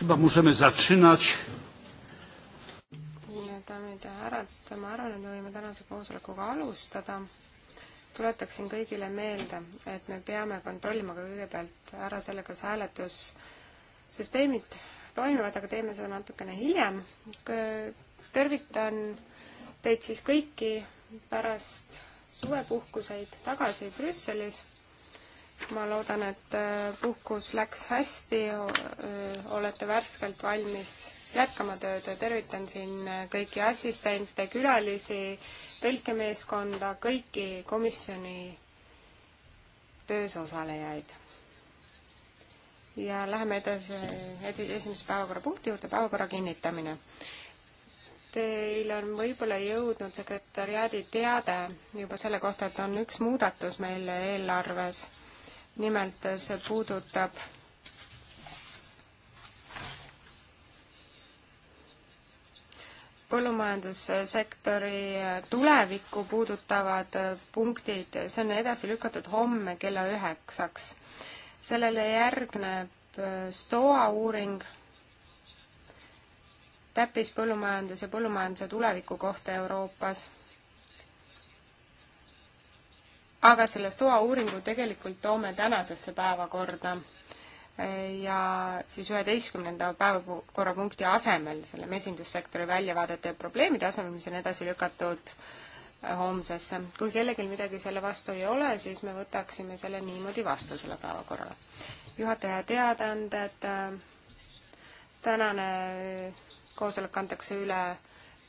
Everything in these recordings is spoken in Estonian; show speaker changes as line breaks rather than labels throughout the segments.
Chyba możemy zaczynać.
daamid ja härrad, ma arvan, et me võime tänase koosolekuga alustada. tuletaksin kõigile meelde, et me peame kontrollima ka kõigepealt ära selle, kas hääletussüsteemid toimivad, aga teeme seda natukene hiljem. tervitan teid siis kõiki pärast suvepuhkuseid tagasi Brüsselis ma loodan, et äh, puhkus läks hästi, olete värskelt valmis jätkama tööd ja tervitan siin äh, kõiki assistente, külalisi, tõlkemeeskonda, kõiki komisjoni töös osalejaid. ja läheme edasi esimese päevakorrapunkti juurde, päevakorra kinnitamine. Teil on võib-olla jõudnud sekretäriaadi teade juba selle kohta, et on üks muudatus meil eelarves nimelt see puudutab põllumajandussektori tulevikku puudutavad punktid, see on edasi lükatud homme kella üheksaks. sellele järgneb STOA uuring täppispõllumajandus ja põllumajanduse tuleviku kohta Euroopas aga selle STOA uuringu tegelikult toome tänasesse päevakorda ja siis üheteistkümnenda päevakorrapunkti asemel selle mesindussektori väljavaadete ja probleemide asemel, mis on edasi lükatud äh, homsesse. kui kellelgi midagi selle vastu ei ole, siis me võtaksime selle niimoodi vastu, selle päevakorra. juhataja teadaanded, äh, tänane äh, koosolek antakse üle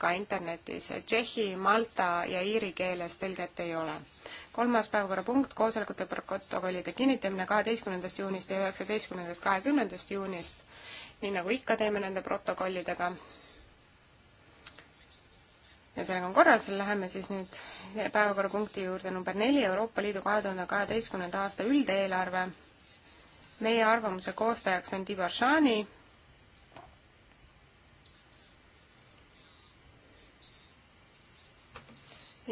ka internetis. Tšehhi, Malta ja iiri keeles tõlget ei ole. kolmas päevakorrapunkt, koosolekute protokollide kinnitamine kaheteistkümnendast juunist ja üheksateistkümnendast, kahekümnendast juunist, nii nagu ikka teeme nende protokollidega. ja sellega on korras, läheme siis nüüd päevakorrapunkti juurde number neli, Euroopa Liidu kahe tuhande kaheteistkümnenda aasta üldeelarve. meie arvamuse koostajaks on Tibor Šani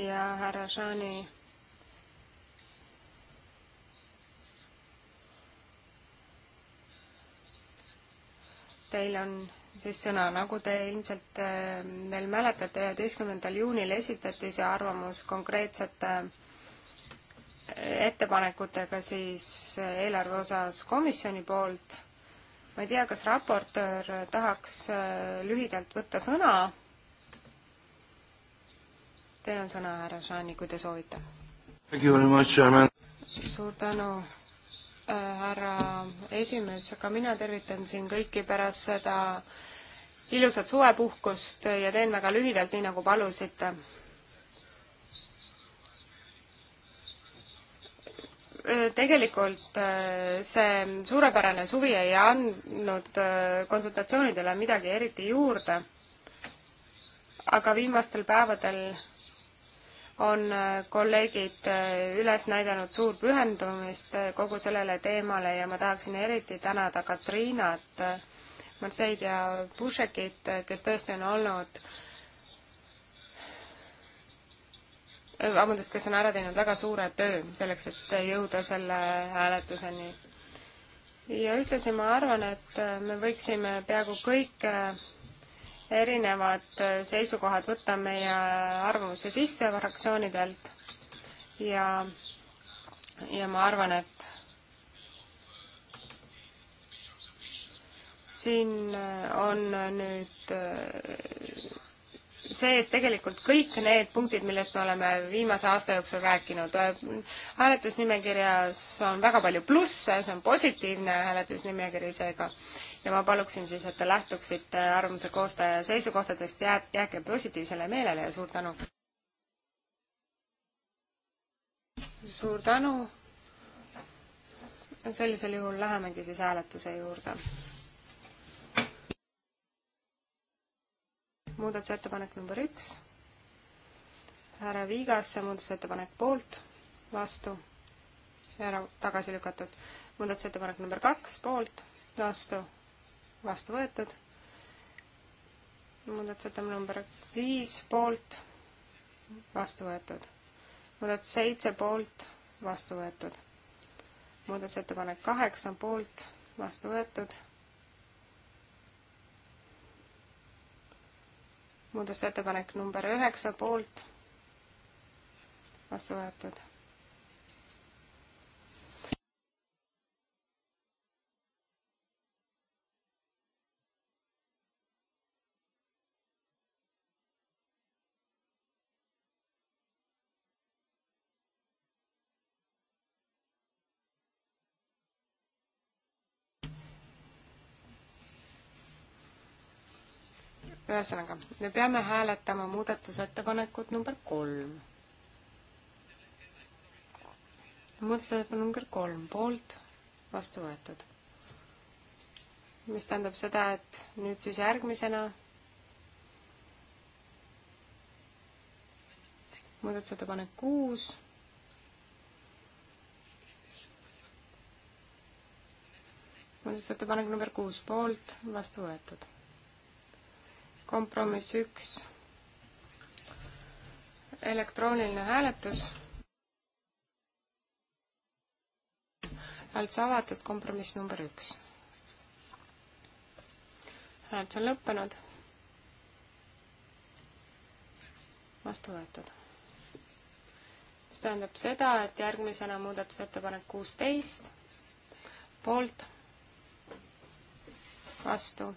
ja härra Žani teil on siis sõna, nagu te ilmselt veel äh, mäletate, üheteistkümnendal juunil esitati see arvamus konkreetsete äh, ettepanekutega siis äh, eelarve osas komisjoni poolt. ma ei tea, kas raportöör tahaks lühidalt võtta sõna Teil on sõna, härra Šaani, kui te soovite. suur tänu, äh, härra esimees, aga mina tervitan siin kõiki pärast seda ilusat suvepuhkust ja teen väga lühidalt, nii nagu palusite. Äh, tegelikult äh, see suurepärane suvi ei andnud konsultatsioonidele midagi eriti juurde, aga viimastel päevadel on äh, kolleegid äh, üles näidanud suur pühendumist äh, kogu sellele teemale ja ma tahaksin eriti tänada Katriinat, Marseid ja Pušekit, kes tõesti on olnud vabandust, kes on ära teinud väga suure töö selleks, et jõuda selle hääletuseni. ja ühtlasi ma arvan, et me võiksime peaaegu kõik erinevad äh, seisukohad võtta meie arvamuse sisse fraktsioonidelt ja, ja ma arvan, et siin äh, on nüüd äh, sees tegelikult kõik need punktid, millest me oleme viimase aasta jooksul rääkinud. hääletusnimekirjas on väga palju plusse, see on positiivne hääletusnimekiri seega ja ma paluksin siis, et te lähtuksite arvamuse koostaja seisukohtadest, jääd, jääge positiivsele meelele ja suur tänu! suur tänu! sellisel juhul lähemegi siis hääletuse juurde. muudatusettepanek number üks. härra Viigasse muudatusettepanek poolt, vastu, ära tagasi lükatud. muudatusettepanek number kaks poolt, vastu, vastu võetud. muudatusettepanek number viis poolt, vastu võetud. muudatus seitse poolt, vastu võetud. muudatusettepanek kaheksa poolt, vastu võetud. muudatusettepanek number üheksa poolt, vastu võetud ühesõnaga, me peame hääletama muudatusettepanekut number kolm. muudatusettepanek number kolm, poolt, vastu võetud. mis tähendab seda, et nüüd siis järgmisena muudatusettepanek kuus muudatusettepanek number kuus poolt, vastu võetud kompromiss üks, elektrooniline hääletus. hääletus avatud, kompromiss number üks. hääletus on lõppenud. vastu võetud mis tähendab seda, et järgmisena muudatusettepanek kuusteist, poolt, vastu,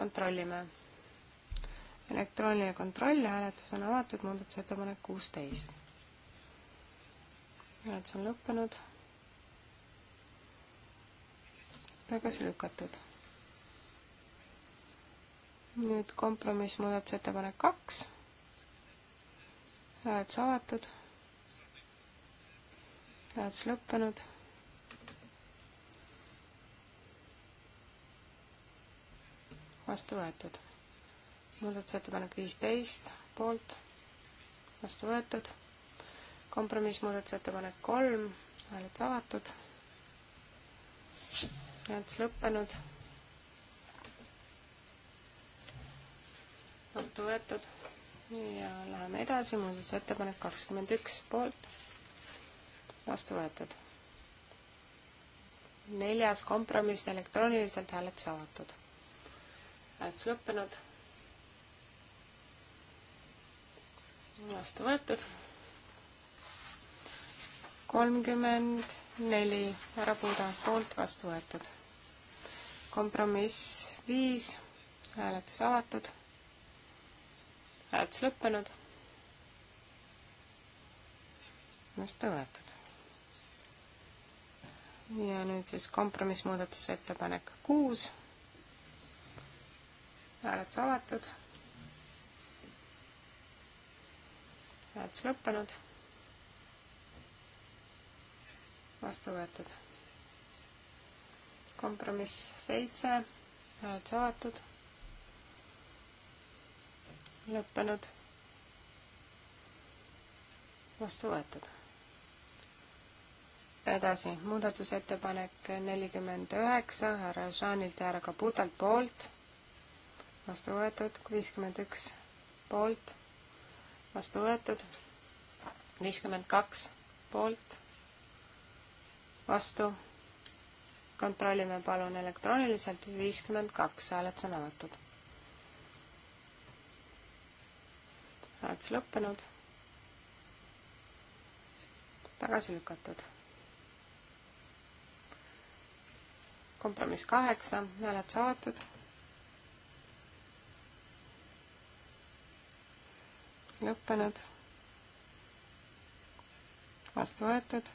kontrollime. elektrooniline kontroll, hääletus on avatud, muudatusettepanek kuusteist. hääletus on lõppenud. tagasi lükatud. nüüd kompromiss, muudatusettepanek kaks. hääletus avatud. hääletus lõppenud vastu võetud. muudatusettepanek viisteist poolt, vastu võetud. kompromiss muudatusettepanek kolm, hääletus avatud. hääletus lõppenud. vastu võetud ja läheme edasi, muudatusettepanek kakskümmend üks poolt, vastu võetud neljas kompromiss elektrooniliselt hääletus avatud hääletus lõppenud. vastu võetud. kolmkümmend neli härra Puuda poolt vastu võetud. kompromiss viis, hääletus avatud. hääletus lõppenud. vastu võetud. ja nüüd siis kompromissmuudatusettepanek kuus hääletus avatud. hääletus lõppenud. vastu võetud. kompromiss seitse, hääletus avatud. lõppenud. vastu võetud. edasi, muudatusettepanek nelikümmend üheksa härra Žanilt ja härra Kabutalt poolt vastu võetud, viiskümmend üks poolt, vastu võetud, viiskümmend kaks poolt, vastu. kontrollime palun elektrooniliselt, viiskümmend kaks, hääletus on avatud. hääletus lõppenud. tagasi lükatud. kompromiss kaheksa, hääletus avatud lõppenud, vastu võetud.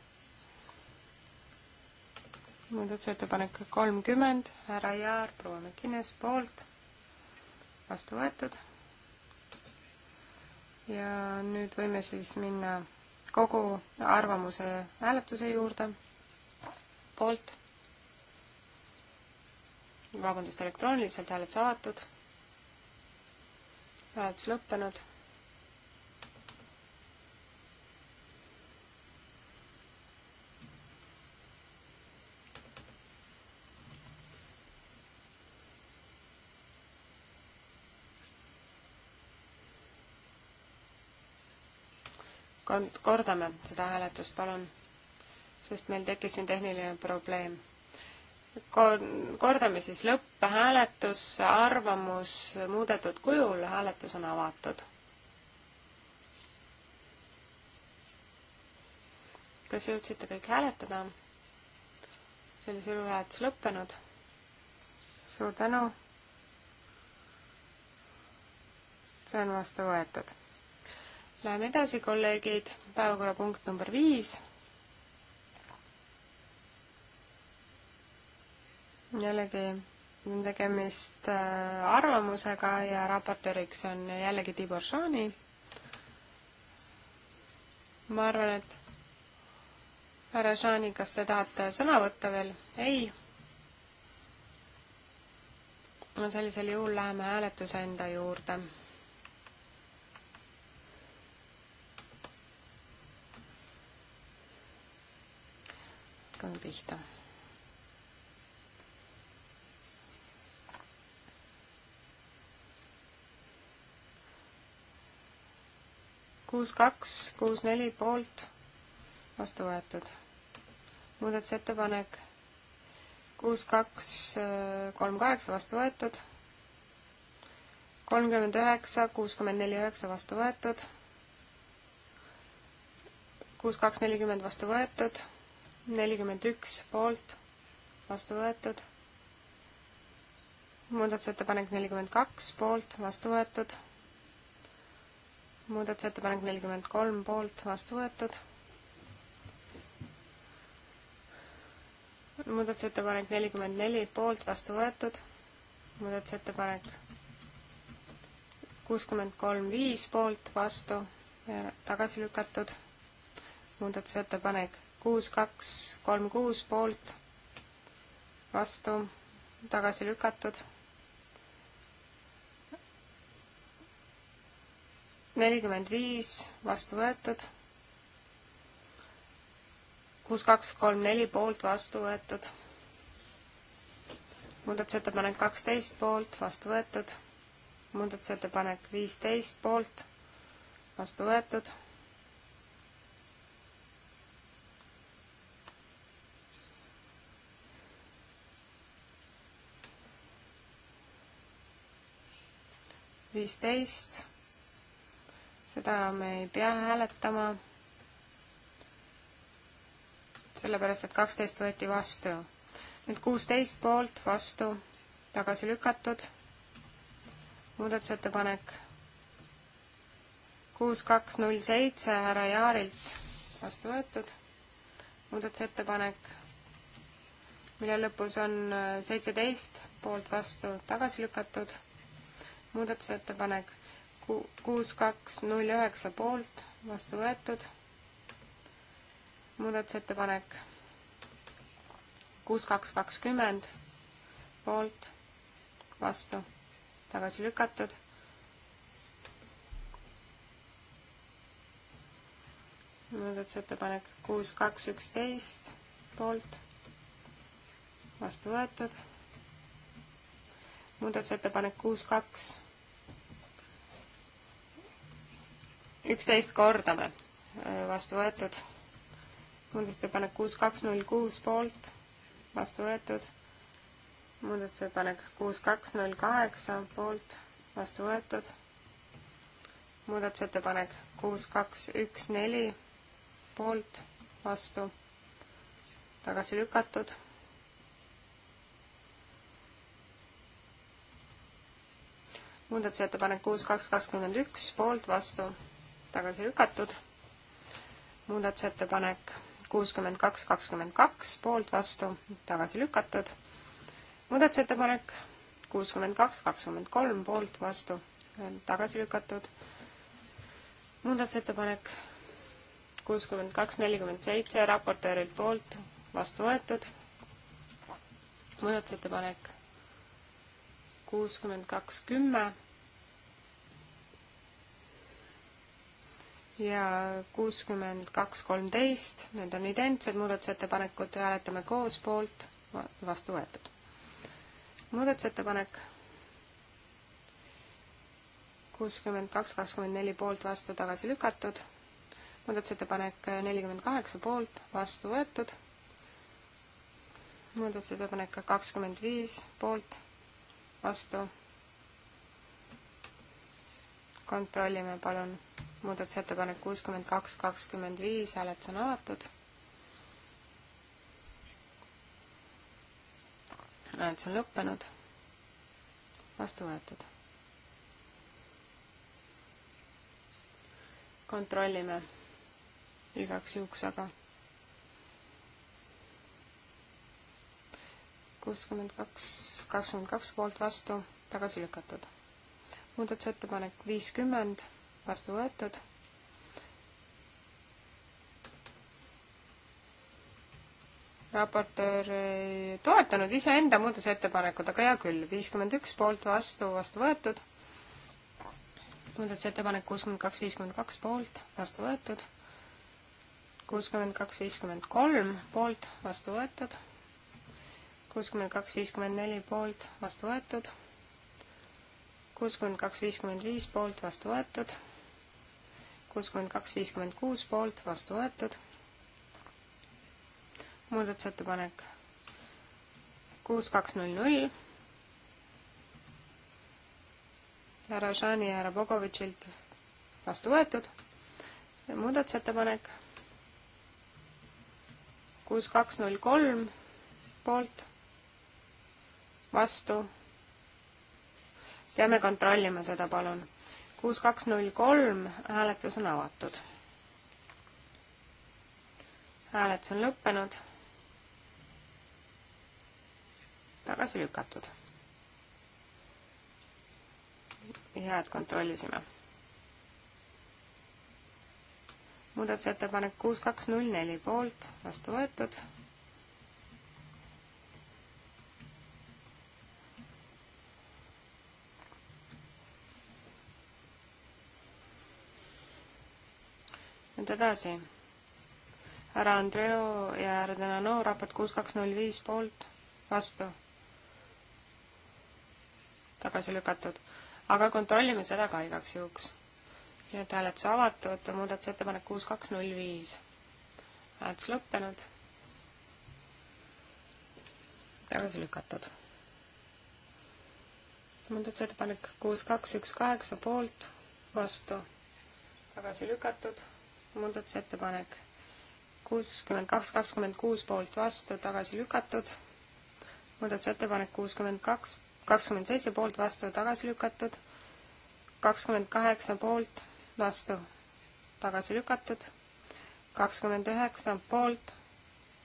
muudatusettepanek kolmkümmend, härra Jaar, proua Mäkines poolt, vastu võetud. ja nüüd võime siis minna kogu arvamuse hääletuse juurde. poolt. vabandust, elektrooniliselt hääletus avatud. hääletus lõppenud kordame seda hääletust, palun, sest meil tekkis siin tehniline probleem. kordame siis lõpphääletus, arvamus muudetud kujul, hääletus on avatud. kas jõudsite kõik hääletada? sellisel juhul hääletus lõppenud. suur tänu see on vastu võetud. Läheme edasi, kolleegid, päevakorrapunkt number viis. jällegi on tegemist äh, arvamusega ja raportööriks on jällegi Tibor Šaani. ma arvan, et härra Šaani, kas te tahate sõna võtta veel? ei? no sellisel juhul läheme hääletuse enda juurde hakkame pihta. kuus, kaks, kuus, neli poolt, vastu võetud. muudatusettepanek kuus, kaks, kolm, kaheksa, vastu võetud. kolmkümmend üheksa, kuuskümmend neli, üheksa, vastu võetud kuus, kaks, nelikümmend vastu võetud, nelikümmend üks poolt, vastu võetud. muudatusettepanek nelikümmend kaks poolt, vastu võetud. muudatusettepanek nelikümmend kolm poolt, vastu võetud. muudatusettepanek nelikümmend neli poolt, vastu võetud. muudatusettepanek kuuskümmend kolm viis poolt, vastu ja tagasi lükatud. muudatusettepanek kuus, kaks, kolm, kuus poolt, vastu, tagasi lükatud. nelikümmend viis vastu võetud. kuus, kaks, kolm, neli poolt vastu võetud. muudatusettepanek kaksteist poolt vastu võetud. muudatusettepanek viisteist poolt vastu võetud viisteist, seda me ei pea hääletama, sellepärast et kaksteist võeti vastu. nüüd kuusteist poolt, vastu, tagasi lükatud, muudatusettepanek kuus, kaks, null, seitse härra Jaarilt vastu võetud, muudatusettepanek mille lõpus on seitseteist poolt vastu tagasi lükatud muudatusettepanek kuus, kaks, null üheksa poolt, vastu võetud. muudatusettepanek kuus, kaks, kakskümmend poolt, vastu, tagasi lükatud. muudatusettepanek kuus, kaks, üksteist poolt, vastu võetud. muudatusettepanek kuus, kaks üksteist kordame, vastu võetud. muudatusettepanek kuus, kaks, null, kuus poolt, vastu võetud. muudatusettepanek kuus, kaks, null, kaheksa poolt, vastu võetud. muudatusettepanek kuus, kaks, üks, neli poolt, vastu, tagasi lükatud muudatusettepanek kuus, kaks, kakskümmend üks, poolt, vastu, tagasi lükatud. muudatusettepanek kuuskümmend kaks, kakskümmend kaks, poolt, vastu, tagasi lükatud. muudatusettepanek kuuskümmend kaks, kakskümmend kolm, poolt, vastu, tagasi lükatud. muudatusettepanek kuuskümmend kaks, nelikümmend seitse, raportöörilt poolt, vastu võetud. muudatusettepanek kuuskümmend kaks, kümme ja kuuskümmend kaks kolmteist, need on identsed muudatusettepanekud, hääletame koos poolt, vastu võetud. muudatusettepanek kuuskümmend kaks, kakskümmend neli poolt, vastu tagasi lükatud. muudatusettepanek nelikümmend kaheksa poolt, vastu võetud. muudatusettepanek kakskümmend viis poolt, vastu kontrollime palun muudatusettepanek kuuskümmend kaks, kakskümmend viis, hääletus on avatud. hääletus on lõppenud, vastu võetud. kontrollime igaks juhuks, aga kuuskümmend kaks, kakskümmend kaks poolt vastu, tagasi lükatud muudatusettepanek viiskümmend, vastu võetud. raportöör ei toetanud iseenda muudatusettepanekut, aga hea küll, viiskümmend üks poolt vastu, vastu võetud. muudatusettepanek kuuskümmend kaks, viiskümmend kaks poolt, vastu võetud. kuuskümmend kaks, viiskümmend kolm poolt, vastu võetud. kuuskümmend kaks, viiskümmend neli poolt, vastu võetud kuuskümmend kaks viiskümmend viis poolt vastu võetud, kuuskümmend kaks viiskümmend kuus poolt vastu võetud, muudatusettepanek kuus kaks null null, härra Žani ja härra Bogovitšilt vastu võetud, muudatusettepanek kuus kaks null kolm poolt vastu peame kontrollima seda, palun. kuus, kaks, null, kolm, hääletus on avatud. hääletus on lõppenud. tagasi lükatud. hea, et kontrollisime. muudatusettepanek kuus, kaks, null, neli poolt, vastu võetud nüüd edasi. härra Andreu ja härra Denano, raport kuus kaks null viis poolt, vastu. tagasi lükatud. aga kontrollime seda ka igaks juhuks. nii et hääletus avatud, muudatusettepanek kuus kaks null viis. hääletus lõppenud. tagasi lükatud. muudatusettepanek kuus kaks üks kaheksa poolt, vastu tagasi lükatud muudatusettepanek kuuskümmend kaks, kakskümmend kuus poolt vastu, tagasi lükatud. muudatusettepanek kuuskümmend kaks, kakskümmend seitse poolt vastu, tagasi lükatud. kakskümmend kaheksa poolt vastu, tagasi lükatud. kakskümmend üheksa poolt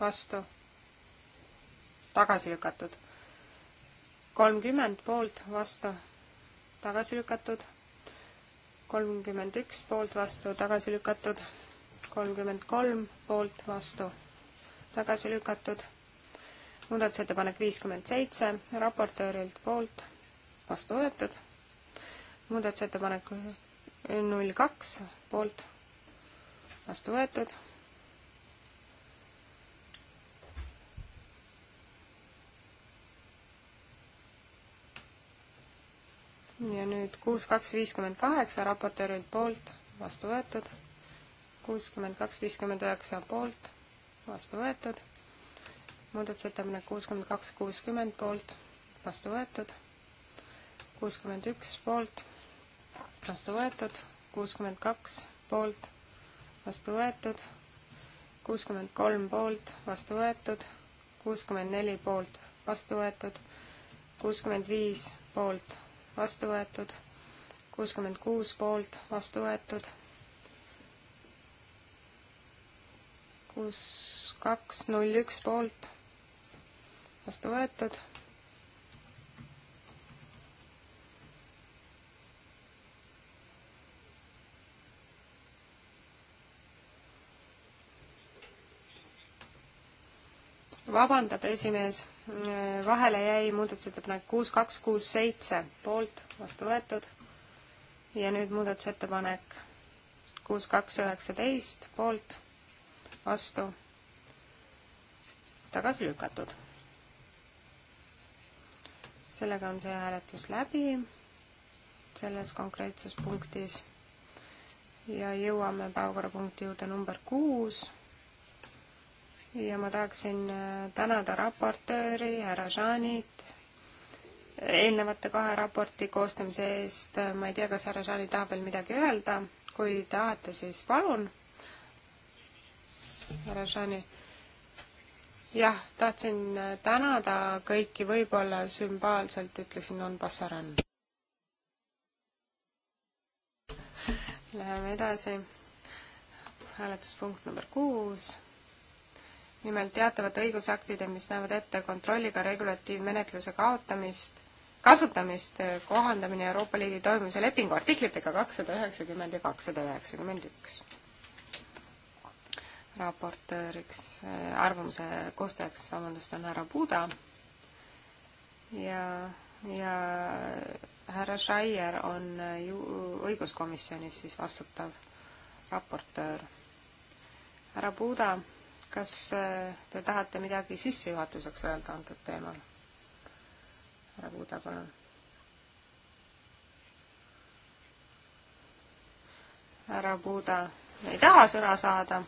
vastu, tagasi lükatud. kolmkümmend poolt vastu, tagasi lükatud kolmkümmend üks poolt vastu, tagasi lükatud. kolmkümmend kolm poolt vastu, tagasi lükatud. muudatusettepanek viiskümmend seitse, raportöörilt poolt, vastu võetud. muudatusettepanek null kaks poolt, vastu võetud ja nüüd kuus, kaks, viiskümmend kaheksa raportöörilt poolt, vastu võetud. kuuskümmend kaks, viiskümmend üheksa poolt, vastu võetud. muudatusettepanek kuuskümmend kaks, kuuskümmend poolt, vastu võetud. kuuskümmend üks poolt, vastu võetud. kuuskümmend kaks poolt, vastu võetud. kuuskümmend kolm poolt, vastu võetud. kuuskümmend neli poolt, vastu võetud. kuuskümmend viis poolt vastu võetud, kuuskümmend kuus poolt, vastu võetud, kuus, kaks, null, üks poolt, vastu võetud vabandab esimees, vahele jäi muudatusettepanek kuus, kaks, kuus, seitse poolt, vastu võetud. ja nüüd muudatusettepanek kuus, kaks, üheksateist poolt, vastu, tagasi lükatud. sellega on see hääletus läbi selles konkreetses punktis ja jõuame päevakorrapunkti juurde number kuus ja ma tahaksin äh, tänada raportööri härra Žanit eelnevate kahe raporti koostamise eest. ma ei tea, kas härra Žani tahab veel midagi öelda, kui tahate, siis palun. härra Žani jah, tahtsin äh, tänada kõiki, võib-olla sümbaalselt ütleksin on passaran. Läheme edasi. hääletuspunkt number kuus nimelt teatavate õigusaktide, mis näevad ette kontrolliga regulatiivmenetluse kaotamist, kasutamist, eh, kohandamine Euroopa Liidu toimimise lepingu artiklitega kakssada üheksakümmend ja kakssada üheksakümmend üks. raportööriks, eh, arvamuse koostajaks, vabandust, on härra Puuda ja, ja härra Schreier on eh, ju õiguskomisjonis siis vastutav raportöör. härra Puuda kas äh, te tahate midagi sissejuhatuseks öelda antud teemal? härra Kuuda, palun. härra Kuuda ei taha sõna saada,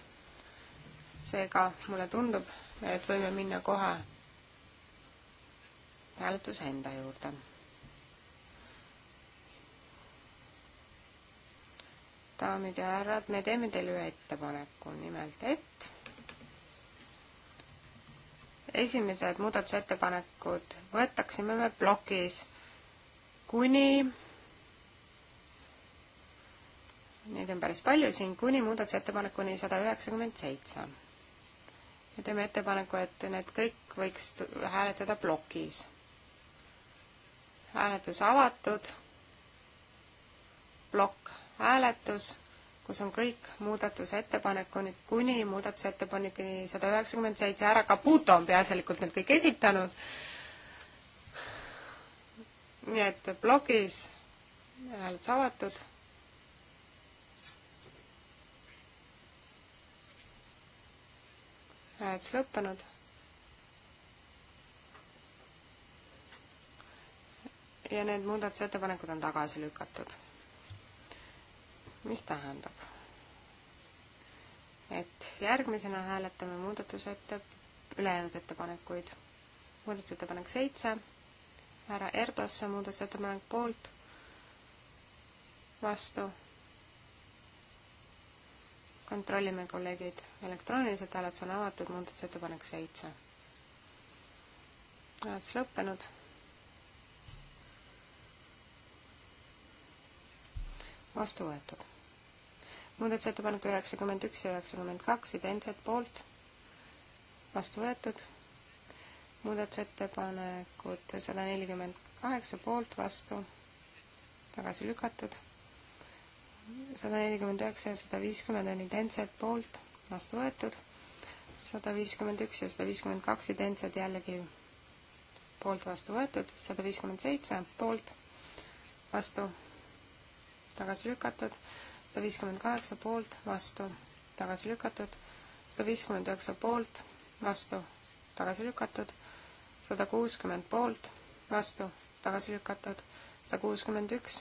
seega mulle tundub, et võime minna kohe hääletuse enda juurde. daamid ja härrad, me teeme teile ühe ettepaneku, nimelt et esimesed muudatusettepanekud võtaksime me plokis kuni, neid on päris palju siin, kuni muudatusettepanekuni sada üheksakümmend seitse. ja teeme ettepaneku, et need kõik võiks hääletada plokis. hääletus avatud, plokk hääletus kus on kõik muudatusettepanekuni, kuni muudatusettepanekuni sada üheksakümmend seitse, härra Caputo on peaasjalikult need kõik esitanud. nii et blogis hääled avatud. hääletus lõppenud. ja need muudatusettepanekud on tagasi lükatud mis tähendab, et järgmisena hääletame muudatusette, ülejäänud ettepanekuid. muudatusettepanek seitse, härra Erdosse muudatusettepanek poolt, vastu. kontrollime, kolleegid, elektrooniliselt hääletus on avatud, muudatusettepanek seitse. hääletus lõppenud vastu võetud muudatusettepanek üheksakümmend üks ja üheksakümmend kaks, identsed poolt, vastu võetud. muudatusettepanekud sada nelikümmend kaheksa poolt, vastu, tagasi lükatud. sada nelikümmend üheksa ja sada viiskümmend on identsed poolt, vastu võetud. sada viiskümmend üks ja sada viiskümmend kaks identsed jällegi poolt, vastu võetud. sada viiskümmend seitse poolt, vastu, tagasi lükatud sada viiskümmend kaheksa poolt, vastu, tagasi lükatud, sada viiskümmend üheksa poolt, vastu, tagasi lükatud, sada kuuskümmend poolt, vastu, tagasi lükatud, sada kuuskümmend üks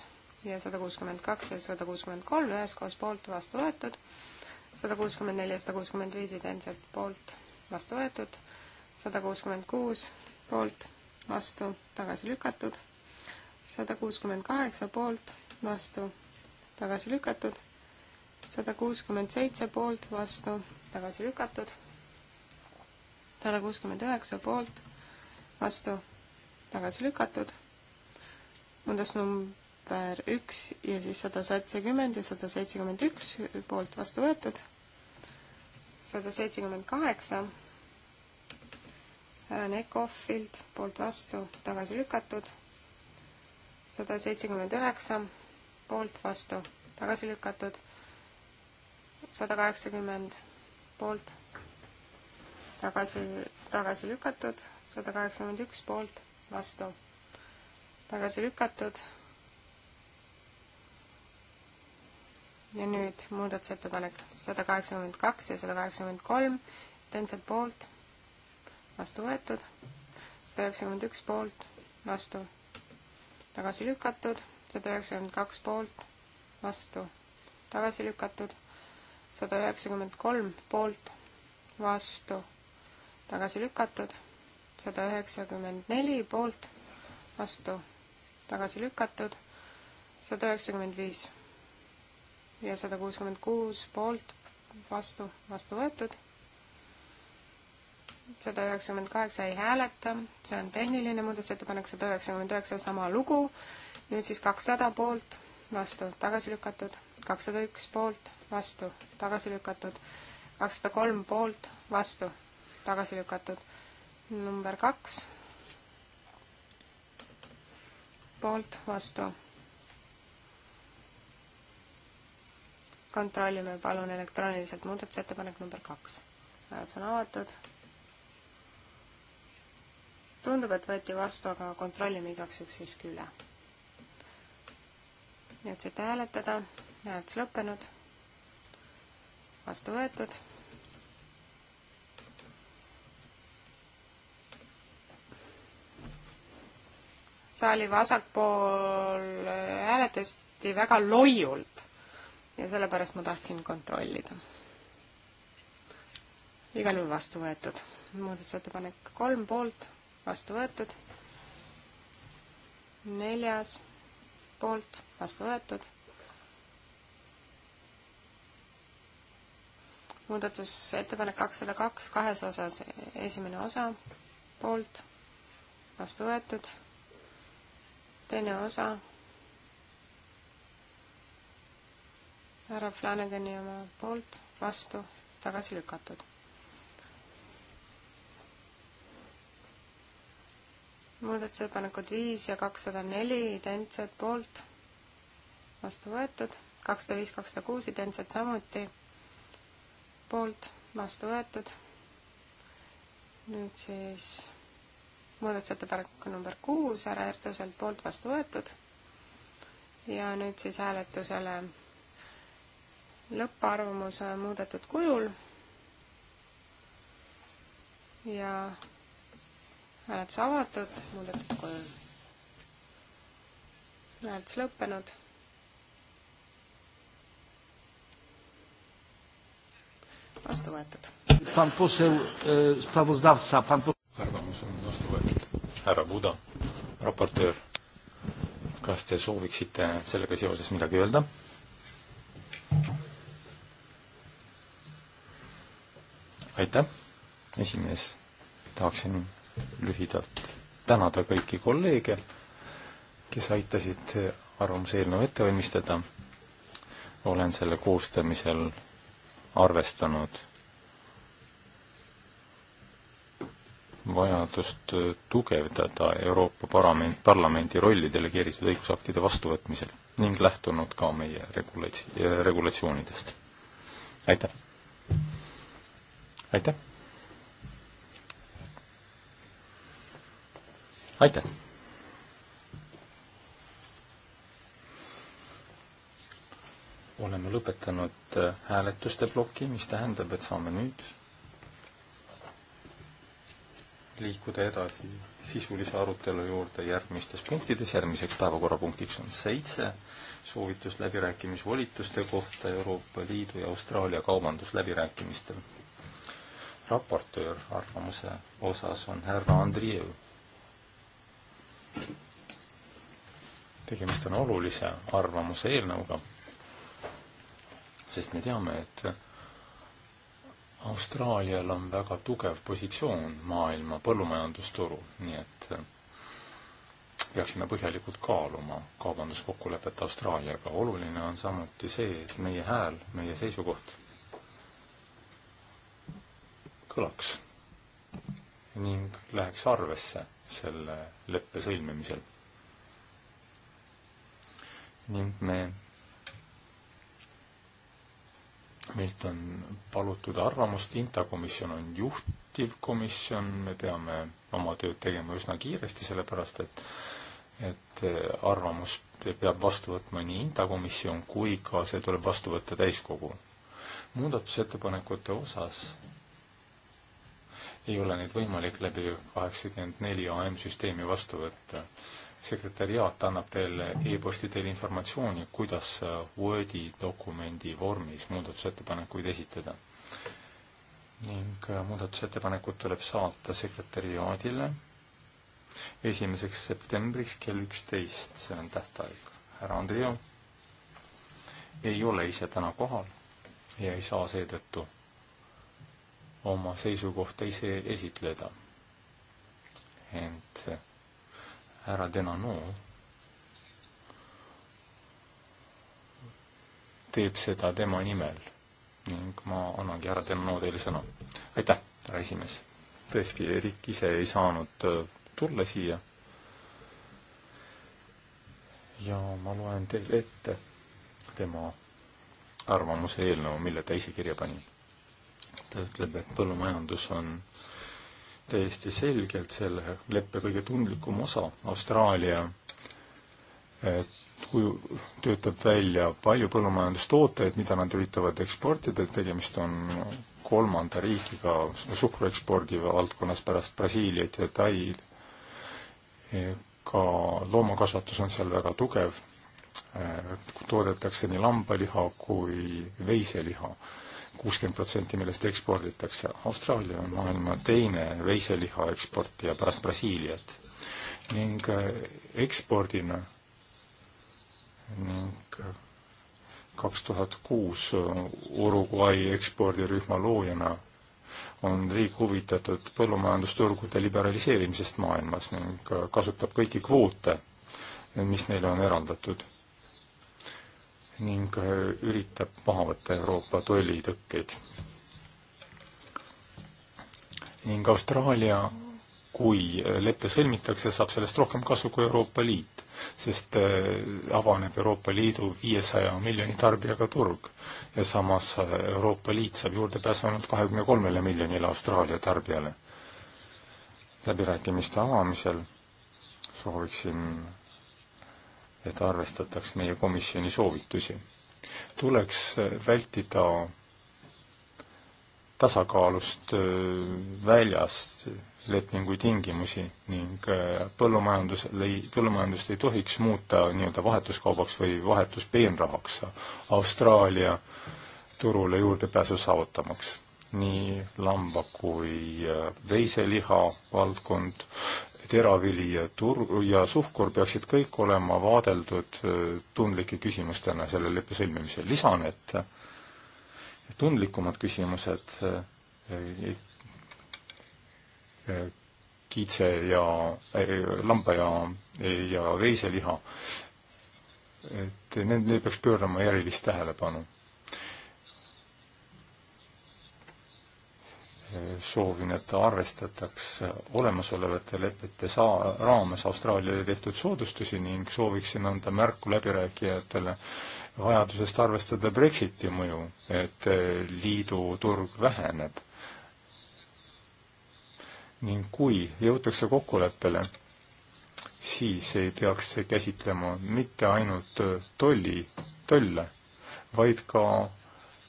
ja sada kuuskümmend kaks ja sada kuuskümmend kolm üheskoos poolt vastu võetud, sada kuuskümmend neli ja sada kuuskümmend viis identselt poolt vastu võetud, sada kuuskümmend kuus poolt vastu tagasi lükatud, sada kuuskümmend kaheksa poolt vastu tagasi lükatud, sada kuuskümmend seitse poolt, vastu, tagasi lükatud, sada kuuskümmend üheksa poolt, vastu, tagasi lükatud, muudatus number üks ja siis sada seitsekümmend ja sada seitsekümmend üks poolt vastu võetud, sada seitsekümmend kaheksa härra Nekofilt poolt vastu tagasi lükatud, sada seitsekümmend üheksa poolt, vastu, tagasi lükatud. sada kaheksakümmend poolt, tagasi, tagasi lükatud. sada kaheksakümmend üks poolt, vastu, tagasi lükatud. ja nüüd muudatusettepanek sada kaheksakümmend kaks ja sada kaheksakümmend kolm, identselt poolt, vastu võetud. sada üheksakümmend üks poolt, vastu, tagasi lükatud sada üheksakümmend kaks poolt, vastu, tagasi lükatud, sada üheksakümmend kolm poolt, vastu, tagasi lükatud, sada üheksakümmend neli poolt, vastu, tagasi lükatud, sada üheksakümmend viis ja sada kuuskümmend kuus poolt, vastu, vastu võetud, sada üheksakümmend kaheksa ei hääleta, see on tehniline muudatusettepanek, sada üheksakümmend üheksa sama lugu, nüüd siis kakssada poolt, vastu, tagasi lükatud, kakssada üks poolt, vastu, tagasi lükatud, kakssada kolm poolt, vastu, tagasi lükatud, number kaks, poolt, vastu. kontrollime palun elektrooniliselt muudatusettepanek number kaks. hääletus on avatud tundub, et võeti vastu, aga kontrollime igaks juks siiski üle jõudsite hääletada, hääletus lõppenud, vastu võetud. saali vasakpool äh, hääletati väga loiult ja sellepärast ma tahtsin kontrollida. igal juhul vastu võetud. muudatusettepanek kolm poolt, vastu võetud. neljas poolt, vastu võetud. muudatusettepanek kakssada kaks kahes osas, esimene osa poolt, vastu võetud, teine osa härra Flanagani oma poolt, vastu, tagasi lükatud muudatusettepanekud viis ja kakssada neli identsed poolt, vastu võetud, kakssada viis, kakssada kuus identsed samuti poolt, vastu võetud. nüüd siis muudatusettepanek number kuus, härra Ertuselt poolt vastu võetud. ja nüüd siis hääletusele lõpparvamuse muudetud kujul. ja hääletus avatud, muudetud kolm. hääletus lõppenud. vastu võetud.
E, arvamus on vastu võetud. härra Buda, raportöör, kas te sooviksite sellega seoses midagi öelda? aitäh, esimees, tahaksin lühidalt tänada kõiki kolleege, kes aitasid arvamuse eelnõu ette valmistada. olen selle koostamisel arvestanud vajadust tugevdada Euroopa Parlament, parlamendi rolli delegeeritud õigusaktide vastuvõtmisel ning lähtunud ka meie regulats-, regulatsioonidest. aitäh! aitäh! aitäh! oleme lõpetanud äh, hääletuste ploki, mis tähendab, et saame nüüd liikuda edasi sisulise arutelu juurde järgmistes punktides. järgmiseks päevakorrapunktiks on seitse soovitus läbirääkimisvolituste kohta Euroopa Liidu ja Austraalia kaubandusläbirääkimistel. raportöör arvamuse osas on härra Andrieu tegemist on olulise arvamuse eelnõuga, sest me teame, et Austraalial on väga tugev positsioon maailma põllumajandusturul, nii et peaksime põhjalikult kaaluma kaubanduskokkulepet Austraaliaga. oluline on samuti see, et meie hääl, meie seisukoht kõlaks ning läheks arvesse selle leppe sõlmimisel. ning me, meilt on palutud arvamust, Intakomisjon on juhtivkomisjon, me peame oma tööd tegema üsna kiiresti, sellepärast et et arvamust peab vastu võtma nii Intakomisjon kui ka see tuleb vastu võtta täiskogul. muudatusettepanekute osas ei ole neid võimalik läbi kaheksakümmend neli AM süsteemi vastu võtta. sekretäriaat annab teile e-posti teel informatsiooni, kuidas Wordi dokumendi vormis muudatusettepanekuid esitada. ning muudatusettepanekud tuleb saata sekretäriaadile esimeseks septembriks kell üksteist, see on tähtaeg. härra Andrei ei ole ise täna kohal ja ei saa seetõttu oma seisukohta ise esitleda. ent härra Denano teeb seda tema nimel ning ma annangi härra Denano teile sõna. aitäh, härra esimees. tõesti, Erik ise ei saanud äh, tulla siia. ja ma loen teile ette tema arvamuse eelnõu, mille ta ise kirja pani ta ütleb, et põllumajandus on täiesti selgelt selle leppe kõige tundlikum osa. Austraalia töötab välja palju põllumajandustooteid, mida nad üritavad eksportida, tegemist on kolmanda riigiga suhkruekspordi valdkonnas pärast Brasiiliat ja Taid. ka loomakasvatus on seal väga tugev, toodetakse nii lambaliha kui veiseliha kuuskümmend protsenti, millest eksporditakse. Austraalia on maailma teine veiseliha eksportija pärast Brasiiliat ning äh, ekspordina ning äh, kaks tuhat kuus äh, Uruguay ekspordirühma loojana on riik huvitatud põllumajandusturgude liberaliseerimisest maailmas ning kasutab kõiki kvoote, mis neile on eraldatud ning äh, üritab maha võtta Euroopa tollitõkkeid. ning Austraalia, kui äh, lepe sõlmitakse, saab sellest rohkem kasu kui Euroopa Liit, sest äh, avaneb Euroopa Liidu viiesaja miljoni tarbijaga turg ja samas Euroopa Liit saab juurdepääsu ainult kahekümne kolmele miljonile Austraalia tarbijale. läbirääkimiste avamisel sooviksin et arvestataks meie komisjoni soovitusi. tuleks vältida tasakaalust väljast lepingu tingimusi ning põllumajandus, põllumajandust ei tohiks muuta nii-öelda vahetuskaubaks või vahetuspeenrahaks Austraalia turule juurdepääsu saavutamaks nii lamba kui äh, veiseliha valdkond, teravili ja tur- ja suhkur peaksid kõik olema vaadeldud äh, tundlike küsimustena selle leppe sõlmimisel. lisan, et äh, tundlikumad küsimused kiitse ja lamba ja, ja veiseliha, et need, neil peaks pöörama erilist tähelepanu soovin, et arvestataks olemasolevate lepete saa-, raames Austraaliale tehtud soodustusi ning sooviksin anda märku läbirääkijatele vajadusest arvestada Brexiti mõju, et liidu turg väheneb. ning kui jõutakse kokkuleppele, siis ei peaks see käsitlema mitte ainult tolli, tolle, vaid ka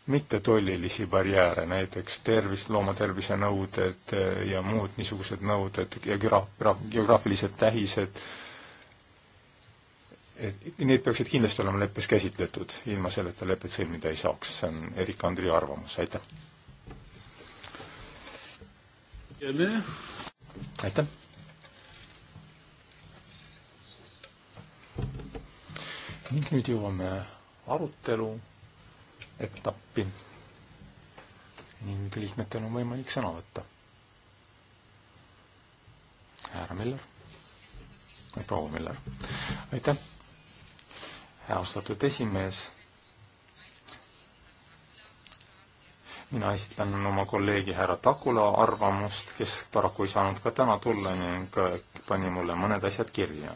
mittetollilisi barjääre, näiteks tervis, loomatervise nõuded eh, ja muud niisugused nõuded ja geograafilised tähised, et need peaksid kindlasti olema leppes käsitletud, ilma selleta lepet sõlmida ei saaks, see on Erik Andri arvamus, aitäh. aitäh. ning nüüd jõuame arutelu etappi ning liikmetel on võimalik sõna võtta. härra Miller, proua Miller, aitäh, austatud esimees mina esitan oma kolleegi härra Takula arvamust, kes paraku ei saanud ka täna tulla ning äh, pani mulle mõned asjad kirja.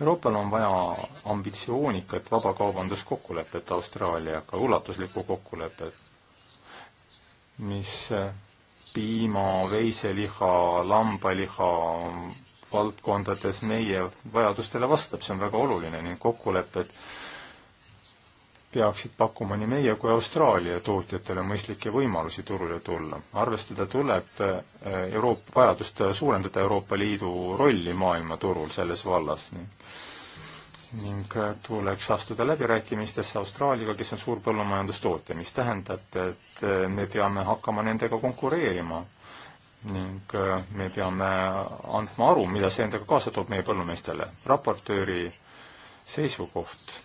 Euroopal on vaja ambitsioonikat vabakaubanduskokkulepet Austraaliaga, ulatuslikku kokkulepet, mis äh, piima, veiseliha, lambaliha valdkondades meie vajadustele vastab, see on väga oluline ning kokkulepped peaksid pakkuma nii meie kui Austraalia tootjatele mõistlikke võimalusi turule tulla. arvestada tuleb eh, Euroopa, vajadust suurendada Euroopa Liidu rolli maailmaturul selles vallas. ning eh, tuleks astuda läbirääkimistesse Austraaliaga, kes on suur põllumajandustootja, mis tähendab, et eh, me peame hakkama nendega konkureerima ning me peame andma aru, mida see endaga kaasa toob meie põllumeestele. raportööri seisukoht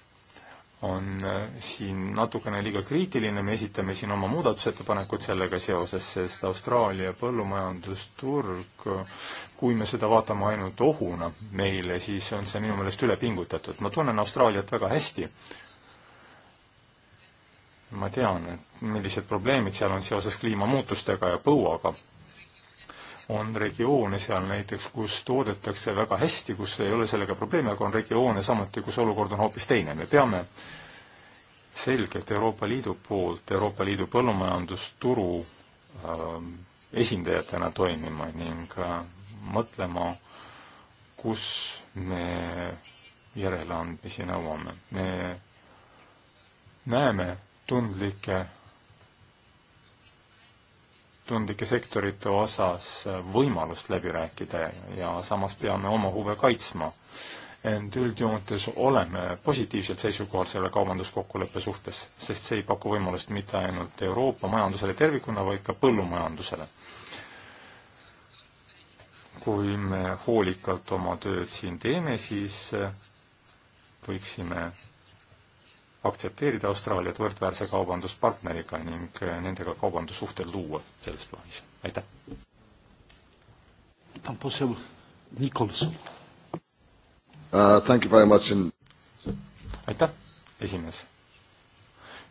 on äh, siin natukene liiga kriitiline, me esitame siin oma muudatusettepanekud sellega seoses, sest Austraalia põllumajandusturg, kui me seda vaatame ainult ohuna meile, siis on see minu meelest üle pingutatud. ma tunnen Austraaliat väga hästi. ma tean, et millised probleemid seal on seoses kliimamuutustega ja põuaga on regioone seal näiteks, kus toodetakse väga hästi, kus ei ole sellega probleemi, aga on regioone samuti, kus olukord on hoopis teine. me peame selgelt Euroopa Liidu poolt, Euroopa Liidu põllumajandusturu äh, esindajatena toimima ning äh, mõtlema, kus me järeleandmisi nõuame. me näeme tundlikke tundlike sektorite osas võimalust läbi rääkida ja samas peame oma huve kaitsma. ent üldjoontes oleme positiivselt seisukohal selle kaubanduskokkuleppe suhtes, sest see ei paku võimalust mitte ainult Euroopa majandusele tervikuna, vaid ka põllumajandusele. kui me hoolikalt oma tööd siin teeme, siis võiksime aktsepteerida Austraaliat võrdväärse kaubanduspartneriga ning eh, nendega kaubandussuhted luua selles plaanis, aitäh. Uh, thank you very much and... aitäh, esimees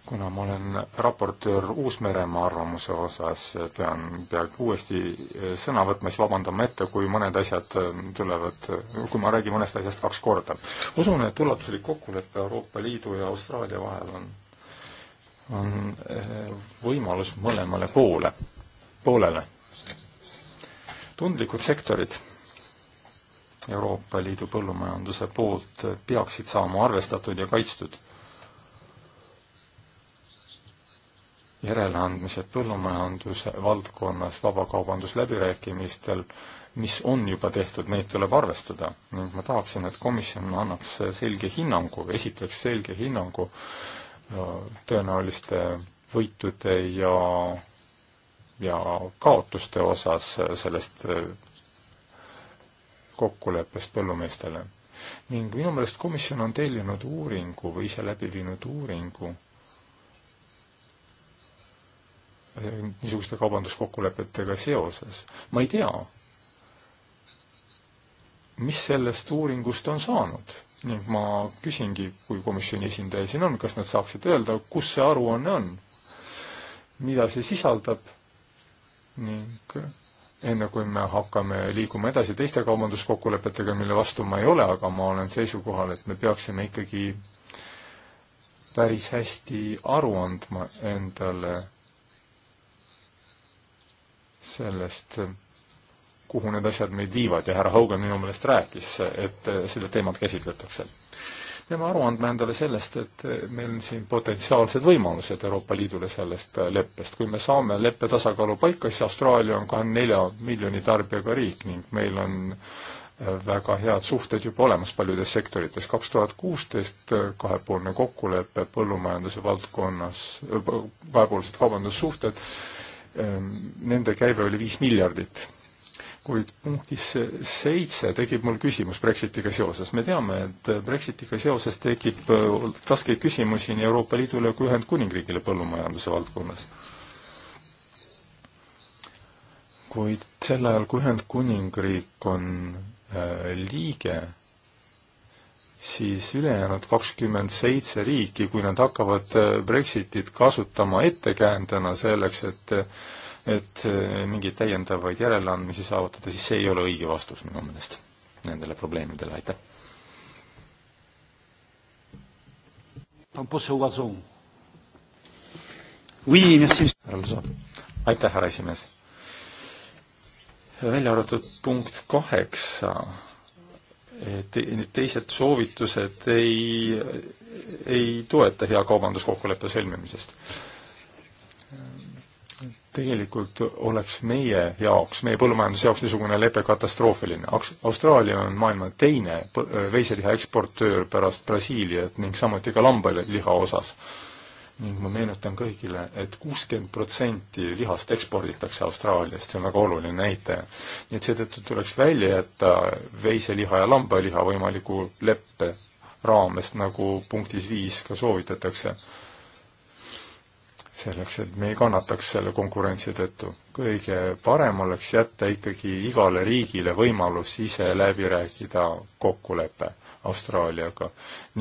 kuna ma olen raportöör Uus-Meremaa arvamuse osas, pean peaaegu uuesti eh, sõna võtma, siis vabandame ette, kui mõned asjad eh, tulevad, kui ma räägin mõnest asjast kaks korda. usun, et ulatuslik kokkulepe Euroopa Liidu ja Austraalia vahel on, on eh, võimalus mõlemale poole, poolele. tundlikud sektorid Euroopa Liidu põllumajanduse poolt peaksid saama arvestatud ja kaitstud järeleandmised põllumajanduse valdkonnas vabakaubandusläbirääkimistel, mis on juba tehtud, neid tuleb arvestada. ning ma tahaksin, et komisjon annaks selge hinnangu, esitaks selge hinnangu äh, tõenäoliste võitude ja, ja kaotuste osas sellest äh, kokkuleppest põllumeestele. ning minu meelest komisjon on tellinud uuringu või ise läbi viinud uuringu Äh, niisuguste kaubanduskokkulepetega seoses. ma ei tea, mis sellest uuringust on saanud ning ma küsingi, kui komisjoni esindaja siin on, kas nad saaksid öelda, kus see aruanne on, on, mida see sisaldab ning enne kui me hakkame liikuma edasi teiste kaubanduskokkulepetega, mille vastu ma ei ole, aga ma olen seisukohal, et me peaksime ikkagi päris hästi aru andma endale sellest, kuhu need asjad meid viivad ja härra Haugen minu meelest rääkis, et seda teemat käsitletakse. peame aru andma endale sellest, et meil on siin potentsiaalsed võimalused Euroopa Liidule sellest leppest. kui me saame leppe tasakaalu paika, siis Austraalia on kahekümne nelja miljoni tarbijaga riik ning meil on väga head suhted juba olemas paljudes sektorites. kaks tuhat kuusteist kahepoolne kokkulepe põllumajanduse valdkonnas, kahepoolsed kaubandussuhted Ehm, nende käive oli viis miljardit. kuid punktis seitse tekib mul küsimus Brexitiga seoses. me teame, et Brexitiga seoses tekib äh, raskeid küsimusi nii Euroopa Liidule kui Ühendkuningriigile põllumajanduse valdkonnas. kuid sel ajal, kui Ühendkuningriik on äh, liige siis ülejäänud kakskümmend seitse riiki, kui nad hakkavad äh, Brexitit kasutama ettekäändena selleks, et et äh, mingeid täiendavaid järeleandmisi saavutada, siis see ei ole õige vastus minu meelest nendele probleemidele, aitäh. aitäh, härra esimees. välja arvatud punkt kaheksa te, need teised soovitused ei, ei toeta hea kaubanduskokkuleppe sõlmimisest. tegelikult oleks meie jaoks, meie põllumajanduse jaoks niisugune lepe katastroofiline. Austraalia on maailma teine veiseliha eksportöör pärast Brasiiliat ning samuti ka lambaliha osas ning ma meenutan kõigile et, et kuuskümmend protsenti lihast eksporditakse Austraaliast, see on väga oluline näitaja. nii et seetõttu tuleks välja jätta veiseliha ja lambaliha võimaliku leppe raames, nagu punktis viis ka soovitatakse. selleks, et me ei kannataks selle konkurentsi tõttu. kõige parem oleks jätta ikkagi igale riigile võimalus ise läbi rääkida kokkulepe Austraaliaga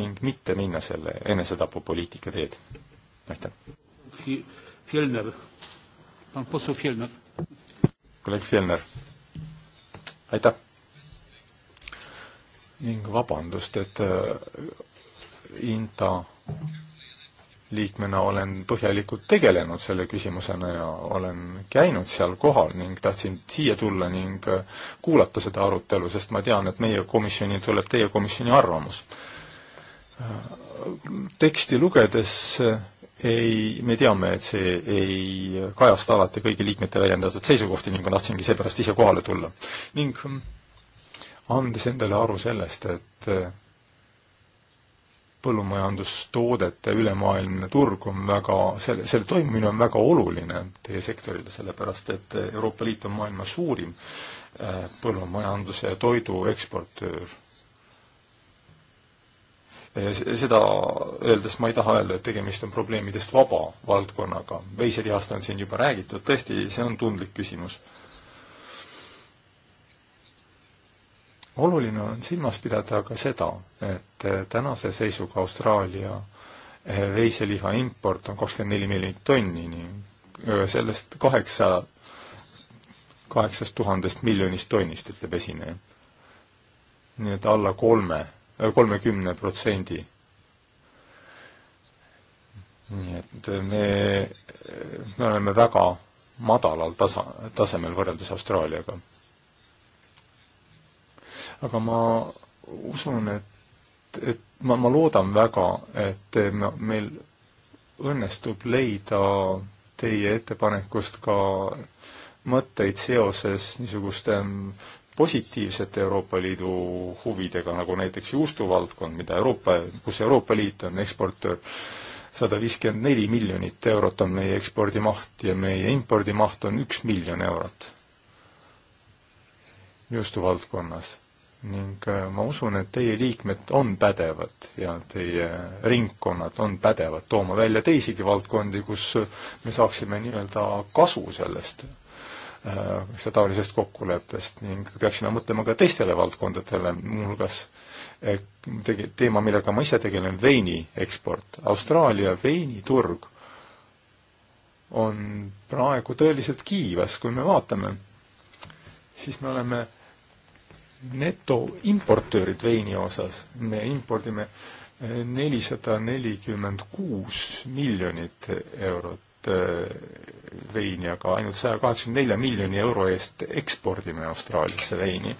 ning mitte minna selle enesetapupoliitika teed aitäh. Fjellner, Posso Fjellner. kolleeg Fjellner, aitäh. ning vabandust, et äh, INTA liikmena olen põhjalikult tegelenud selle küsimusena ja olen käinud seal kohal ning tahtsin siia tulla ning äh, kuulata seda arutelu, sest ma tean, et meie komisjoni tuleb teie komisjoni arvamus. Äh, teksti lugedes ei, me teame, et see ei kajasta alati kõigi liikmete väljendatud seisukohti ning ma tahtsingi seepärast ise kohale tulla. ning hm, andes endale aru sellest, et äh, põllumajandustoodete ülemaailmne turg on väga, selle, selle toimimine on väga oluline teie sektorile, sellepärast et Euroopa Liit on maailma suurim äh, põllumajanduse ja toidu eksportöör Eh, seda öeldes ma ei taha öelda, et tegemist on probleemidest vaba valdkonnaga. veiselihast on siin juba räägitud, tõesti, see on tundlik küsimus. oluline on silmas pidada ka seda, et eh, tänase seisuga Austraalia eh, veiseliha import on kakskümmend neli miljonit tonni, nii sellest kaheksa, kaheksast tuhandest miljonist tonnist, ütleb esineja. nii et alla kolme kolmekümne protsendi. nii et me, me oleme väga madalal tasa, tasemel võrreldes Austraaliaga. aga ma usun, et, et ma, ma loodan väga, et meil õnnestub leida teie ettepanekust ka mõtteid seoses niisuguste positiivsete Euroopa Liidu huvidega, nagu näiteks juustuvaldkond, mida Euroopa, kus Euroopa Liit on eksportöör, sada viiskümmend neli miljonit eurot on meie ekspordimaht ja meie impordimaht on üks miljon eurot juustuvaldkonnas. ning äh, ma usun, et teie liikmed on pädevad ja teie ringkonnad on pädevad tooma välja teisigi valdkondi, kus me saaksime nii-öelda kasu sellest Äh, setaolisest kokkuleppest ning peaksime mõtlema ka teistele valdkondadele, muuhulgas eh, tege-, teema, millega ma ise tegelen, veini eksport. Austraalia veiniturg on praegu tõeliselt kiivas, kui me vaatame, siis me oleme netoimportöörid veini osas, me impordime eh, nelisada nelikümmend kuus miljonit eurot Äh, veini, aga ainult saja kaheksakümne nelja miljoni euro eest ekspordime Austraaliasse veini.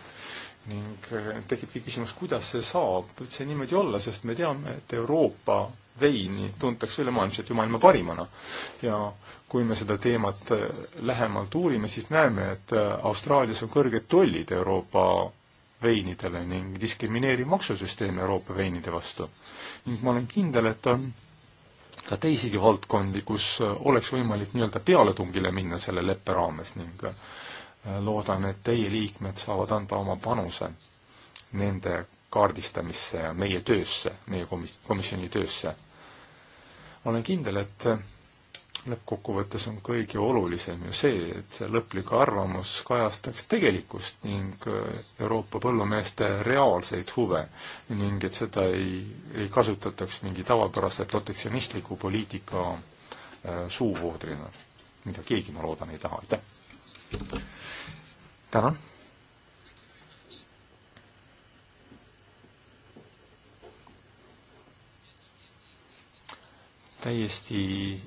ning äh, tekibki küsimus, kuidas see saab üldse niimoodi olla, sest me teame, et Euroopa veini tuntakse ülemaailmselt ju maailma parimana. ja kui me seda teemat äh, lähemalt uurime, siis näeme, et Austraalias on kõrged tollid Euroopa veinidele ning diskrimineeriv maksusüsteem Euroopa veinide vastu. ning ma olen kindel, et on ka teisigi valdkondi, kus äh, oleks võimalik nii-öelda pealetungile minna selle leppe raames ning äh, loodan, et teie liikmed saavad anda oma panuse nende kaardistamisse ja meie töösse, meie komis-, komisjoni töösse. olen kindel, et äh, lõppkokkuvõttes on kõige olulisem ju see, et see lõplik arvamus kajastaks tegelikkust ning äh, Euroopa põllumeeste reaalseid huve ning et seda ei, ei kasutataks mingi tavapärase protektsionistliku poliitika äh, suuvoodrina, mida keegi, ma loodan, ei taha, aitäh! tänan! täiesti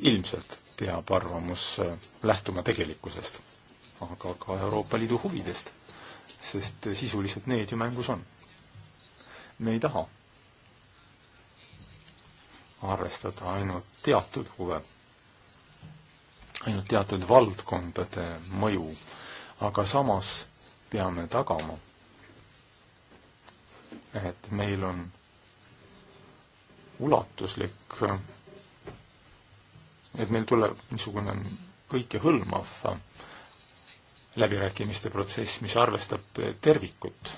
ilmselt peab arvamus äh, lähtuma tegelikkusest, aga ka Euroopa Liidu huvidest, sest äh, sisuliselt need ju mängus on. me ei taha arvestada ainult teatud huve, ainult teatud valdkondade mõju, aga samas peame tagama, et meil on ulatuslik äh, et meil tuleb niisugune kõikehõlmav läbirääkimiste protsess, mis arvestab tervikut,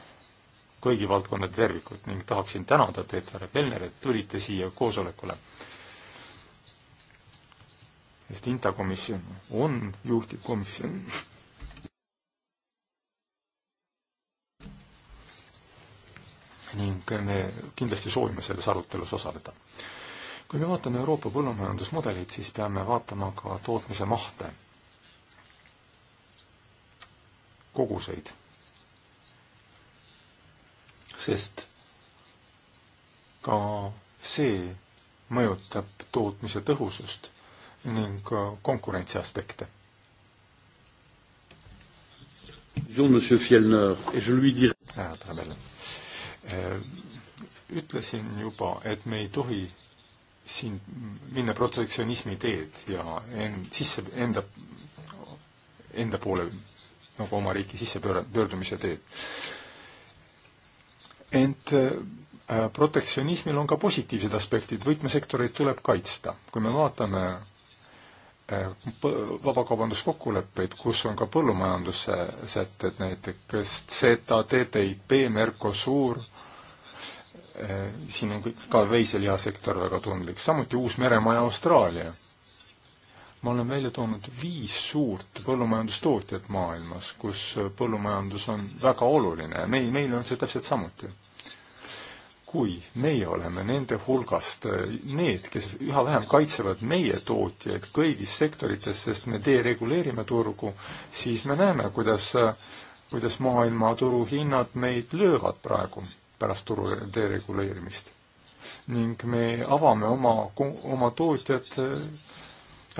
kõigi valdkondade tervikut ning tahaksin tänada teid, härra Kellner, et tulite siia koosolekule. sest Intakomisjon on juhtivkomisjon ning me kindlasti soovime selles arutelus osaleda kui me vaatame Euroopa põllumajandusmudelit, siis peame vaatama ka tootmise mahte, koguseid. sest ka see mõjutab tootmise tõhusust ning konkurentsi aspekte. härra äh, Trabel, äh, ütlesin juba, et me ei tohi siin minna protektsionismi teed ja en, sisse enda, enda poole nagu oma riiki sisse pööra-, pöördumise teed. ent äh, protektsionismil on ka positiivsed aspektid, võtmesektoreid tuleb kaitsta. kui me vaatame äh, vabakaubanduskokkuleppeid, kus on ka põllumajanduse sätted, näiteks CETA, TTIP, Mercosur, Eh, siin on kõik ka veiselihasektor väga tundlik, samuti Uus-Meremaa ja Austraalia. ma olen välja toonud viis suurt põllumajandustootjat maailmas, kus põllumajandus on väga oluline ja meil, meil on see täpselt samuti. kui meie oleme nende hulgast eh, need, kes üha vähem kaitsevad meie tootjaid kõigis sektorites, sest me dereguleerime turgu, siis me näeme, kuidas eh, kuidas maailmaturu hinnad meid löövad praegu pärast turu dereguleerimist. ning me avame oma, oma tootjad äh,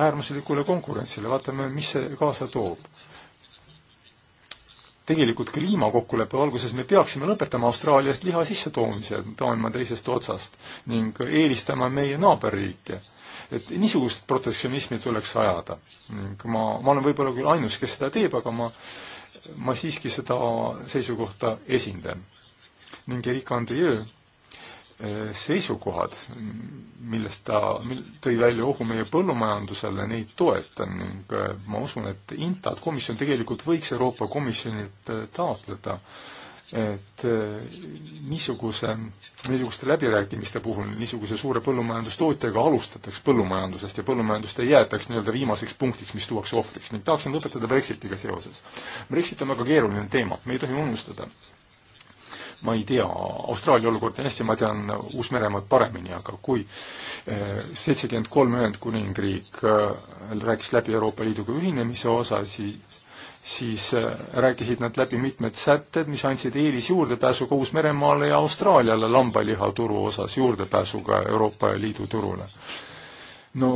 äärmuslikule konkurentsile, vaatame, mis see kaasa toob. tegelikult kliimakokkuleppe valguses me peaksime lõpetama Austraaliast liha sissetoomise maailma teisest otsast ning eelistama meie naaberriike et niisugust protektsionismi tuleks ajada. ma, ma olen võib-olla küll ainus, kes seda teeb, aga ma, ma siiski seda seisukohta esindan ning Erika Andrieu eh, seisukohad, millest ta mill, tõi välja ohu meie põllumajandusele, neid toetan ning eh, ma usun, et INTA-t komisjon tegelikult võiks Euroopa Komisjonilt eh, taotleda, et niisuguse, niisuguste läbirääkimiste puhul niisuguse suure põllumajandustootjaga alustataks põllumajandusest ja põllumajandust ei jäetaks nii-öelda viimaseks punktiks, mis tuuakse ohvriks ning tahaksin lõpetada Brexitiga seoses. Brexit on väga keeruline teema, me ei tohi unustada ma ei tea, Austraalia olukorda hästi, ma tean Uus-Meremaad paremini, aga kui eh, seitsekümmend kolm Ühendkuningriik eh, rääkis läbi Euroopa Liiduga ühinemise osa, siis siis eh, rääkisid nad läbi mitmed sätted, mis andsid eelis juurdepääsuga Uus-Meremaale ja Austraaliale lambalihaturu osas juurdepääsuga Euroopa Liidu turule. no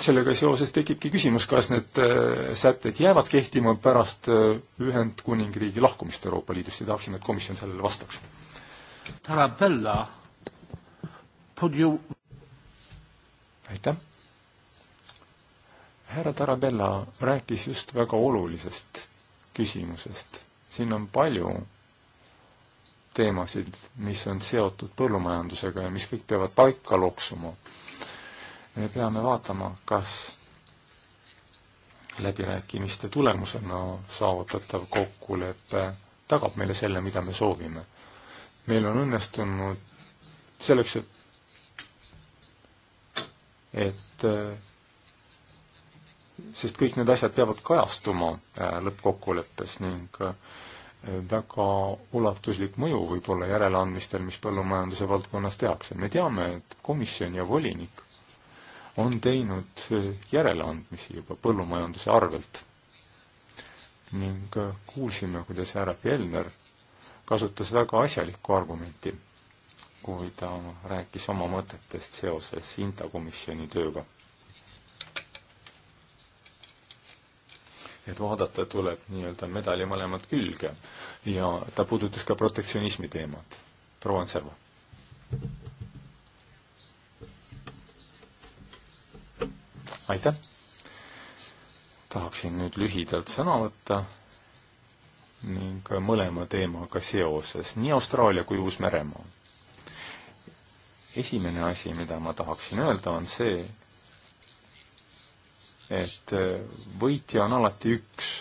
sellega seoses tekibki küsimus, kas need äh, sätted jäävad kehtima pärast äh, Ühendkuningriigi lahkumist Euroopa Liidust ja tahaksime, et komisjon sellele vastaks. Tarabella, podju-. aitäh. härra Tarabella rääkis just väga olulisest küsimusest. siin on palju teemasid, mis on seotud põllumajandusega ja mis kõik peavad paika loksuma me peame vaatama, kas läbirääkimiste tulemusena saavutatav kokkulepe tagab meile selle, mida me soovime. meil on õnnestunud selleks, et, et sest kõik need asjad peavad kajastuma äh, lõppkokkuleppes ning äh, väga ulatuslik mõju võib olla järeleandmistel, mis põllumajanduse valdkonnas tehakse. me teame, et komisjon ja volinik on teinud järeleandmisi juba põllumajanduse arvelt. ning äh, kuulsime, kuidas härra Fjellner kasutas väga asjalikku argumenti, kui ta rääkis oma mõtetest seoses Inta komisjoni tööga. et vaadata tuleb nii-öelda medali mõlemat külge ja ta puudutas ka protektsionismi teemat. proua Antserva. aitäh! tahaksin nüüd lühidalt sõna võtta ning mõlema teemaga seoses, nii Austraalia kui Uus-Meremaa. esimene asi, mida ma tahaksin öelda, on see, et võitja on alati üks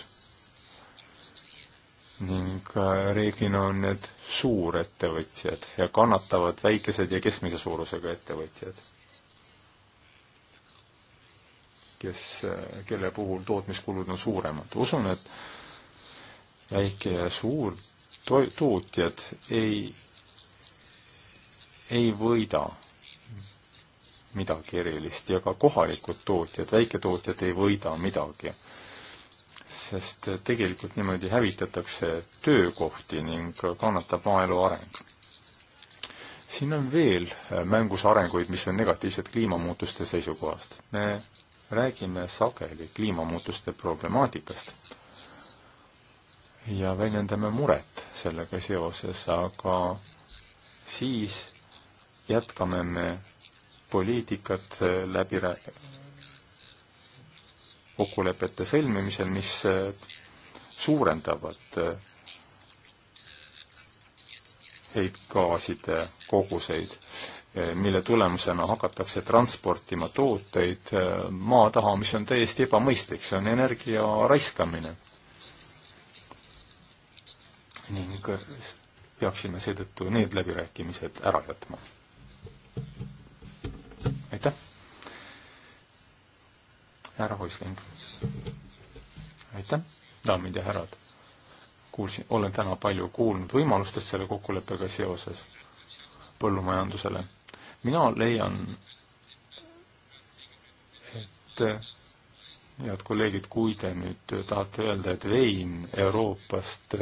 ning reeglina on need suurettevõtjad ja kannatavad väikesed ja keskmise suurusega ettevõtjad kes, kelle puhul tootmiskulud on suuremad. usun, et väike ja suur to-, tootjad ei, ei võida midagi erilist ja ka kohalikud tootjad, väiketootjad ei võida midagi. sest tegelikult niimoodi hävitatakse töökohti ning kannatab maaelu areng. siin on veel mängus arenguid, mis on negatiivsed kliimamuutuste seisukohast. me räägime sageli kliimamuutuste problemaatikast ja väljendame muret sellega seoses, aga siis jätkame me poliitikat läbi kokkulepete sõlmimisel, mis suurendavad heitgaaside koguseid Eh, mille tulemusena hakatakse transportima tooteid eh, maa taha, mis on täiesti ebamõistlik, see on energia raiskamine. ning eh, peaksime seetõttu need läbirääkimised ära jätma. aitäh! härra Hoisling. aitäh, daamid ja härrad! kuulsin, olen täna palju kuulnud võimalustest selle kokkuleppega seoses põllumajandusele mina leian, et head kolleegid, kui te nüüd tahate öelda, et vein Euroopast,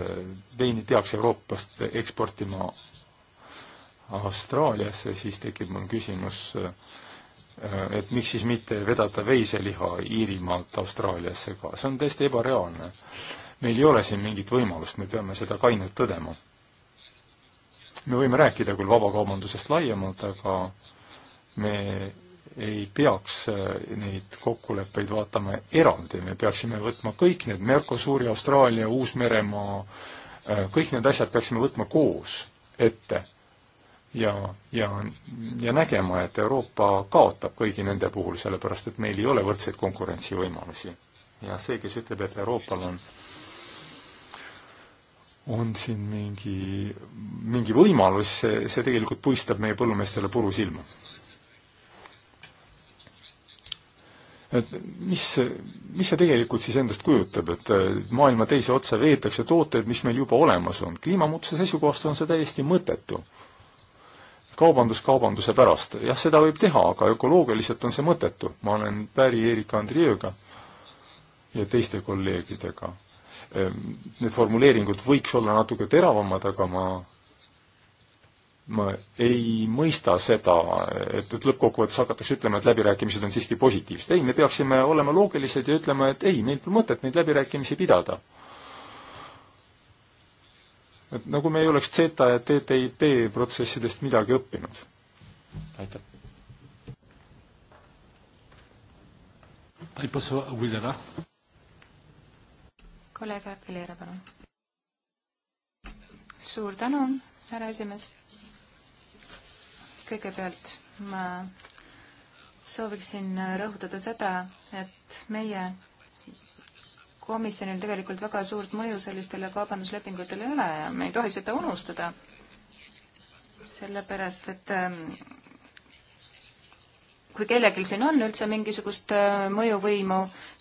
veini peaks Euroopast eksportima Austraaliasse, siis tekib mul küsimus, et miks siis mitte vedada veiseliha Iirimaalt Austraaliasse ka, see on täiesti ebareaalne. meil ei ole siin mingit võimalust, me peame seda kainelt tõdema me võime rääkida küll vabakaubandusest laiemalt, aga me ei peaks äh, neid kokkuleppeid vaatama eraldi, me peaksime võtma kõik need Mercosuri, Austraalia, Uus-Meremaa, äh, kõik need asjad peaksime võtma koos ette ja, ja, ja nägema, et Euroopa kaotab kõigi nende puhul, sellepärast et meil ei ole võrdseid konkurentsivõimalusi. ja see, kes ütleb, et Euroopal on äh, on siin mingi, mingi võimalus, see, see tegelikult puistab meie põllumeestele puru silma. et mis, mis see tegelikult siis endast kujutab, et maailma teise otsa veetakse tooteid, mis meil juba olemas on. kliimamuutuse seisukohast on see täiesti mõttetu. kaubandus kaubanduse pärast, jah, seda võib teha, aga ökoloogiliselt on see mõttetu. ma olen päri Erika Andreega ja teiste kolleegidega Ehm, need formuleeringud võiks olla natuke teravamad, aga ma, ma ei mõista seda, et, et lõppkokkuvõttes hakatakse ütlema, et läbirääkimised on siiski positiivsed. ei, me peaksime olema loogilised ja ütlema, et ei, meil pole mõtet neid läbirääkimisi pidada. et nagu me ei oleks Zeta ja TTIP protsessidest midagi õppinud. aitäh. Pani poseł Aguilera
kolleeg Akeleera, palun. suur tänu, härra esimees. kõigepealt ma sooviksin rõhutada seda, et meie komisjonil tegelikult väga suurt mõju sellistele kaubanduslepingutele ei ole ja me ei tohi seda unustada, sellepärast et ähm, kui kellelgi siin on üldse mingisugust äh, mõjuvõimu,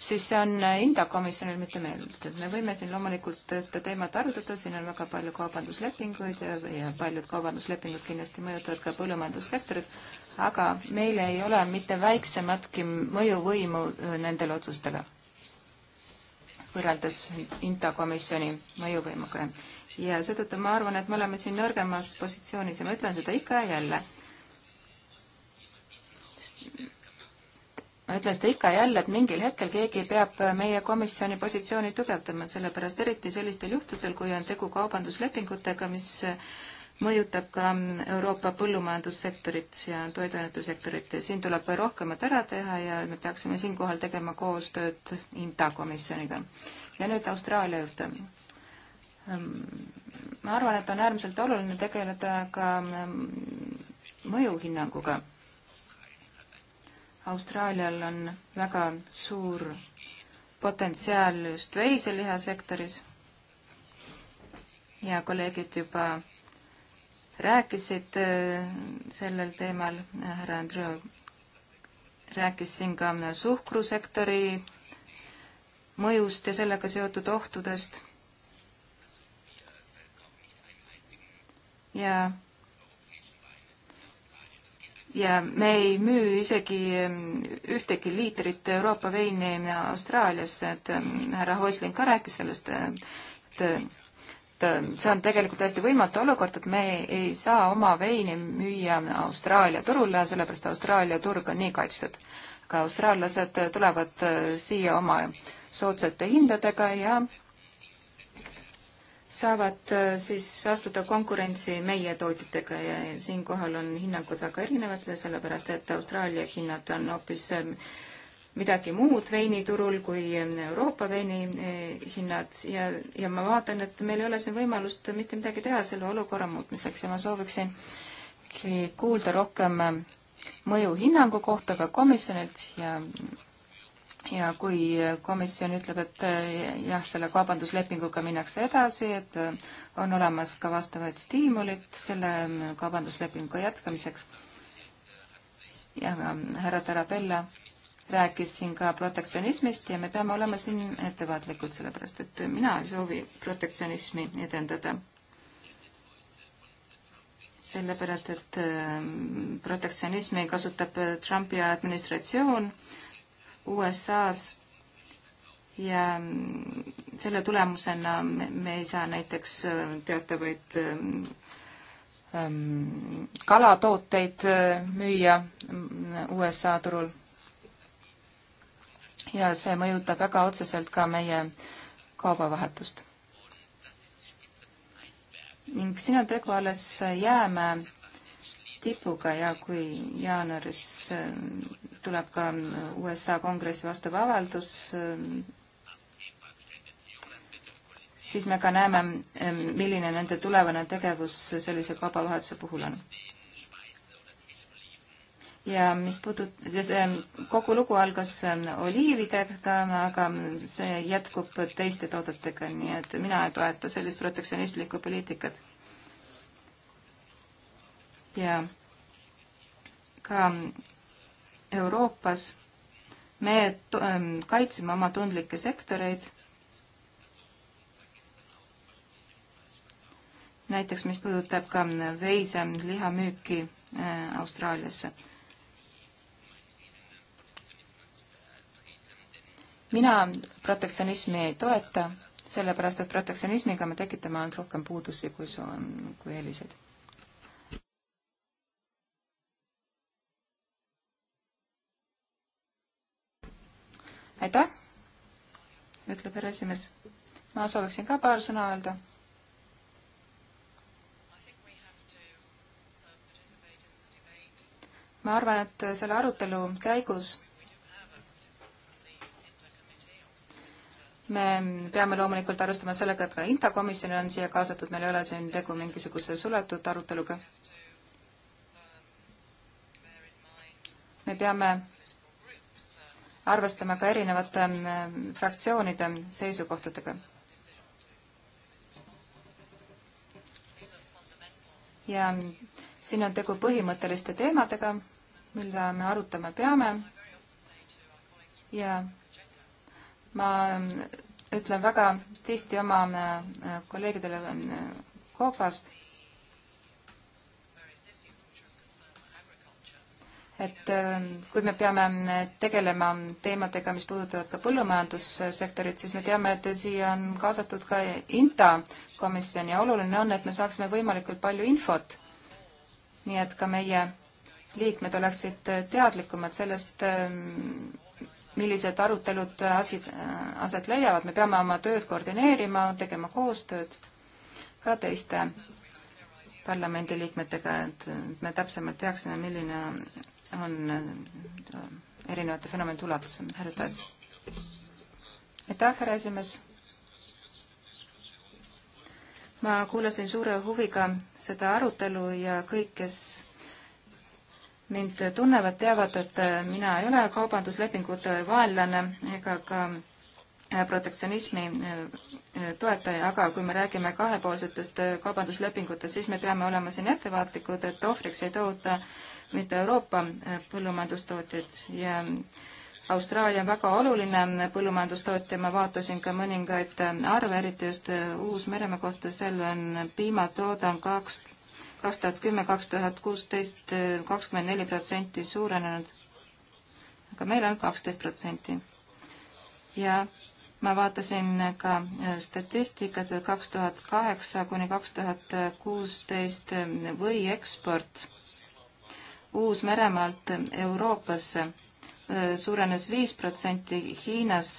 siis see on äh, Inda komisjonil, mitte meil. et me võime siin loomulikult äh, seda teemat arutada, siin on väga palju kaubanduslepinguid ja, ja paljud kaubanduslepingud kindlasti mõjutavad ka põllumajandussektorit, aga meil ei ole mitte väiksematki mõjuvõimu nendele otsustele võrreldes Inta komisjoni mõjuvõimuga. ja seetõttu ma arvan, et me oleme siin nõrgemas positsioonis ja ma ütlen seda ikka ja jälle ütles ta ikka jälle, et mingil hetkel keegi peab meie komisjoni positsiooni tugevdama, sellepärast eriti sellistel juhtudel, kui on tegu kaubanduslepingutega, mis mõjutab ka Euroopa põllumajandussektorit ja toiduainetesektorit ja siin tuleb rohkemat ära teha ja me peaksime siinkohal tegema koostööd INTA komisjoniga. ja nüüd Austraalia juurde. ma arvan, et on äärmiselt oluline tegeleda ka mõjuhinnanguga Austraalial on väga suur potentsiaal just veiselihasektoris ja kolleegid juba rääkisid äh, sellel teemal, härra Andreu rääkis siin ka suhkrusektori mõjust ja sellega seotud ohtudest. ja ja me ei müü isegi ähm, ühtegi liitrit Euroopa veini Austraaliasse, et ähm, härra Hoisling ka rääkis sellest, et et see on tegelikult täiesti võimatu olukord, et me ei saa oma veini müüa Austraalia turule, sellepärast Austraalia turg on nii kaitstud. aga austraallased tulevad äh, siia oma soodsate hindadega ja saavad äh, siis astuda konkurentsi meie tootjatega ja siinkohal on hinnangud väga erinevad, sellepärast et Austraalia hinnad on hoopis ähm, midagi muud veiniturul kui ähm, Euroopa veini äh, hinnad ja, ja ma vaatan, et meil ei ole siin võimalust mitte midagi teha selle olukorra muutmiseks ja ma sooviksin kuulda rohkem äh, mõjuhinnangu kohta ka komisjonilt ja ja kui komisjon ütleb, et eh, jah, selle kaubanduslepinguga minnakse edasi, et eh, on olemas ka vastavad stiimulid selle mm, kaubanduslepingu jätkamiseks. ja härra Tarabella rääkis siin ka protektsionismist ja me peame olema siin ettevaatlikud, sellepärast et mina ei soovi protektsionismi edendada. sellepärast, et eh, protektsionismi kasutab Trumpi administratsioon äh, USA-s ja mm, selle tulemusena me ei saa näiteks äh, teatavaid äh, mm, kalatooteid äh, müüa mm, USA turul. ja see mõjutab väga otseselt ka meie kaubavahetust. ning siin on tegu alles jäämäe tipuga ja kui jaanuaris tuleb ka USA kongressi vastav avaldus, siis me ka näeme, milline nende tulevane tegevus sellise kaubavahetuse puhul on. ja mis puudut-, see kogu lugu algas oliividega, aga see jätkub teiste toodetega, nii et mina ei toeta sellist protektsionistlikku poliitikat. ja ka Euroopas me ähm, kaitseme oma tundlikke sektoreid, näiteks mis puudutab ka mm, veise lihamüüki äh, Austraaliasse. mina protektsionismi ei toeta, sellepärast et protektsionismiga me tekitame ainult rohkem puudusi kui, kui eeliseid aitäh, ütleb härra esimees. ma sooviksin ka paar sõna öelda. ma arvan, et selle arutelu käigus me peame loomulikult arvestama sellega, et ka INTA komisjon on siia kaasatud, meil ei ole siin tegu mingisuguse suletud aruteluga. me peame arvestama ka erinevate mm, fraktsioonide seisukohtadega. ja siin on tegu põhimõtteliste teemadega, mida me arutama peame ja ma mm, ütlen väga tihti oma mm, kolleegidele Koopast, et ähm, kui me peame tegelema teemadega, mis puudutavad ka põllumajandussektorit, siis me teame, et siia on kaasatud ka INTA komisjon ja oluline on, et me saaksime võimalikult palju infot. nii et ka meie liikmed oleksid teadlikumad sellest, ähm, millised arutelud asid, aset leiavad, me peame oma tööd koordineerima, tegema koostööd ka teiste parlamendiliikmetega, et me täpsemalt teaksime, milline on äh, erinevate fenomenide ulatus. härra Tass. aitäh, härra esimees. ma kuulasin suure huviga seda arutelu ja kõik, kes mind tunnevad, teavad, et mina ei ole kaubanduslepingute vaenlane ega ka äh, protektsionismi äh, toetaja, aga kui me räägime kahepoolsetest kaubanduslepingutest, siis me peame olema siin ettevaatlikud, et ohvriks ei tooda mitte Euroopa eh, põllumajandustootjad ja Austraalia on väga oluline põllumajandustootja, ma vaatasin ka mõningaid eh, arve, eriti just eh, Uus-Meremaa kohta, seal on piimatoodang kaks, kaks tuhat kümme, kaks tuhat kuusteist kakskümmend neli protsenti suurenenud. aga meil on kaksteist protsenti. ja ma vaatasin ka statistikat, et kaks tuhat kaheksa kuni kaks tuhat kuusteist või eksport Uus-Meremaalt Euroopasse suurenes viis protsenti, Hiinas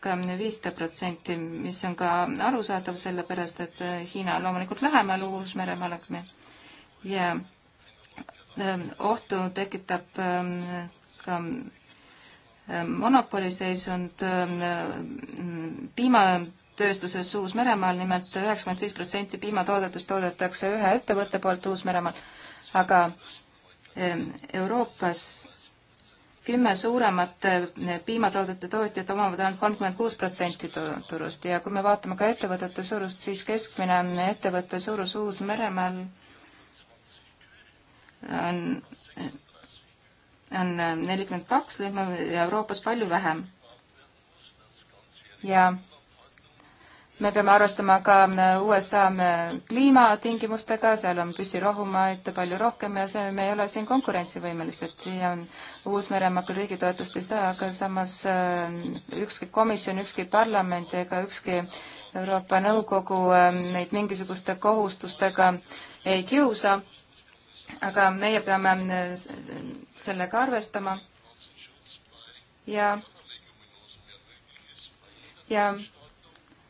ka viissada protsenti, mis on ka arusaadav, sellepärast et Hiina loomulikult lähemal Uus-Meremaale ja ohtu tekitab ka monopoliseisund piimatööstuses Uus-Meremaal, nimelt üheksakümmend viis protsenti piimatoodetest toodetakse ühe ettevõtte poolt Uus-Meremaal, aga Ehm, Euroopas kümme suuremat eh, piimatoodete tootjat omavad ainult kolmkümmend kuus protsenti turust ja kui me vaatame ka ettevõtete suurust, siis keskmine ettevõtte suurus Uus-Meremaal on, on eh, nelikümmend kaks lehma ja Euroopas palju vähem. ja me peame arvestama ka äh, USA äh, kliimatingimustega, seal on püsirohumaid palju rohkem ja see, me ei ole siin konkurentsivõimelised ja Uus-Meremaa küll riigi toetust ei saa, aga samas äh, ükski komisjon, ükski parlament ega ükski Euroopa Nõukogu neid mingisuguste kohustustega ei kiusa. aga meie peame sellega arvestama ja, ja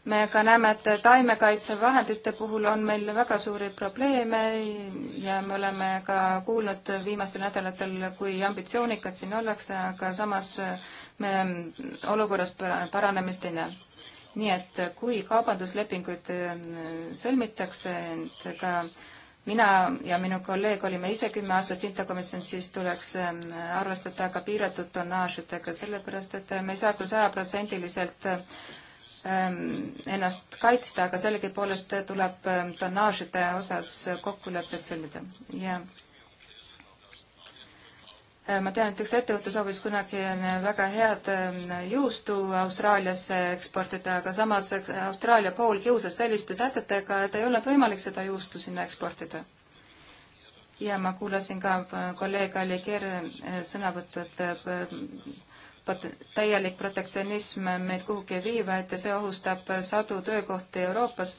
me ka näeme, et taimekaitsevahendite puhul on meil väga suuri probleeme ja me oleme ka kuulnud viimastel nädalatel, kui ambitsioonikad siin ollakse, aga samas me olukorras paranemist ei näe. nii et kui kaubanduslepinguid äh, sõlmitakse, et ka mina ja minu kolleeg olime ise kümme aastat hintakomisjonis, siis tuleks äh, arvestada ka piiratud tonnaažidega, sellepärast et me ei saa küll sajaprotsendiliselt Ähm, ennast kaitsta, aga sellegipoolest tuleb ähm, tonnaažide osas kokkulepped sõlmida ja äh, ma tean, näiteks ettevõte soovis kunagi äh, väga head ähm, juustu Austraaliasse eksportida, aga samas äh, Austraalia pool kiusas selliste sätetega, et ei olnud võimalik seda juustu sinna eksportida. ja ma kuulasin ka kolleeg Alli Kerre sõnavõttu, et täielik protektsionism meid kuhugi ei vii, vaid see ohustab sadu töökohti Euroopas.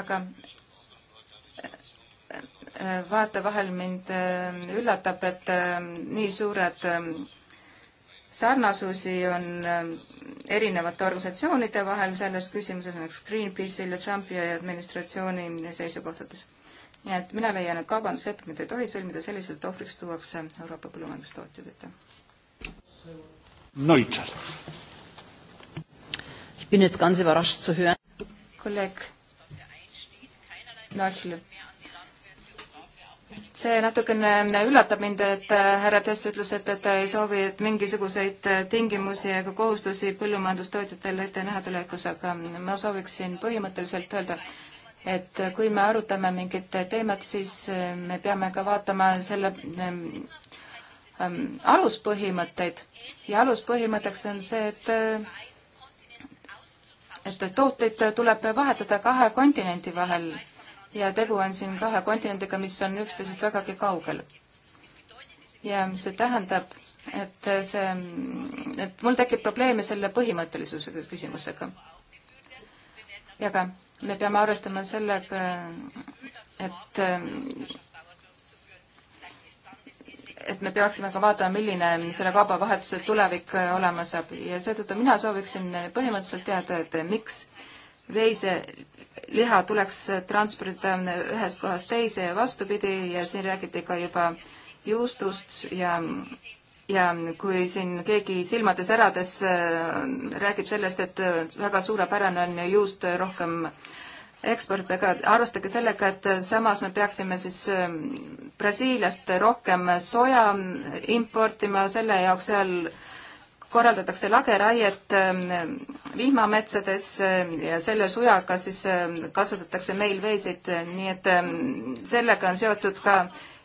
aga vaata, vahel mind äh, üllatab, et äh, nii suured äh, sarnasusi on erinevate organisatsioonide vahel selles küsimuses, näiteks nagu Greenpeace'il ja Trumpi administratsiooni seisukohtades nii et mina leian, et kaubanduslepingut ei tohi sõlmida selliselt, et ohvriks tuuakse Euroopa põllumajandustootjad, aitäh. Neutel. kolleeg Neutel. see natukene üllatab mind, et äh, härra Tess ütles, et, et ta ei soovi, et mingisuguseid äh, tingimusi ega kohustusi põllumajandustootjatele ette näha tulevikus, aga ma sooviksin põhimõtteliselt öelda, et kui me arutame mingit teemat, siis eh, me peame ka vaatama selle ehm, ehm, aluspõhimõtteid ja aluspõhimõtteks on see, et eh, et tooteid tuleb vahetada kahe kontinendi vahel ja tegu on siin kahe kontinendiga, mis on üksteisest vägagi kaugel. ja see tähendab, et see, et mul tekib probleeme selle põhimõttelisuse küsimusega. ja ka me peame arvestama sellega, et et me peaksime ka vaatama, milline selle kaubavahetuse tulevik olema saab ja seetõttu mina sooviksin põhimõtteliselt teada, et miks veiseliha tuleks transportida ühest kohast teise ja vastupidi ja siin räägiti ka juba juustust ja ja kui siin keegi silmades ärades äh, räägib sellest, et äh, väga suurepärane on juust rohkem eksport, aga arvestage sellega, et äh, samas me peaksime siis Brasiiliast rohkem soja importima, selle jaoks seal korraldatakse lageraiet vihmametsades ja selle sujaga siis kasvatatakse meil veeseid, nii et sellega on seotud ka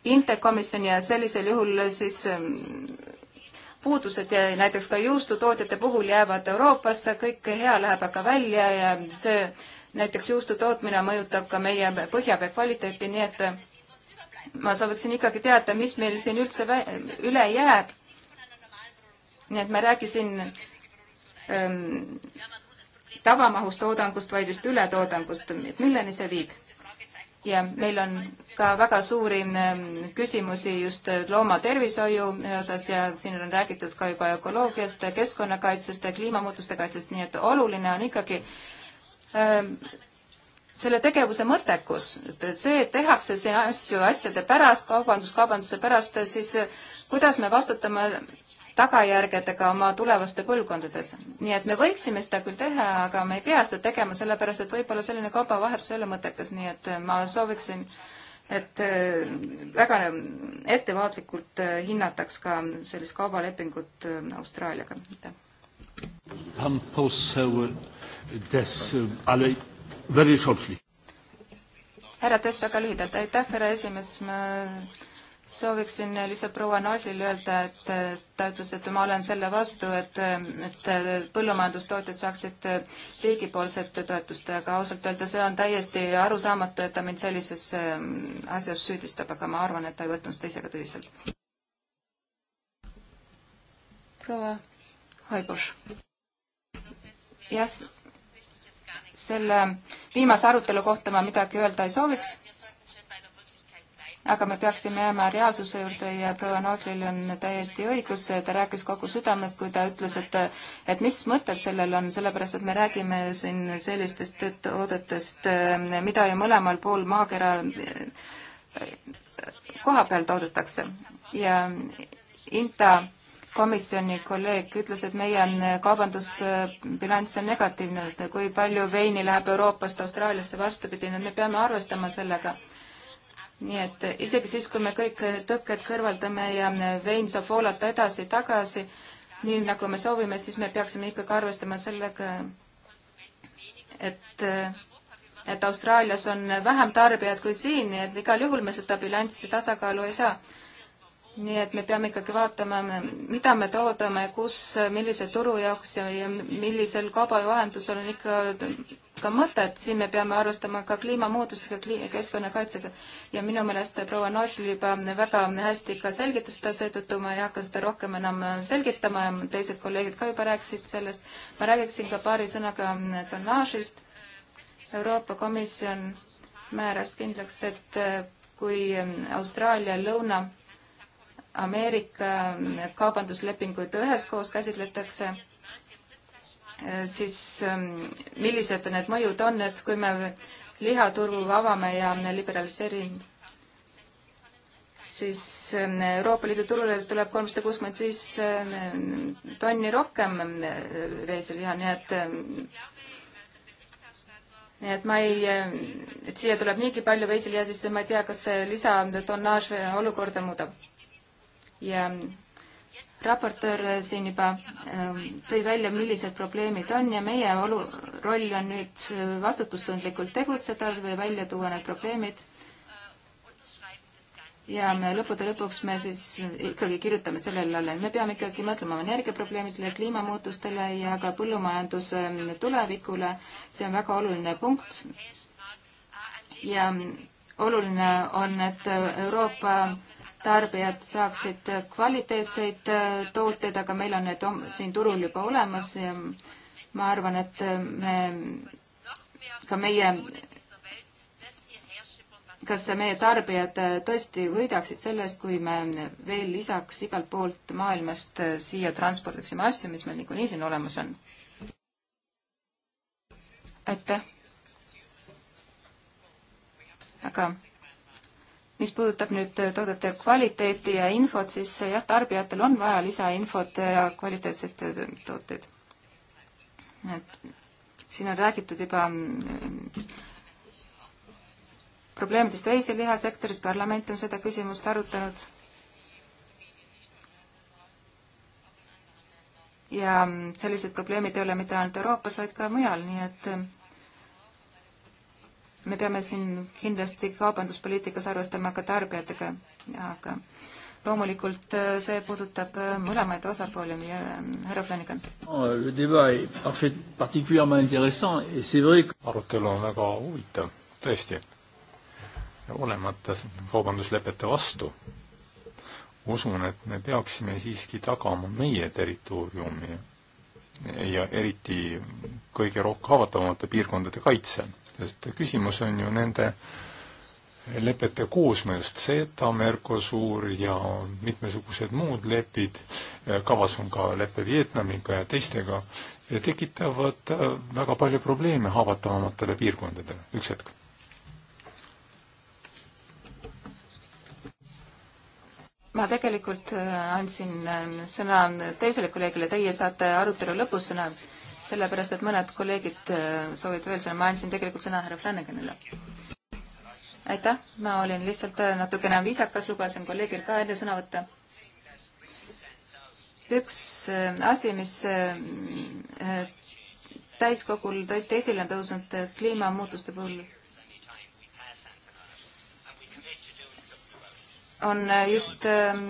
Intekomisjon ja sellisel juhul siis puudused ja näiteks ka juustutootjate puhul jäävad Euroopasse, kõik hea läheb aga välja ja see näiteks juustu tootmine mõjutab ka meie põhjavee kvaliteeti, nii et ma sooviksin ikkagi teada, mis meil siin üldse üle jääb. nii et ma ei räägi siin ähm, tavamahus toodangust, vaid just ületoodangust, milleni see viib ja meil on ka väga suuri mm, küsimusi just äh, loomatervishoiu osas ja siin on räägitud ka juba ökoloogiast, keskkonnakaitsest ja kliimamuutuste kaitsest, nii et oluline on ikkagi ähm, selle tegevuse mõttekus, et see, et tehakse siin asju asjade pärast, kaubandus kaubanduse pärast, siis äh, kuidas me vastutame tagajärgedega oma tulevaste põlvkondades. nii et me võiksime seda küll teha, aga me ei pea seda tegema, sellepärast et võib-olla selline kaubavahetus ei ole mõttekas, nii et äh, ma sooviksin, et äh, väga ettevaatlikult äh, hinnataks ka sellist kaubalepingut Austraaliaga. härra Tess, väga lühidalt, aitäh, härra esimees, ma sooviksin lihtsalt proua Naiflile öelda, et ta ütles, et ma olen selle vastu, et, et põllumajandustootjad saaksid riigipoolset toetust, aga ausalt öelda, see on täiesti arusaamatu, et ta mind sellises ähm, asjas süüdistab, aga ma arvan, et ta ei võtnud seda ise ka tõsiselt. proua Hoibus. jah, selle viimase arutelu kohta ma midagi öelda ei sooviks aga me peaksime jääma reaalsuse juurde ja proua Nohlil on täiesti õigus, ta rääkis kogu südamest, kui ta ütles, et et mis mõtted sellel on, sellepärast et me räägime siin sellistest toodetest, mida ju mõlemal pool maakera eh, koha peal toodetakse ja INTA komisjoni kolleeg ütles, et meie eh, kaubandusbilanss on negatiivne, et kui palju veini läheb Euroopast Austraaliasse, vastupidi, nii et me peame arvestama sellega nii et isegi siis, kui me kõik tõkked kõrvaldame ja vein saab voolata edasi-tagasi, nii nagu me soovime, siis me peaksime ikkagi arvestama sellega, et, et Austraalias on vähem tarbijad kui siin, nii et igal juhul me seda bilanssi tasakaalu ei saa. nii et me peame ikkagi vaatama, mida me toodame, kus, millise turu jaoks ja, ja millisel kaubavahendusel on ikka ka mõtet, siin me peame arvestama ka kliimamuutustega kli,, keskkonnakaitsega. ja minu meelest proua Neuchel juba väga hästi ka selgitas seda, seetõttu ma ei hakka seda rohkem enam selgitama ja teised kolleegid ka juba rääkisid sellest. ma räägiksin ka paari sõnaga tonnaažist. Euroopa Komisjon määras kindlaks, et kui Austraalia lõuna Ameerika kaubanduslepinguid üheskoos käsitletakse, Äh, siis ähm, millised need mõjud on, et kui me lihaturgu avame ja liberaliseerime, siis ähm, Euroopa Liidu turule tuleb kolmsada kuuskümmend viis ähm, tonni rohkem veeseliha, nii et nii et ma ei, et siia tuleb niigi palju veiseliha sisse, ma ei tea, kas see lisatonnaaž olukorda muudab. ja raportöör siin juba ähm, tõi välja, millised probleemid on ja meie olu, roll on nüüd äh, vastutustundlikult tegutseda või välja tuua need probleemid. ja me lõppude lõpuks me siis ikkagi kirjutame sellele alla, et me peame ikkagi mõtlema energiaprobleemidele, kliimamuutustele ja ka põllumajanduse ähm, tulevikule. see on väga oluline punkt. ja ähm, oluline on, et Euroopa tarbijad saaksid kvaliteetseid äh, tooteid, aga meil on need siin turul juba olemas ja ma arvan, et äh, me, ka meie, kas meie tarbijad äh, tõesti võidaksid sellest, kui me veel lisaks igalt poolt maailmast siia transpordiksime asju, mis meil niikuinii siin olemas on? aitäh! aga mis puudutab nüüd äh, toodete kvaliteeti ja infot, siis äh, jah, tarbijatel on vaja lisainfot äh, ja kvaliteetseid tooteid. et siin on räägitud juba mm, probleemidest veiselihasektoris, parlament on seda küsimust arutanud. ja mm, sellised probleemid ei ole mitte ainult Euroopas, vaid ka mujal, nii et me peame siin kindlasti kaubanduspoliitikas arvestama ka tarbijatega, aga loomulikult äh, see puudutab äh, mõlemaid osapooli, äh, härra Flanagan.
Oh, arutelu on väga huvitav, tõesti. olemata kaubanduslepete vastu, usun, et me peaksime siiski tagama meie territooriumi ja eriti kõige rohkem haavatavamate piirkondade kaitse sest küsimus on ju nende lepete koosmõjust, CETA, Mercosur ja mitmesugused muud lepid, kavas on ka lepe Vietnamiga ja teistega, tekitavad äh, väga palju probleeme haavatavamatele piirkondadele, üks hetk.
ma tegelikult äh, andsin äh, sõna teisele kolleegile, teie saate arutelu lõpus sõna sellepärast et mõned kolleegid äh, soovivad veel sõna, ma andsin tegelikult sõna härra Flanaganile. aitäh, ma olin lihtsalt äh, natukene viisakas, lubasin kolleegil ka enne sõna võtta. üks äh, asi, mis täiskogul tõesti esile on tõusnud kliimamuutuste puhul, on just ähm,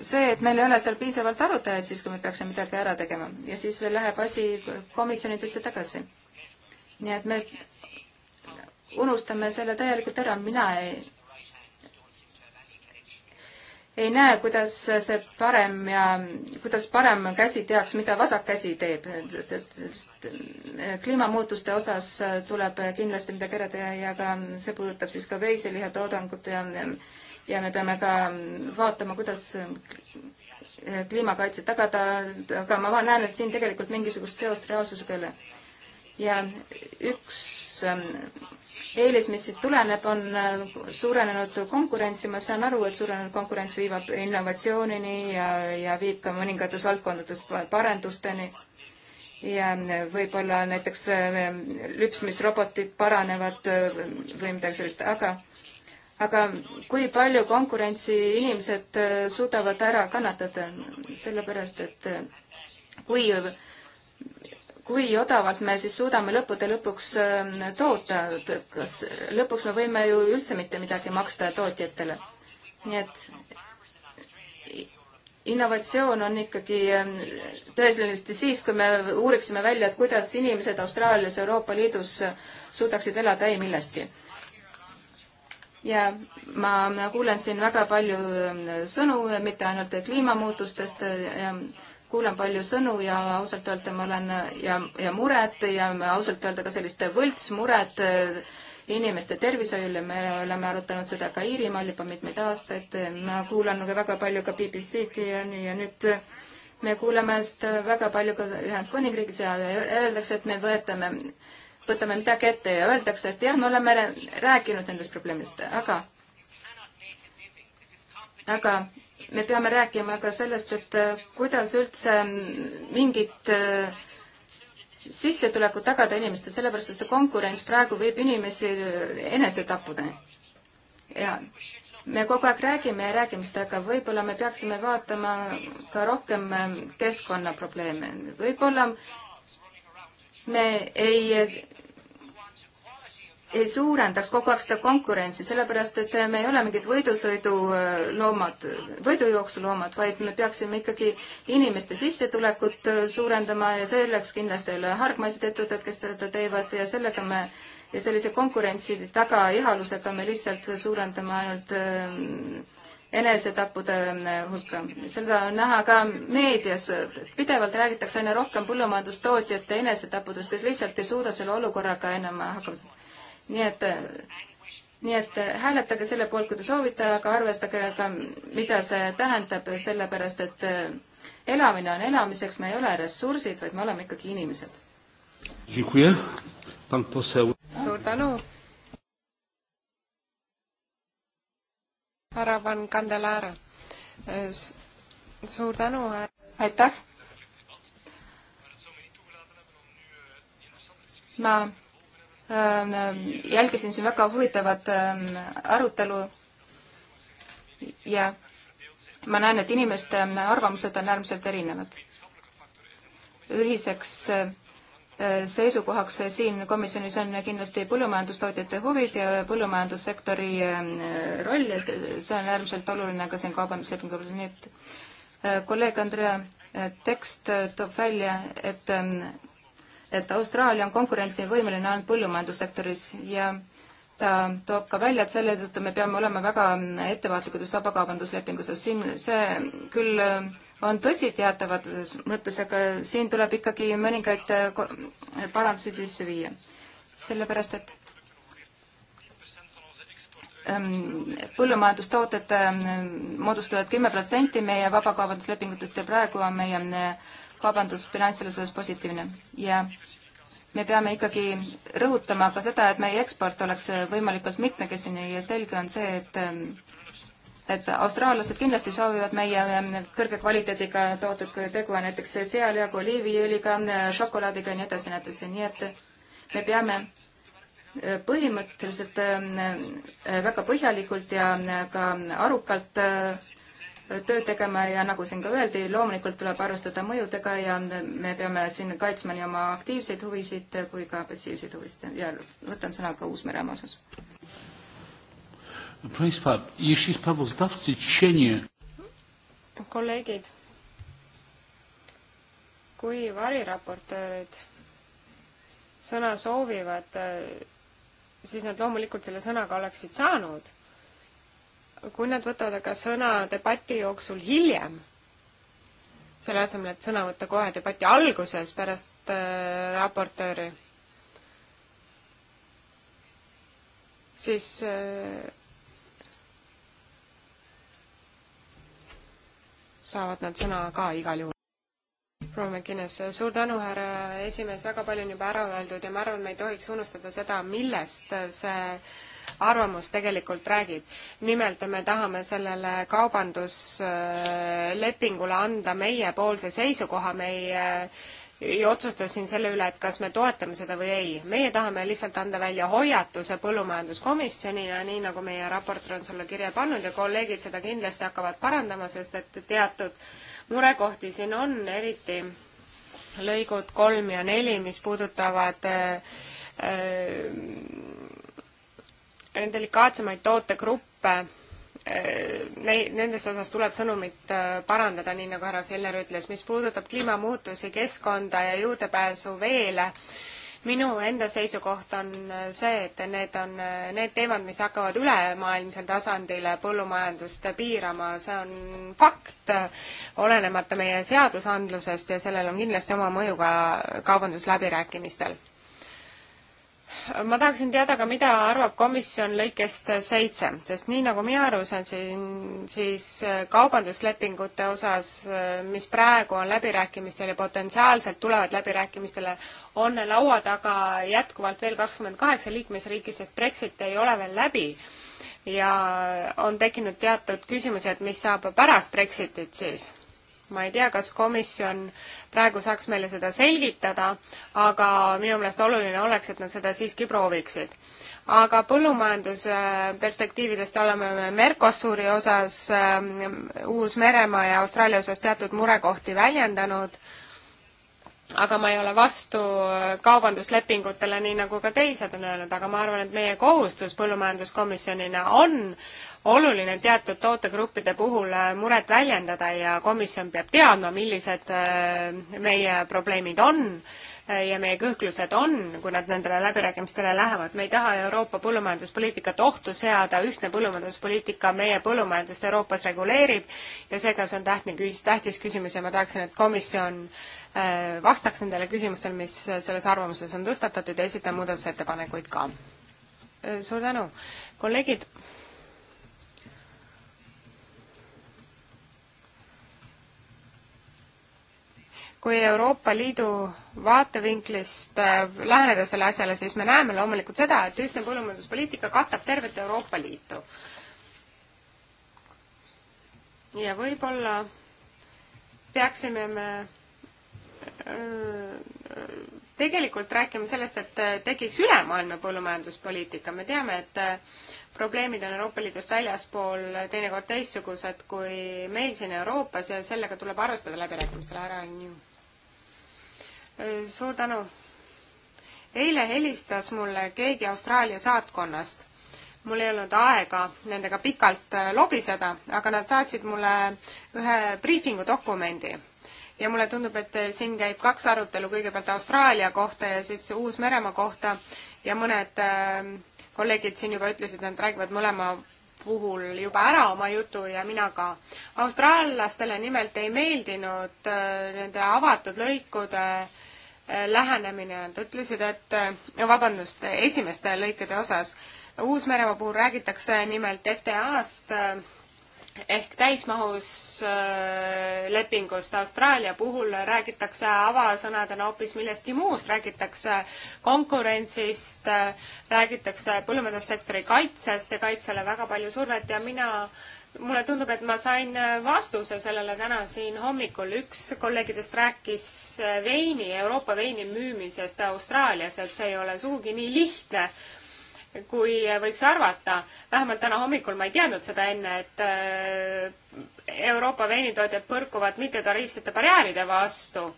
see, et meil ei ole seal piisavalt arutajaid siis, kui me peaksime midagi ära tegema ja siis läheb asi komisjonidesse tagasi. nii et me unustame selle täielikult ära, mina ei, ei näe, kuidas see parem ja kuidas parem käsi teaks, mida vasak käsi teeb. kliimamuutuste osas tuleb kindlasti midagi ära teha ja ka see puudutab siis ka veiselihatoodangute ja ja me peame ka mm, vaatama, kuidas mm, kliimakaitset tagada, aga ma näen, et siin tegelikult mingisugust seost reaalsusega ei ole. ja üks mm, eelis, mis siit tuleneb, on suurenenud konkurents ja ma saan aru, et suurenenud konkurents viivab innovatsioonini ja, ja viib ka mõningates valdkondades parendusteni. ja võib-olla näiteks lüpsmisrobotid paranevad või midagi sellist, aga aga kui palju konkurentsi inimesed äh, suudavad ära kannatada, sellepärast et äh, kui, kui odavalt me siis suudame lõppude lõpuks äh, toota, kas lõpuks me võime ju üldse mitte midagi maksta tootjatele? nii et innovatsioon on ikkagi tõesti siis, kui me uuriksime välja, et kuidas inimesed Austraalias, Euroopa Liidus suudaksid elada ei millestki ja ma kuulen siin väga palju ähm, sõnu, mitte ainult kliimamuutustest, äh, kuulen palju sõnu ja ausalt öelda ma olen äh, ja, ja muret ja ausalt öelda ka sellist võltsmuret äh, inimeste tervishoiul ja me oleme arutanud seda ka Iirimaal juba mitmeid aastaid. ma kuulan ka väga palju ka BBC-d ja, ja nüüd me kuuleme seda väga palju ka Ühendkuningriigis ja öeldakse, et me võetame võtame midagi ette ja öeldakse, et jah, me oleme rääkinud nendest probleemidest, aga, aga me peame rääkima ka sellest, et äh, kuidas üldse mingit äh, sissetulekut tagada inimestele, sellepärast et see konkurents praegu viib inimesi äh, enesetappudeni. ja me kogu aeg räägime ja räägime seda, aga võib-olla me peaksime vaatama ka rohkem keskkonnaprobleeme. võib-olla me ei ei suurendaks kogu aeg seda konkurentsi, sellepärast et me ei ole mingid võidusõiduloomad, äh, võidujooksuloomad, vaid me peaksime ikkagi inimeste sissetulekut äh, suurendama ja selleks kindlasti ei ole hargmaised ettevõtted, kes seda teevad ja sellega me ja sellise konkurentsi taga ihalusega me lihtsalt suurendame ainult äh, enesetappude hulka. seda on näha ka meedias, pidevalt räägitakse aina rohkem põllumajandustootjate enesetappudest, kes lihtsalt ei suuda selle olukorraga enam hakkama saada nii et nii et hääletage selle poolt, kui te soovite, aga arvestage ka, mida see tähendab, sellepärast et eh, elamine on elamiseks, me ei ole ressursid, vaid me oleme ikkagi inimesed. suur tänu.
härra Van Kandelaar, eh,
suur tänu. Eh. aitäh. ma Ähm, ähm, jälgisin siin väga huvitavat ähm, arutelu ja ma näen, et inimeste arvamused on äärmiselt erinevad. ühiseks äh, äh, seisukohaks siin komisjonis on kindlasti põllumajandustootjate huvid ja põllumajandussektori roll, et see on äärmiselt oluline ka siin kaubanduslepingu puhul, nii et äh, kolleeg Andrea tekst toob välja, et et Austraalia on konkurentsivõimeline ainult põllumajandussektoris ja ta toob ka välja, et selle tõttu me peame olema väga ettevaatlikud just vabakaubanduslepingus, sest siin see küll äh, on tõsi teatavates mõttes, aga siin tuleb ikkagi mõningaid äh, parandusi sisse viia. sellepärast, et ähm, põllumajandustooted äh, moodustavad kümme protsenti meie vabakaubanduslepingutest ja praegu on meie kaubandus finantsilises positiivne ja me peame ikkagi rõhutama ka seda, et meie eksport oleks võimalikult mitmekesine ja selge on see, et et austraallased kindlasti soovivad meie ähm, kõrge kvaliteediga tooted, kui tegu on näiteks sealihaga, oliiviõliga, äh, šokolaadiga ja nii edasi, nii edasi, nii et me peame äh, põhimõtteliselt ähm, äh, väga põhjalikult ja ka arukalt tööd tegema ja nagu siin ka öeldi, loomulikult tuleb arvestada mõjudega ja me peame siin kaitsma nii oma aktiivseid huvisid kui ka passiivseid huvisid ja võtan sõna ka Uus-Meremaa osas.
kolleegid, kui variraportöörid sõna soovivad, eh, siis nad loomulikult selle sõnaga oleksid saanud kui nad võtavad aga sõna debati jooksul hiljem, selle asemel, et sõna võtta kohe debati alguses pärast äh, raportööri, siis äh, saavad nad sõna ka igal juhul. proua Mäkinas, suur tänu, härra esimees, väga palju on juba ära öeldud ja ma arvan, me ei tohiks unustada seda, millest see äh, arvamus tegelikult räägib. nimelt me tahame sellele kaubanduslepingule anda meiepoolse seisukoha, me ei äh, ei otsusta siin selle üle, et kas me toetame seda või ei. meie tahame lihtsalt anda välja hoiatuse põllumajanduskomisjonina, nii nagu meie raportöör on sulle kirja pannud ja kolleegid seda kindlasti hakkavad parandama, sest et teatud murekohti siin on, eriti lõigud kolm ja neli, mis puudutavad äh, äh, delikaatsemaid tootegruppe, eh, nendes osas tuleb sõnumit eh, parandada, nii nagu härra Feller ütles, mis puudutab kliimamuutusi, keskkonda ja juurdepääsu veele, minu enda seisukoht on eh, see, et need on need teemad, mis hakkavad ülemaailmsel tasandil põllumajandust piirama, see on fakt, olenemata meie seadusandlusest ja sellel on kindlasti oma mõju ka kaubandusläbirääkimistel ma tahaksin teada ka, mida arvab komisjon lõikest seitse, sest nii nagu mina aru saan, siin siis äh, kaubanduslepingute osas, äh, mis praegu on läbirääkimistel ja potentsiaalselt tulevad läbirääkimistele, on laua taga jätkuvalt veel kakskümmend kaheksa liikmesriiki, sest Brexit ei ole veel läbi ja on tekkinud teatud küsimusi, et mis saab pärast Brexitit siis ma ei tea, kas komisjon praegu saaks meile seda selgitada, aga minu meelest oluline oleks, et nad seda siiski prooviksid. aga põllumajandusperspektiividest oleme me Mercosuri osas ähm, Uus-Meremaa ja Austraalia osas teatud murekohti väljendanud, aga ma ei ole vastu äh, kaubanduslepingutele, nii nagu ka teised on öelnud, aga ma arvan, et meie kohustus põllumajanduskomisjonina on oluline teatud tootegruppide puhul äh, muret väljendada ja komisjon peab teadma, millised äh, meie probleemid on äh, ja meie kõhklused on, kui nad nendele läbirääkimistele lähevad. me ei taha Euroopa põllumajanduspoliitikat ohtu seada, ühtne põllumajanduspoliitika meie põllumajandust Euroopas reguleerib ja seega see on tähtne, tähtis küsimus ja ma tahaksin, et komisjon vastaks nendele küsimustele, mis selles arvamuses on tõstatatud ja esitan muudatusettepanekuid ka. suur tänu, kolleegid kui Euroopa Liidu vaatevinklist äh, läheneda selle asjale, siis me näeme loomulikult seda, et ühtne põllumajanduspoliitika katab tervet Euroopa Liitu. ja võib-olla peaksime me äh, tegelikult rääkima sellest, et äh, tekiks ülemaailmne põllumajanduspoliitika, me teame, et probleemid on Euroopa Liidust väljaspool teinekord teistsugused kui meil siin Euroopas ja sellega tuleb arvestada läbirääkimistel, härra Anju suur tänu. eile helistas mulle keegi Austraalia saatkonnast. mul ei olnud aega nendega pikalt äh, lobiseda, aga nad saatsid mulle ühe briifingu dokumendi ja mulle tundub, et äh, siin käib kaks arutelu, kõigepealt Austraalia kohta ja siis Uus-Meremaa kohta ja mõned äh, kolleegid siin juba ütlesid, nad räägivad mõlema puhul juba ära oma jutu ja mina ka. austraallastele nimelt ei meeldinud nende avatud lõikude äh, Äh, lähenemine on, ta ütlesid, et äh, vabandust, esimeste lõikede osas Uus-Meremaa puhul räägitakse nimelt FTA-st äh, ehk täismahus lepingust Austraalia puhul räägitakse avasõnadena hoopis millestki muust, räägitakse konkurentsist, räägitakse põllumajandussektori kaitsest ja kaitsele väga palju survet ja mina äh, mulle tundub, et ma sain äh, vastuse sellele täna siin hommikul. üks kolleegidest rääkis äh, veini, Euroopa veini müümisest Austraalias, et see ei ole sugugi nii lihtne, kui äh, võiks arvata. vähemalt täna hommikul ma ei teadnud seda enne, et Euroopa veinitootjad põrkuvad mittetariifsete barjääride vastu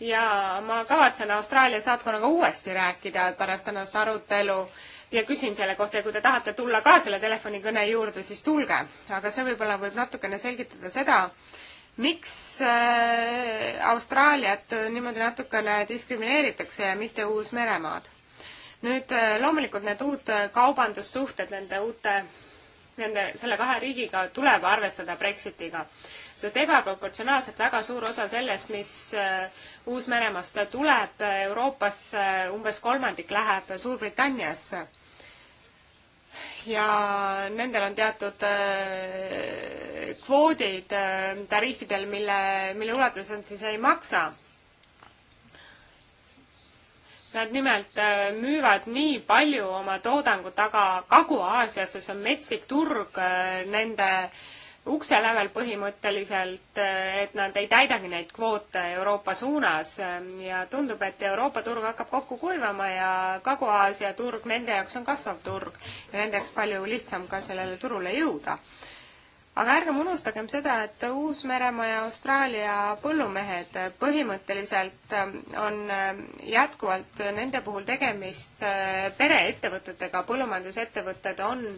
ja ma kavatsen Austraalia saatkonnaga uuesti rääkida pärast tänast arutelu äh, ja küsin selle kohta ja kui te tahate tulla ka selle telefonikõne juurde, siis tulge. aga see võib-olla võib natukene selgitada seda, miks äh, Austraaliat niimoodi natukene diskrimineeritakse ja mitte Uus-Meremaad. nüüd äh, loomulikult need uut äh, kaubandussuhted nende uute nende, selle kahe riigiga tuleb arvestada Brexitiga, sest ebaproportsionaalselt väga suur osa sellest, mis äh, Uus-Meremaast tuleb Euroopasse, umbes kolmandik läheb Suurbritanniasse ja nendel on teatud äh, kvoodid äh, tariifidel, mille, mille ulatuses nad siis ei maksa. Nad nimelt äh, müüvad nii palju oma toodangut, aga Kagu-Aasiasse, see on metsik turg nende äh, ukse lävel põhimõtteliselt, eh, et nad ei täidagi neid kvoote Euroopa suunas ja tundub, et Euroopa turg hakkab kokku kuivama ja Kagu-Aasia turg nende jaoks on kasvav turg ja nende jaoks palju lihtsam ka sellele turule jõuda. aga ärgem unustagem seda, et Uus-Meremaa ja Austraalia põllumehed põhimõtteliselt eh, on eh, jätkuvalt nende puhul tegemist pereettevõtetega, põllumajandusettevõtted on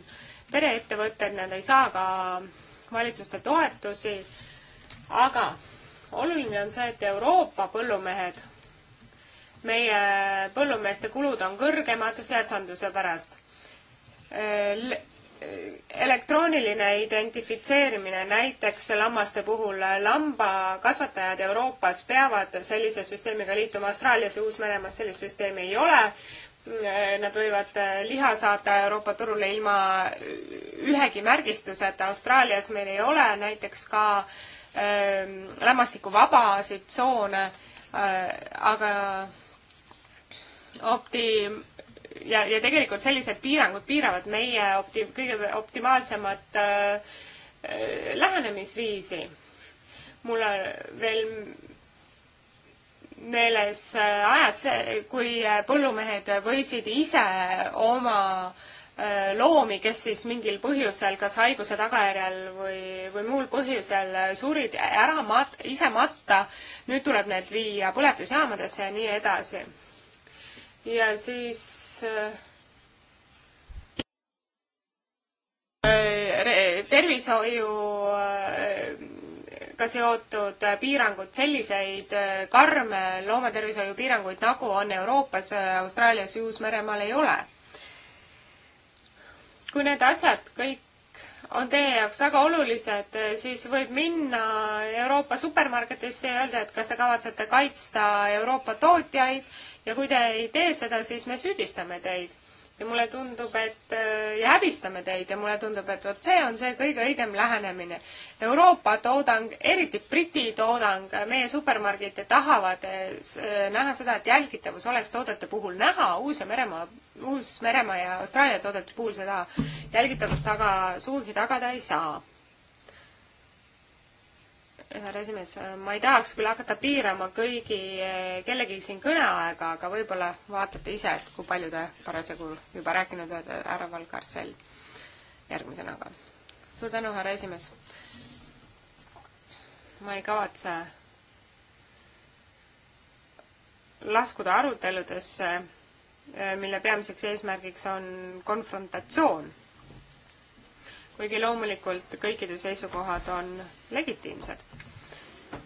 pereettevõtted, nad ei saa ka valitsuste toetusi, aga oluline on see, et Euroopa põllumehed, meie põllumeeste kulud on kõrgemad seadusandluse pärast. elektrooniline identifitseerimine näiteks lammaste puhul, lambakasvatajad Euroopas peavad sellise süsteemiga liituma, Austraalias ja Uus-Meremaas sellist süsteemi ei ole, nad võivad äh, liha saada Euroopa turule ilma äh, ühegi märgistuseta. Austraalias meil ei ole näiteks ka äh, lämmastikuvabasid tsoone äh,, aga opti- ja, ja tegelikult sellised piirangud piiravad meie opti-, kõige optimaalsemat äh, äh lähenemisviisi. mulle veel meeles äh, ajad, kui äh, põllumehed võisid ise oma äh, loomi, kes siis mingil põhjusel, kas haiguse tagajärjel või, või muul põhjusel surid ära mat-, ise matta, nüüd tuleb need viia põletusjaamadesse ja nii edasi. ja siis tervishoiu ka seotud piirangud, selliseid äh, karme loomatervishoiupiiranguid, nagu on Euroopas, äh, Austraalias, Uus-Meremaal ei ole. kui need asjad kõik on teie jaoks väga olulised, äh, siis võib minna Euroopa supermarketisse ja öelda, et kas te kavatsete kaitsta Euroopa tootjaid ja kui te ei tee seda, siis me süüdistame teid ja mulle tundub, et äh, ja häbistame teid ja mulle tundub, et vot see on see kõige õigem lähenemine. Euroopa toodang, eriti Briti toodang, meie supermargid tahavad äh, äh, näha seda, et jälgitavus oleks toodete puhul näha, Uus-Meremaa, Uus-Meremaa ja Austraalia toodete puhul seda jälgitavust aga sugugi tagada ei saa härra esimees, ma ei tahaks küll hakata piirama kõigi, eh, kellegi siin kõneaega, aga võib-olla vaatate ise, et kui palju te parasjagu juba rääkinud olete, härra Valgarsell järgmisena ka. suur tänu, härra esimees. ma ei kavatse laskuda aruteludesse, eh, mille peamiseks eesmärgiks on konfrontatsioon kuigi loomulikult kõikide seisukohad on legitiimsed.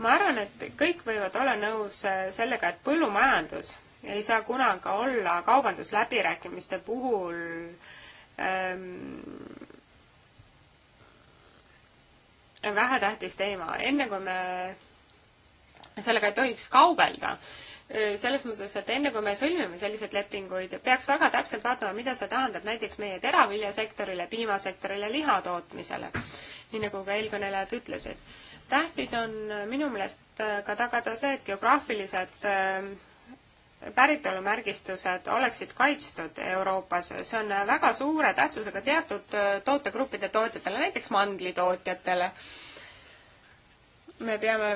ma arvan, et kõik võivad olla nõus äh, sellega, et põllumajandus ei saa kunagi olla kaubandusläbirääkimiste puhul ähm, vähetähtis teema, enne kui me sellega ei tohiks kaubelda, Äh, selles mõttes, et enne kui me sõlmime selliseid lepinguid, peaks väga täpselt vaatama, mida see tähendab näiteks meie teraviljasektorile, piimasektorile, lihatootmisele, nii nagu ka eelkõnelejad ütlesid. tähtis on minu meelest äh, ka tagada see, et geograafilised äh, päritolumärgistused oleksid kaitstud Euroopas, see on väga suure tähtsusega teatud tootegruppide tootjatele, näiteks mandlitootjatele me peame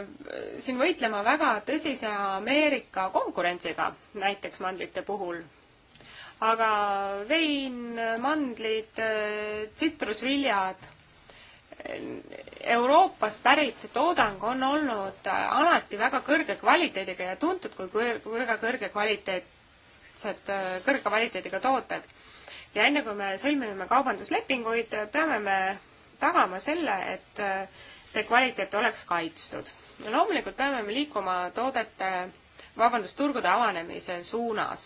siin võitlema väga tõsise Ameerika konkurentsiga, näiteks mandlite puhul. aga vein, mandlid, tsitrusviljad, Euroopast pärit toodang on olnud alati väga kõrge kvaliteediga ja tuntud kui väga kõrge kvaliteetsed, kõrge kvaliteediga tooted. ja enne kui me sõlmime kaubanduslepinguid, peame me tagama selle, et see kvaliteet oleks kaitstud. loomulikult peame me liikuma toodete, vabandust, turgude avanemise suunas.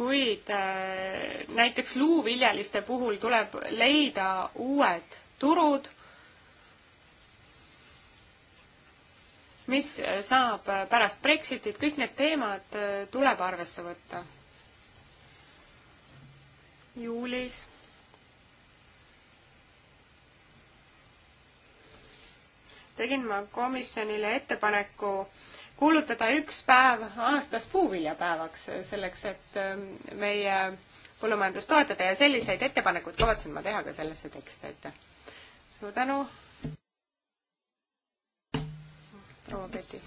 kuid äh, näiteks luuviljaliste puhul tuleb leida uued turud mis saab pärast Brexitit, kõik need teemad äh, tuleb arvesse võtta juulis. tegin ma komisjonile ettepaneku kuulutada üks päev aastas puuviljapäevaks, selleks et ähm, meie põllumajandust toetada ja selliseid ettepanekuid kavatsen ma teha ka sellesse teksti, aitäh. suur tänu. proua Peti.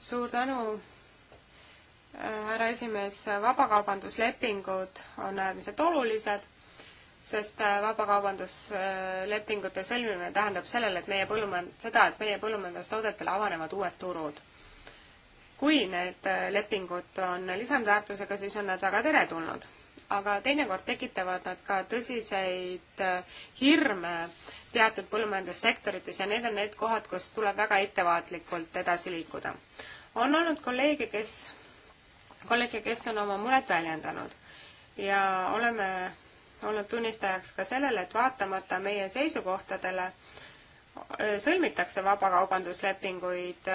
suur tänu härra esimees, vabakaubanduslepingud on äärmiselt olulised, sest äh, vabakaubanduslepingute sõlmimine tähendab sellele, et meie põllumajand-, seda, et meie põllumajandustoodetele avanevad uued turud. kui need äh, lepingud on lisandväärtusega, siis on nad väga teretulnud. aga teinekord tekitavad nad ka tõsiseid äh, hirme teatud põllumajandussektorites ja need on need kohad, kus tuleb väga ettevaatlikult edasi liikuda. on olnud kolleege, kes kolleege, kes on oma muret väljendanud. ja oleme olnud tunnistajaks ka sellele, et vaatamata meie seisukohtadele sõlmitakse vabakaubanduslepinguid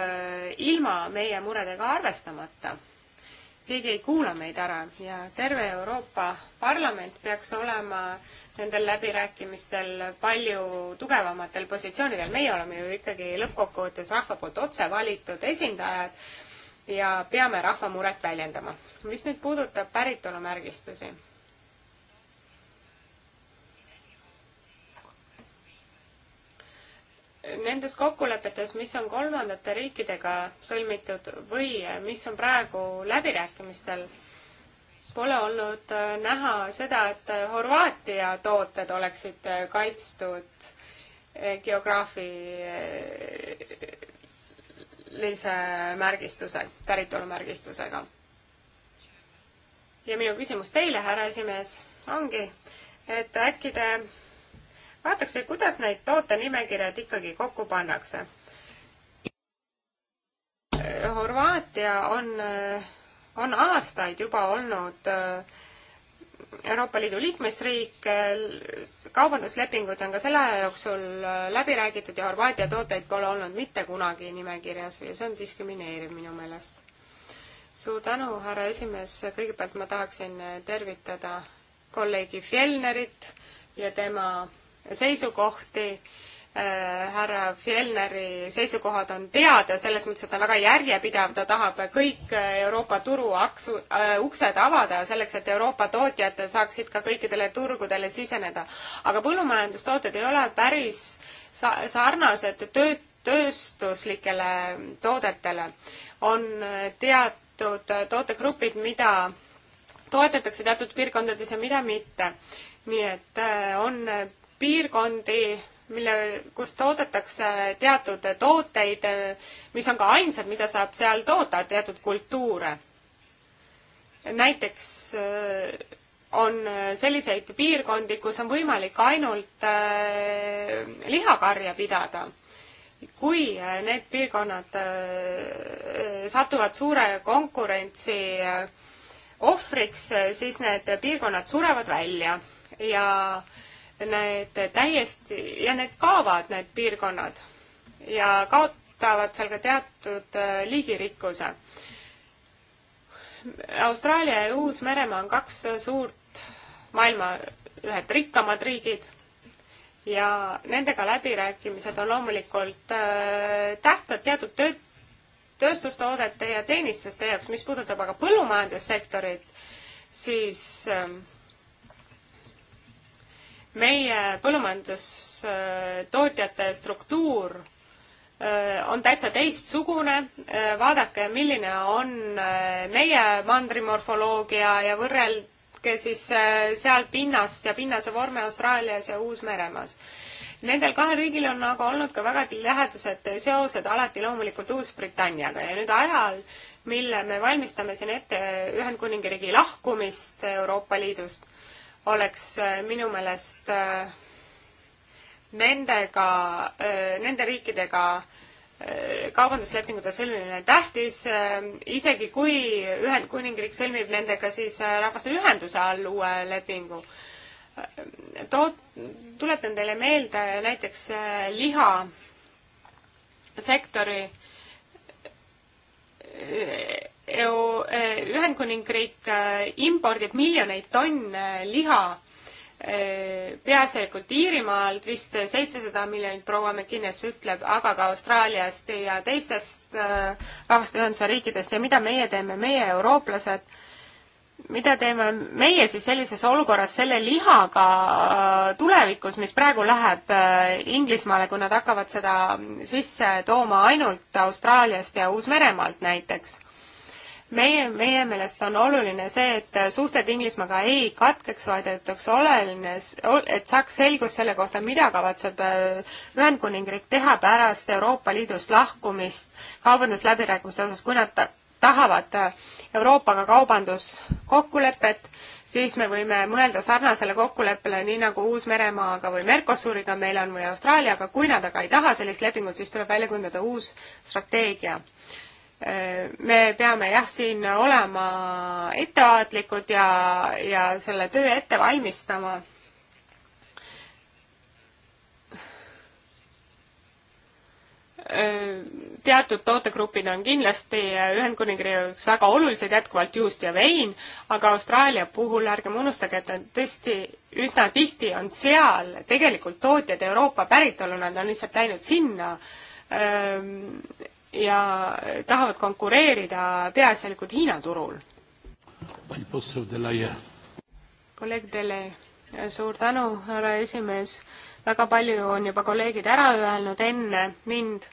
ilma meie muredega arvestamata. keegi ei kuula meid ära ja terve Euroopa Parlament peaks olema nendel läbirääkimistel palju tugevamatel positsioonidel. meie oleme ju ikkagi lõppkokkuvõttes rahva poolt otse valitud esindajad ja peame rahva muret väljendama. mis nüüd puudutab päritolumärgistusi, nendes kokkulepetes, mis on kolmandate riikidega sõlmitud või mis on praegu läbirääkimistel, pole olnud äh, näha seda, et Horvaatia tooted oleksid äh, kaitstud äh, geograafi geograafilise märgistuse, päritolumärgistusega. ja minu küsimus teile, härra esimees, ongi, et äkki te vaataks, et kuidas neid tootenimekirjad ikkagi kokku pannakse. Horvaatia on, on aastaid juba olnud äh, Euroopa Liidu liikmesriik, kaubanduslepingud on ka selle aja jooksul äh, läbi räägitud ja Horvaatia tooteid pole olnud mitte kunagi nimekirjas ja see on diskrimineeriv minu meelest. suur tänu, härra esimees, kõigepealt ma tahaksin tervitada kolleegi Fjellnerit ja tema seisukohti Äh, härra Fjellneri seisukohad on teada, selles mõttes, et ta on väga järjepidev, ta tahab kõik äh, Euroopa turu aksu, äh, uksed avada selleks, et Euroopa tootjad saaksid ka kõikidele turgudele siseneda. aga põllumajandustooted ei ole päris sa-, sarnased töö-, tööstuslikele toodetele. on teatud tootegrupid, mida toetatakse teatud piirkondades ja mida mitte. nii et äh, on piirkondi, mille, kus toodetakse teatud tooteid, mis on ka ainsad, mida saab seal toota, teatud kultuure. näiteks äh, on selliseid piirkondi, kus on võimalik ainult äh, lihakarja pidada. kui äh, need piirkonnad satuvad suure konkurentsi ohvriks, siis need piirkonnad surevad välja ja äh, need täiesti ja need kaovad, need piirkonnad ja kaotavad seal ka teatud äh, liigirikkuse. Austraalia ja Uus-Meremaa on kaks äh, suurt maailma ühed rikkamad riigid ja nendega läbirääkimised on loomulikult äh, tähtsad teatud töö, tööstustoodete ja teenistuste jaoks, mis puudutab aga põllumajandussektorit, siis äh, meie põllumajandustootjate struktuur äh, on täitsa teistsugune, äh, vaadake, milline on äh, meie mandrimorfoloogia ja võrrelge siis seal pinnast ja pinnase vorme Austraalias ja Uus-Meremaas. Nendel kahel riigil on aga olnud ka väga lähedased seosed alati loomulikult Uus-Britanniaga ja nüüd ajal, mille me valmistame siin ette Ühendkuningriigi lahkumist Euroopa Liidust, oleks äh, minu meelest äh, nendega, äh, nende riikidega kaubanduslepingute sõlmimine tähtis, isegi kui Ühendkuningriik sõlmib nendega siis rahvaste ühenduse all uue lepingu. Toot-, tuletan teile meelde näiteks lihasektori äh, E, Ühendkuningriik e, impordib miljoneid tonne liha e, peaasjalikult Iirimaalt, vist seitsesada miljonit, proua McInnes ütleb, aga ka Austraaliast ja teistest rahvaste ühenduse riikidest ja mida meie teeme, meie, eurooplased äh,, mida teeme meie siis sellises olukorras selle lihaga äh, tulevikus, mis praegu läheb äh, Inglismaale, kui nad hakkavad seda sisse tooma ainult Austraaliast ja Uus-Meremaalt näiteks? meie, meie meelest on oluline see, et suhted Inglismaaga ei katkeks, vaid et oleks oluline, et saaks selgus selle kohta, mida kavatseb äh, Ühendkuningriik teha pärast Euroopa Liidust lahkumist kaubandusläbirääkimiste osas, kui nad tahavad Euroopaga kaubanduskokkulepet, siis me võime mõelda sarnasele kokkuleppele, nii nagu Uus-Meremaaga või Mercosuriga meil on või Austraaliaga, kui nad aga ei taha sellist lepingut, siis tuleb välja kujundada uus strateegia. me peame jah, siin olema ettevaatlikud ja, ja selle töö ette valmistama teatud tootegrupid on kindlasti Ühendkuningriigi jaoks väga olulised, jätkuvalt juust ja vein, aga Austraalia puhul ärgem unustage, et nad tõesti üsna tihti on seal tegelikult tootjad Euroopa päritolu, nad on lihtsalt läinud sinna ähm, ja tahavad konkureerida peaasjalikult Hiina turul. kolleeg Dele, suur tänu, härra esimees väga palju on juba kolleegid ära öelnud enne mind.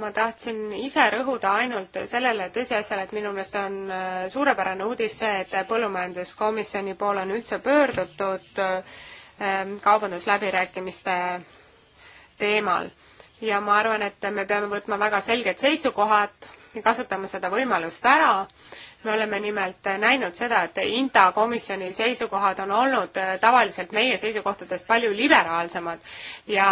ma tahtsin ise rõhuda ainult sellele tõsiasjale, et minu meelest on äh, suurepärane uudis see, et Põllumajanduskomisjoni poole on üldse pöördutud ähm, kaubandusläbirääkimiste teemal ja ma arvan, et me peame võtma väga selged seisukohad kasutame seda võimalust ära. me oleme nimelt näinud seda, et INTA komisjoni seisukohad on olnud äh, tavaliselt meie seisukohtadest palju liberaalsemad ja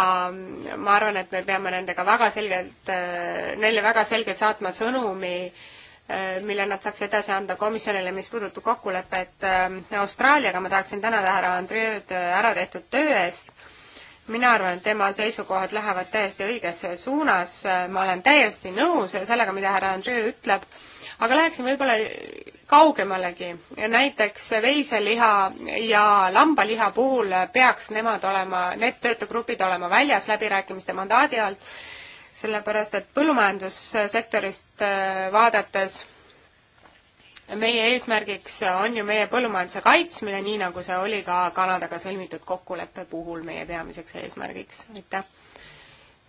ma arvan, et me peame nendega väga selgelt, äh, neile väga selgelt saatma sõnumi, äh, mille nad saaks edasi anda komisjonile, mis puudutab kokkulepet Austraaliaga, ma tahaksin tänada härra Andreed ära tehtud töö eest mina arvan, et tema seisukohad lähevad täiesti õiges suunas, ma olen täiesti nõus sellega, mida härra Andrei ütleb, aga läheksin võib-olla kaugemalegi. näiteks veiseliha ja lambaliha puhul peaks nemad olema, need töötugrupid olema väljas läbirääkimiste mandaadi alt, sellepärast et põllumajandussektorist äh, vaadates meie eesmärgiks on ju meie põllumajanduse kaitsmine, nii nagu see oli ka Kanadaga sõlmitud kokkuleppe puhul meie peamiseks eesmärgiks, aitäh.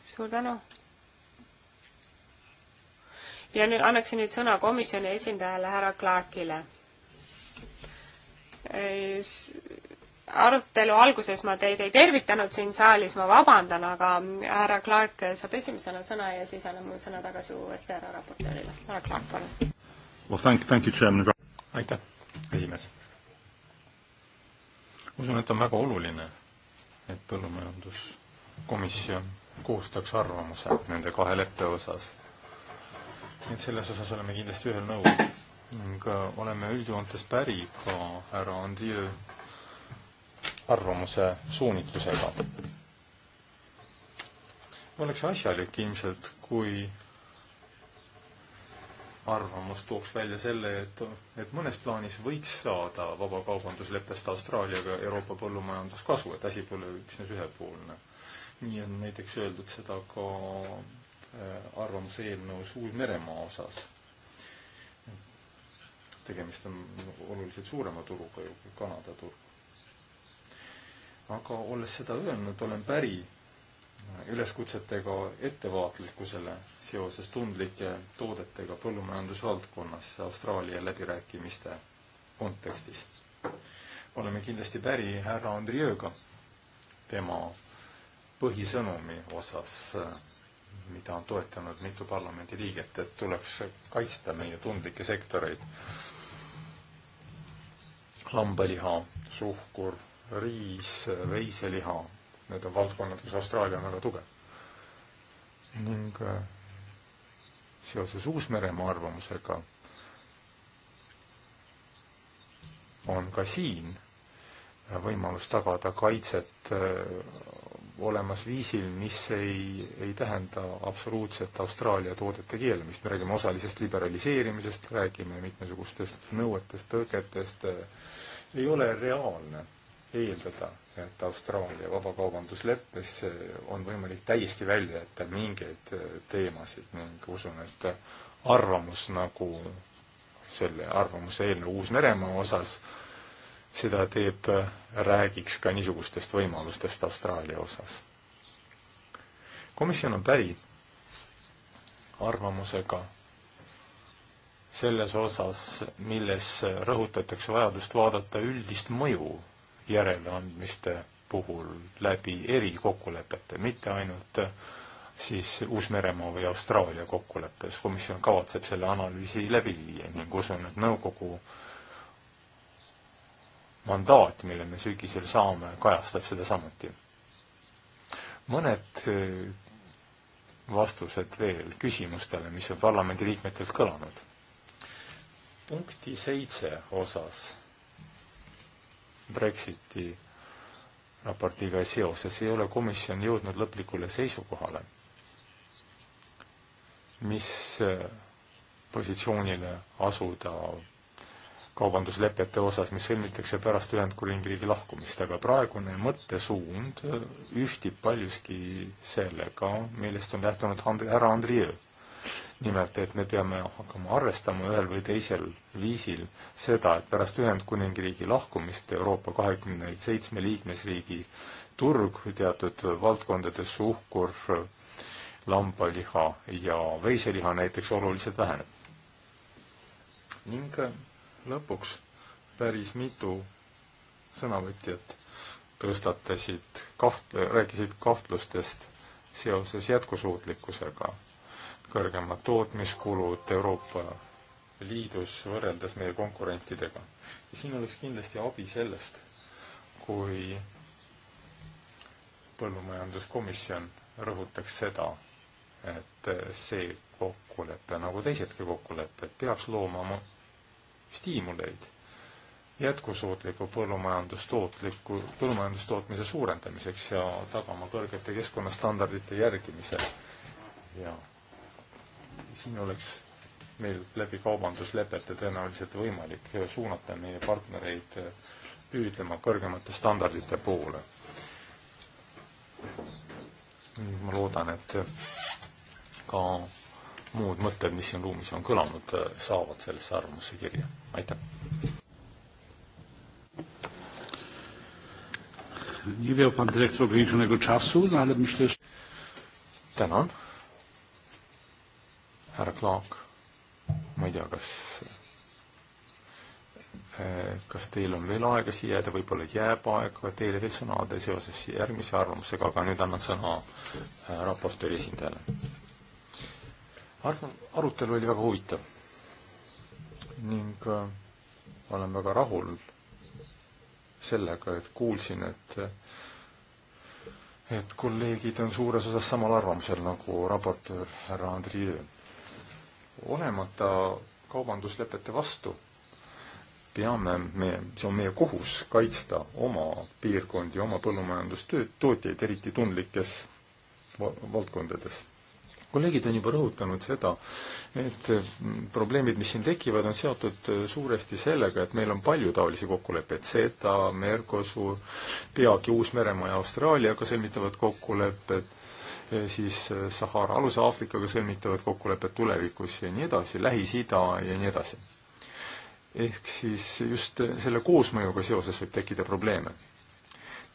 suur tänu. ja nüüd annaksin nüüd sõna komisjoni esindajale härra Clarkile. arutelu alguses ma teid ei tervitanud siin saalis, ma vabandan, aga härra Clark saab esimesena sõna ja siis annan mul sõna tagasi uuesti härra raportöörile. härra Clark, palun
well,. Thank, thank you, Chairman. aitäh, esimees. usun, et on väga oluline, et põllumajanduskomisjon koostaks arvamuse nende kahe leppe osas. et selles osas oleme kindlasti ühel nõul ning äh, oleme üldjoontes päri ka härra Andiö arvamuse suunitlusega. oleks asjalik ilmselt, kui arvamus tooks välja selle, et, et mõnes plaanis võiks saada vabakaubandusleppest Austraaliaga Euroopa põllumajandus kasu, et asi pole üksnes ühepoolne. nii on näiteks öeldud seda ka äh, arvamuse eelnõus Uus-Meremaa osas. tegemist on oluliselt suurema turuga ju kui Kanada turg. aga olles seda öelnud, olen päri üleskutsetega ettevaatlikkusele seoses tundlike toodetega põllumajandusvaldkonnas Austraalia läbirääkimiste kontekstis. oleme kindlasti päri härra Andriööga tema põhisõnumi osas, mida on toetanud mitu parlamendiliiget, et tuleks kaitsta meie tundlikke sektoreid. lambaliha, suhkur, riis, veiseliha need on valdkonnad, kus Austraalia on väga tugev. ning äh, seoses Uus-Meremaa arvamusega on ka siin äh, võimalus tagada kaitset äh, olemas viisil, mis ei, ei tähenda absoluutselt Austraalia toodete keelamist, me räägime osalisest liberaliseerimisest, räägime mitmesugustest nõuetest, tõketest, ei ole reaalne eeldada, et Austraalia vabakaubandusleppes on võimalik täiesti välja jätta mingeid äh, teemasid ning usun, et arvamus nagu selle arvamuse eelnõu Uus-Meremaa osas, seda teeb, äh, räägiks ka niisugustest võimalustest Austraalia osas. komisjon on päri arvamusega selles osas, milles rõhutatakse vajadust vaadata üldist mõju järeleandmiste puhul läbi erikokkulepete, mitte ainult äh, siis Uus-Meremaa või Austraalia kokkuleppes. komisjon kavatseb selle analüüsi läbi viia ning usun, et nõukogu mandaat, mille me sügisel saame, kajastab seda samuti. mõned äh, vastused veel küsimustele, mis on parlamendiliikmetelt kõlanud. punkti seitse osas Brexiti raportiga seoses ei ole komisjon jõudnud lõplikule seisukohale, mis äh, positsioonile asuda kaubanduslepete osas, mis sõlmitakse pärast Ühendkuningriigi lahkumist, aga praegune mõttesuund äh, ühtib paljuski sellega, millest on lähtunud härra Andrieu nimelt, et me peame hakkama arvestama ühel või teisel viisil seda, et pärast Ühendkuningriigi lahkumist Euroopa kahekümne seitsme liikmesriigi turg teatud valdkondades suhkur, lambaliha ja veiseliha näiteks oluliselt väheneb. ning lõpuks päris mitu sõnavõtjat tõstatasid kaht-, rääkisid kahtlustest seoses jätkusuutlikkusega kõrgemad tootmiskulud Euroopa Liidus võrreldes meie konkurentidega. ja siin oleks kindlasti abi sellest, kui põllumajanduskomisjon rõhutaks seda, et see kokkulepe, nagu teisedki kokkulepped, peaks looma stiimuleid jätkusuutliku põllumajandustootliku, põllumajandustootmise suurendamiseks ja tagama kõrgete keskkonnastandardite järgimise ja siin oleks meil läbi kaubanduslepete tõenäoliselt võimalik suunata meie partnereid eh, püüdlema kõrgemate standardite poole. ma loodan, et eh, ka muud mõtted, mis siin ruumis on kõlanud, eh, saavad sellesse arvamusse kirja. aitäh! Nie miał pan dyrektor ograniczonego czasu, no ale myślę, że... Tänan! härra Clark, ma ei tea, kas eh, kas teil on veel aega siia jääda, võib-olla jääb aega teile veel sõnade seoses järgmise arvamusega, aga nüüd annan sõna eh, raportööri esindajale. arv-, arutelu oli väga huvitav ning eh, olen väga rahul sellega, et kuulsin, et et kolleegid on suures osas samal arvamusel nagu raportöör härra Andrei Jõe olemata kaubanduslepete vastu peame me, see on meie kohus, kaitsta oma piirkondi, oma põllumajandustööd, tootjaid, eriti tundlikes valdkondades. kolleegid on juba rõhutanud seda, et probleemid, mis siin tekivad, on seotud suuresti sellega, et meil on palju taolisi kokkuleppeid, CETA, Mercosur, peagi Uus-Meremaa ja Austraaliaga sõlmitavad kokkulepped, Eh, siis eh, Sahara aluse Aafrikaga sõlmitavad kokkulepped tulevikus ja nii edasi, Lähis-Ida ja nii edasi. ehk siis just eh, selle koosmõjuga seoses võib tekkida probleeme.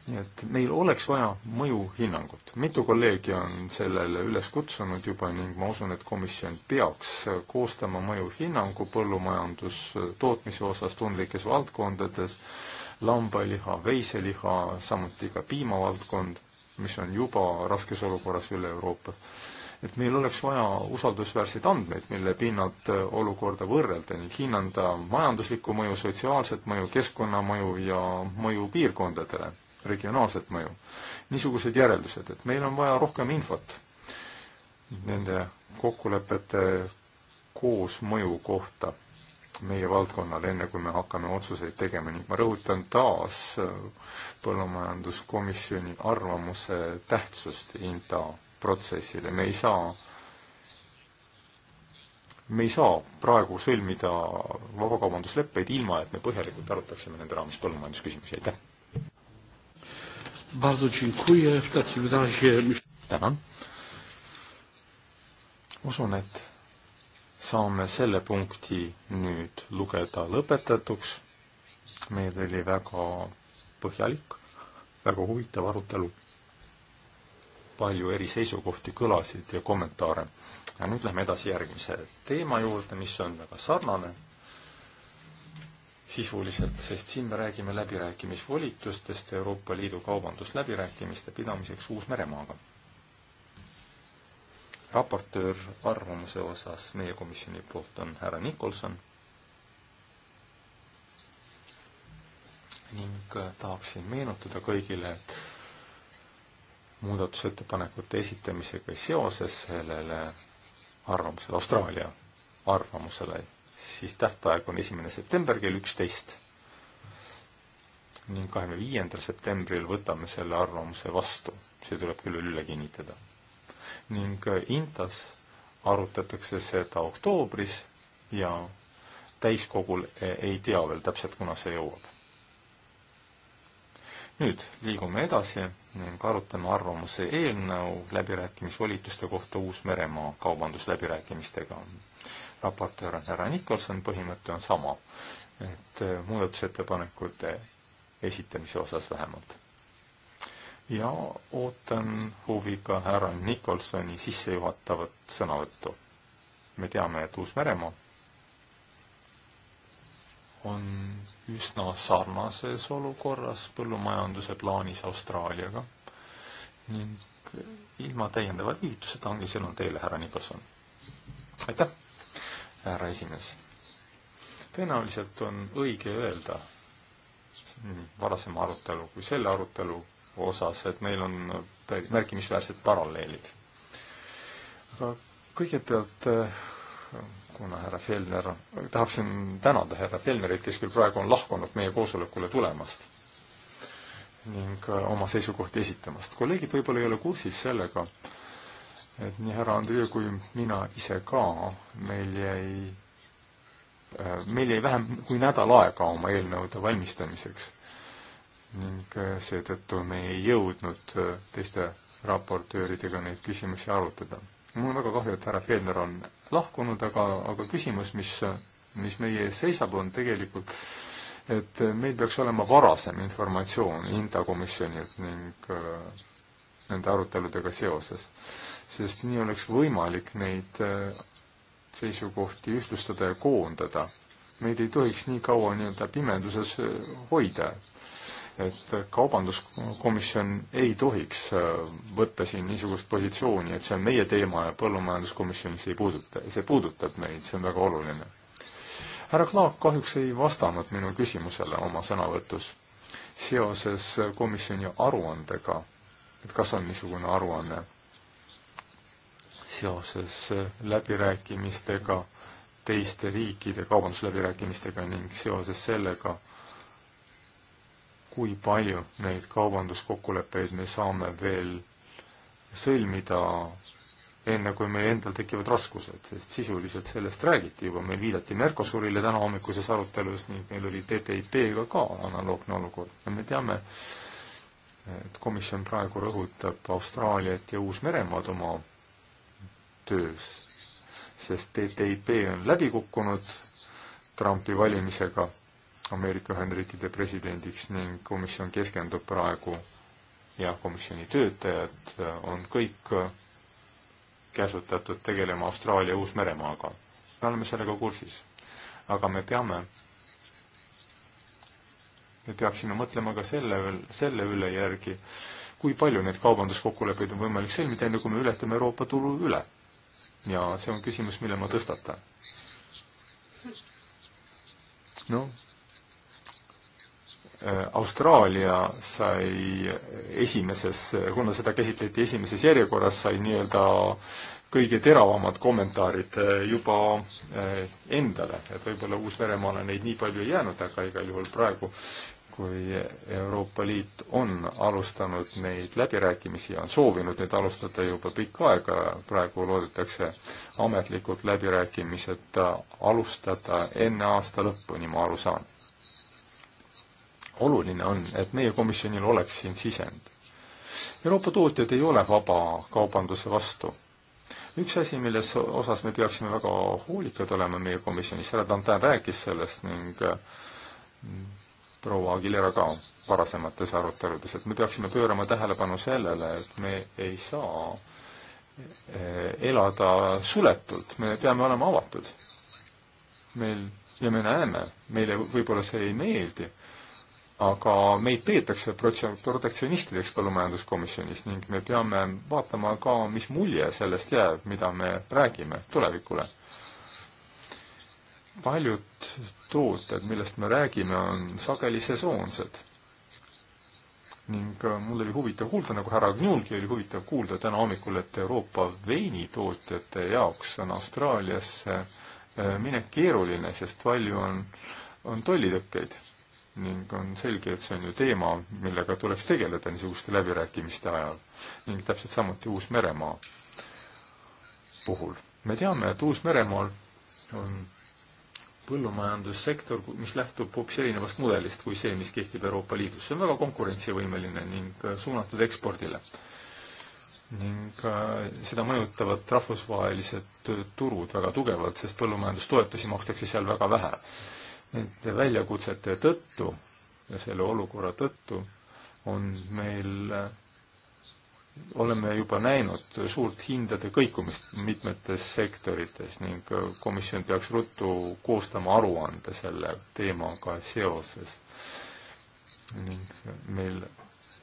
nii et meil oleks vaja mõjuhinnangut. mitu kolleegi on sellele üles kutsunud juba ning ma usun, et komisjon peaks koostama mõjuhinnangu põllumajandustootmise osas tundlikes valdkondades, lambaliha, veiseliha, samuti ka piimavaldkond mis on juba raskes olukorras üle Euroopa. et meil oleks vaja usaldusväärseid andmeid, mille pinnalt äh, olukorda võrrelda ning hinnanda majanduslikku mõju, sotsiaalset mõju, keskkonnamõju ja mõju piirkondadele, regionaalset mõju. niisugused järeldused, et meil on vaja rohkem infot nende kokkulepete koosmõju kohta meie valdkonnale, enne kui me hakkame otsuseid tegema ning ma rõhutan taas äh, põllumajanduskomisjoni arvamuse tähtsust INTA protsessile, me ei saa, me ei saa praegu sõlmida vabakaubandusleppeid ilma, et me põhjalikult arutaksime nende raames põllumajandusküsimusi, aitäh! tänan! usun, et saame selle punkti nüüd lugeda lõpetatuks. meil oli väga põhjalik, väga huvitav arutelu. palju eri seisukohti kõlasid ja kommentaare. ja nüüd lähme edasi järgmise teema juurde, mis on väga sarnane sisuliselt, sest siin me räägime läbirääkimisvolitustest Euroopa Liidu kaubandusläbirääkimiste pidamiseks Uus-Meremaaga raportöör arvamuse osas meie komisjoni poolt on härra Nikolson ning äh, tahaksin meenutada kõigile, et muudatusettepanekute esitamisega seoses sellele arvamusele, Austraalia arvamusele, siis tähtaeg on esimene september kell üksteist ning kahekümne viiendal septembril võtame selle arvamuse vastu. see tuleb küll veel üle kinnitada ning Intas arutatakse seda oktoobris ja täiskogul e- ei tea veel täpselt, kuna see jõuab. nüüd liigume edasi ning arutame arvamuse eelnõu läbirääkimisvolituste kohta Uus-Meremaa kaubandusläbirääkimistega. raportöör on härra Nikolson, põhimõte on sama, et muudatusettepanekute esitamise osas vähemalt ja ootan huviga härra Nikolsoni sissejuhatavat sõnavõttu. me teame, et Uus-Meremaa on üsna sarnases olukorras põllumajanduse plaanis Austraaliaga ning ilma täiendava viivituseta ongi sõnum teile, härra Nikolson. aitäh, härra esimees. tõenäoliselt on õige öelda nii varasema arutelu kui selle arutelu osas, et meil on päris märkimisväärsed paralleelid. aga kõigepealt, eh, kuna härra Fjellner, tahaksin tänada härra Fjellnerit, kes küll praegu on lahkunud meie koosolekule tulemast ning eh, oma seisukohti esitamast. kolleegid võib-olla ei ole kursis sellega, et nii härra Andrei kui mina ise ka, meil jäi, eh, meil jäi vähem kui nädal aega oma eelnõude valmistamiseks ning äh, seetõttu me ei jõudnud äh, teiste raportööridega neid küsimusi arutada. mul on väga kahju, et härra Fjellner on lahkunud, aga, aga küsimus, mis, mis meie ees seisab, on tegelikult, et äh, meil peaks olema varasem informatsioon hindakomisjonilt ning nende aruteludega seoses. sest nii oleks võimalik neid seisukohti ühtlustada ja koondada. meid ei tohiks nii kaua nii-öelda pimeduses hoida et Kaubanduskomisjon ei tohiks äh, võtta siin niisugust positsiooni, et see on meie teema ja Põllumajanduskomisjonis ei puuduta, see puudutab meid, see on väga oluline. härra Klaak kahjuks ei vastanud minu küsimusele oma sõnavõtus seoses komisjoni aruandega, et kas on niisugune aruanne seoses äh, läbirääkimistega teiste riikide kaubandusläbirääkimistega ning seoses sellega, kui palju neid kaubanduskokkuleppeid me saame veel sõlmida enne, kui meil endal tekivad raskused, sest sisuliselt sellest räägiti juba, meil viidati Mercosurile täna hommikuses arutelus ning meil oli TTIP-ga ka analoogne olukord ja me teame, et komisjon praegu rõhutab Austraaliat ja Uus-Meremaad oma töös, sest TTIP on läbi kukkunud Trumpi valimisega Ameerika Ühendriikide presidendiks ning komisjon keskendub praegu ja komisjoni töötajad äh, on kõik äh, käsutatud tegelema Austraalia Uus-Meremaaga. me oleme sellega kursis, aga me peame, me peaksime mõtlema ka selle, selle üle järgi, kui palju neid kaubanduskokkuleppeid on võimalik sõlmida, enne kui me ületame Euroopa turu üle. ja see on küsimus, mille ma tõstatan. noh Äh, Austraalia sai esimeses, kuna seda käsitleti esimeses järjekorras, sai nii-öelda kõige teravamad kommentaarid äh, juba äh, endale, et võib-olla Uus-Veremaale neid nii palju ei jäänud, aga igal juhul praegu, kui Euroopa Liit on alustanud neid läbirääkimisi ja on soovinud neid alustada juba pikka aega, praegu loodetakse ametlikult läbirääkimised alustada enne aasta lõppu, nii ma aru saan oluline on, et meie komisjonil oleks siin sisend. Euroopa tootjad ei ole vabakaubanduse vastu. üks asi, milles osas me peaksime väga hoolikad olema meie komisjonis, härra Dantin rääkis sellest ning mm, proua Aguilera ka varasemates aruteludes, et me peaksime pöörama tähelepanu sellele, et me ei saa e, elada suletult, me peame olema avatud. meil, ja me näeme, meile võib-olla see ei meeldi aga meid peetakse protektsionistideks põllumajanduskomisjonis ning me peame vaatama ka, mis mulje sellest jääb, mida me räägime tulevikule. paljud tooted, millest me räägime, on sageli sesoonsed. ning äh, mul oli huvitav kuulda, nagu härra Gnulgi oli huvitav kuulda täna hommikul, et Euroopa veinitootjate jaoks on Austraaliasse äh, minek keeruline, sest palju on, on tollitõkkeid ning on selge, et see on ju teema, millega tuleks tegeleda niisuguste läbirääkimiste ajal ning täpselt samuti Uus-Meremaa puhul. me teame, et Uus-Meremaal on põllumajandussektor, mis lähtub hoopis erinevast mudelist kui see, mis kehtib Euroopa Liidus. see on väga konkurentsivõimeline ning äh, suunatud ekspordile. ning äh, seda mõjutavad rahvusvahelised äh, turud väga tugevalt, sest põllumajandustoetusi makstakse seal väga vähe nende väljakutsete tõttu ja selle olukorra tõttu on meil, oleme juba näinud suurt hindade kõikumist mitmetes sektorites ning komisjon peaks ruttu koostama aruande selle teemaga seoses. ning meil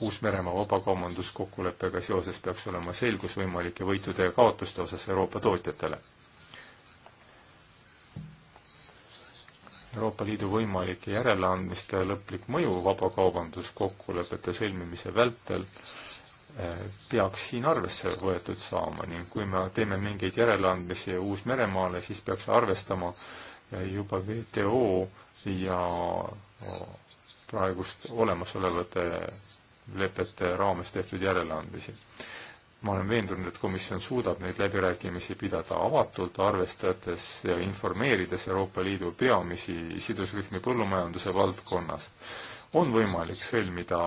Uus-Meremaa vabakaubanduskokkuleppega seoses peaks olema selgus võimalike võitude ja kaotuste osas Euroopa tootjatele Euroopa Liidu võimalike järeleandmiste lõplik mõju vabakaubanduskokkulepete sõlmimise vältel eh, peaks siin arvesse võetud saama ning kui me teeme mingeid järeleandmisi Uus-Meremaale, siis peaks arvestama eh, juba WTO ja eh, praegust olemasolevate lepete raames tehtud järeleandmisi ma olen veendunud, et komisjon suudab neid läbirääkimisi pidada avatult, arvestades ja informeerides Euroopa Liidu peamisi sidusrühmi põllumajanduse valdkonnas. on võimalik sõlmida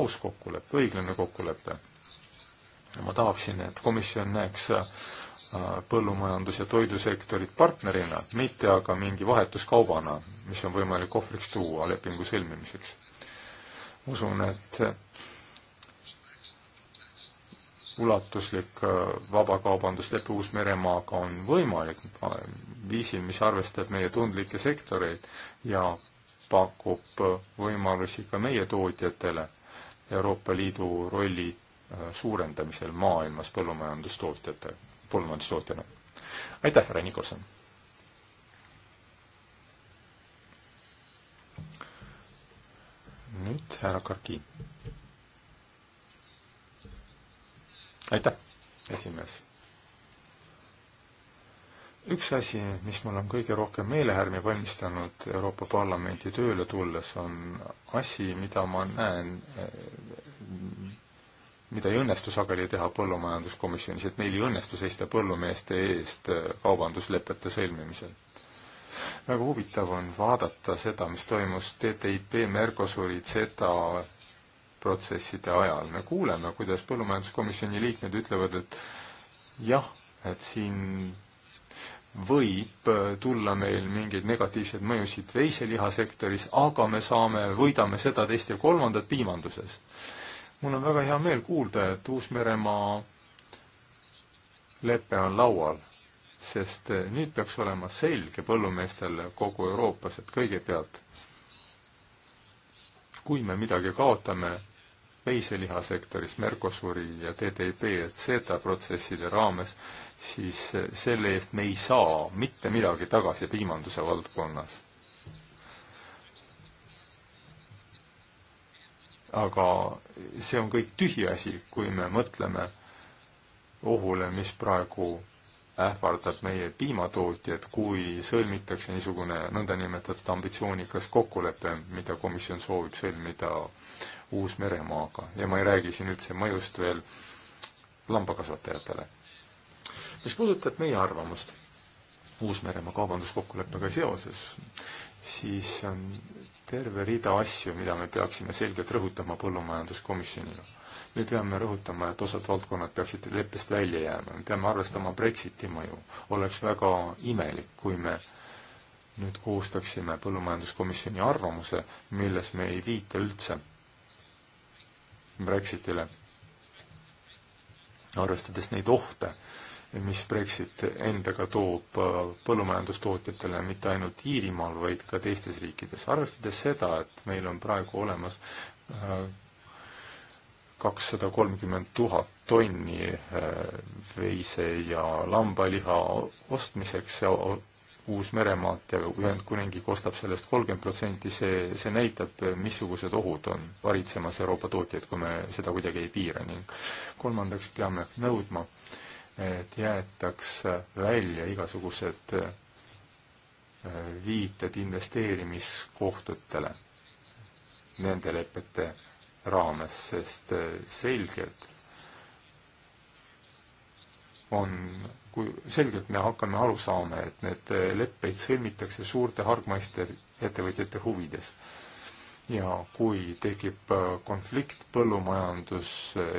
aus kokkulepe, õiglane kokkulepe. ma tahaksin, et komisjon näeks äh, põllumajandus- ja toidusektorit partnerina, mitte aga mingi vahetuskaubana, mis on võimalik ohvriks tuua lepingu sõlmimiseks. usun, et ulatuslik äh, vabakaubanduslepe Uus-Meremaaga on võimalik viisil, mis arvestab meie tundlikke sektoreid ja pakub äh, võimalusi ka meie tootjatele Euroopa Liidu rolli äh, suurendamisel maailmas põllumajandustootjate, põllumajandustootjana. aitäh, härra Nikolson! nüüd härra Karki aitäh, esimees. üks asi, mis mul on kõige rohkem meelehärmi valmistanud Euroopa Parlamenti tööle tulles, on asi, mida ma näen, mida ei õnnestu sageli teha põllumajanduskomisjonis, et meil ei õnnestu seista põllumeeste eest kaubanduslepete sõlmimisel väga huvitav on vaadata seda, mis toimus TTIP, Mercosuri, CETA protsesside ajal. me kuuleme, kuidas põllumajanduskomisjoni liikmed ütlevad, et jah, et siin võib tulla meil mingeid negatiivseid mõjusid veiselihasektoris, aga me saame, võidame seda, teist ja kolmandat piimanduses. mul on väga hea meel kuulda, et Uus-Meremaa lepe on laual, sest nüüd peaks olema selge põllumeestele kogu Euroopas, et kõigepealt kui me midagi kaotame veiselihasektoris Mercosuri ja TTIP ja CETA protsesside raames, siis selle eest me ei saa mitte midagi tagasi piimanduse valdkonnas. aga see on kõik tühiasi, kui me mõtleme ohule, mis praegu ähvardab meie piimatootjad, kui sõlmitakse niisugune nõndanimetatud ambitsioonikas kokkulepe, mida komisjon soovib sõlmida Uus-Meremaaga ja ma ei räägi siin üldse mõjust veel lambakasvatajatele. mis puudutab meie arvamust Uus-Meremaa kaubanduskokkuleppega seoses, siis on terve rida asju, mida me peaksime selgelt rõhutama põllumajanduskomisjonile me peame rõhutama, et osad valdkonnad peaksid leppest välja jääma, me peame arvestama Brexiti mõju. oleks väga imelik, kui me nüüd koostaksime põllumajanduskomisjoni arvamuse, milles me ei viita üldse Brexitile, arvestades neid ohte, mis Brexit endaga toob põllumajandustootjatele mitte ainult Iirimaal, vaid ka teistes riikides. arvestades seda, et meil on praegu olemas äh, kakssada kolmkümmend tuhat tonni äh, veise- ja lambaliha ostmiseks ja Uus-Meremaalt ja Ühendkuningriik ostab sellest kolmkümmend protsenti, see, see näitab, missugused ohud on varitsemas Euroopa tootjaid, kui me seda kuidagi ei piira ning kolmandaks peame nõudma, et jäetaks välja igasugused äh, viited investeerimiskohtutele nende lepete raames, sest eh, selgelt on, kui selgelt me hakkame aru saama, et need eh, leppeid sõlmitakse suurte hargmaiste ettevõtjate huvides. ja kui tekib eh, konflikt põllumajandus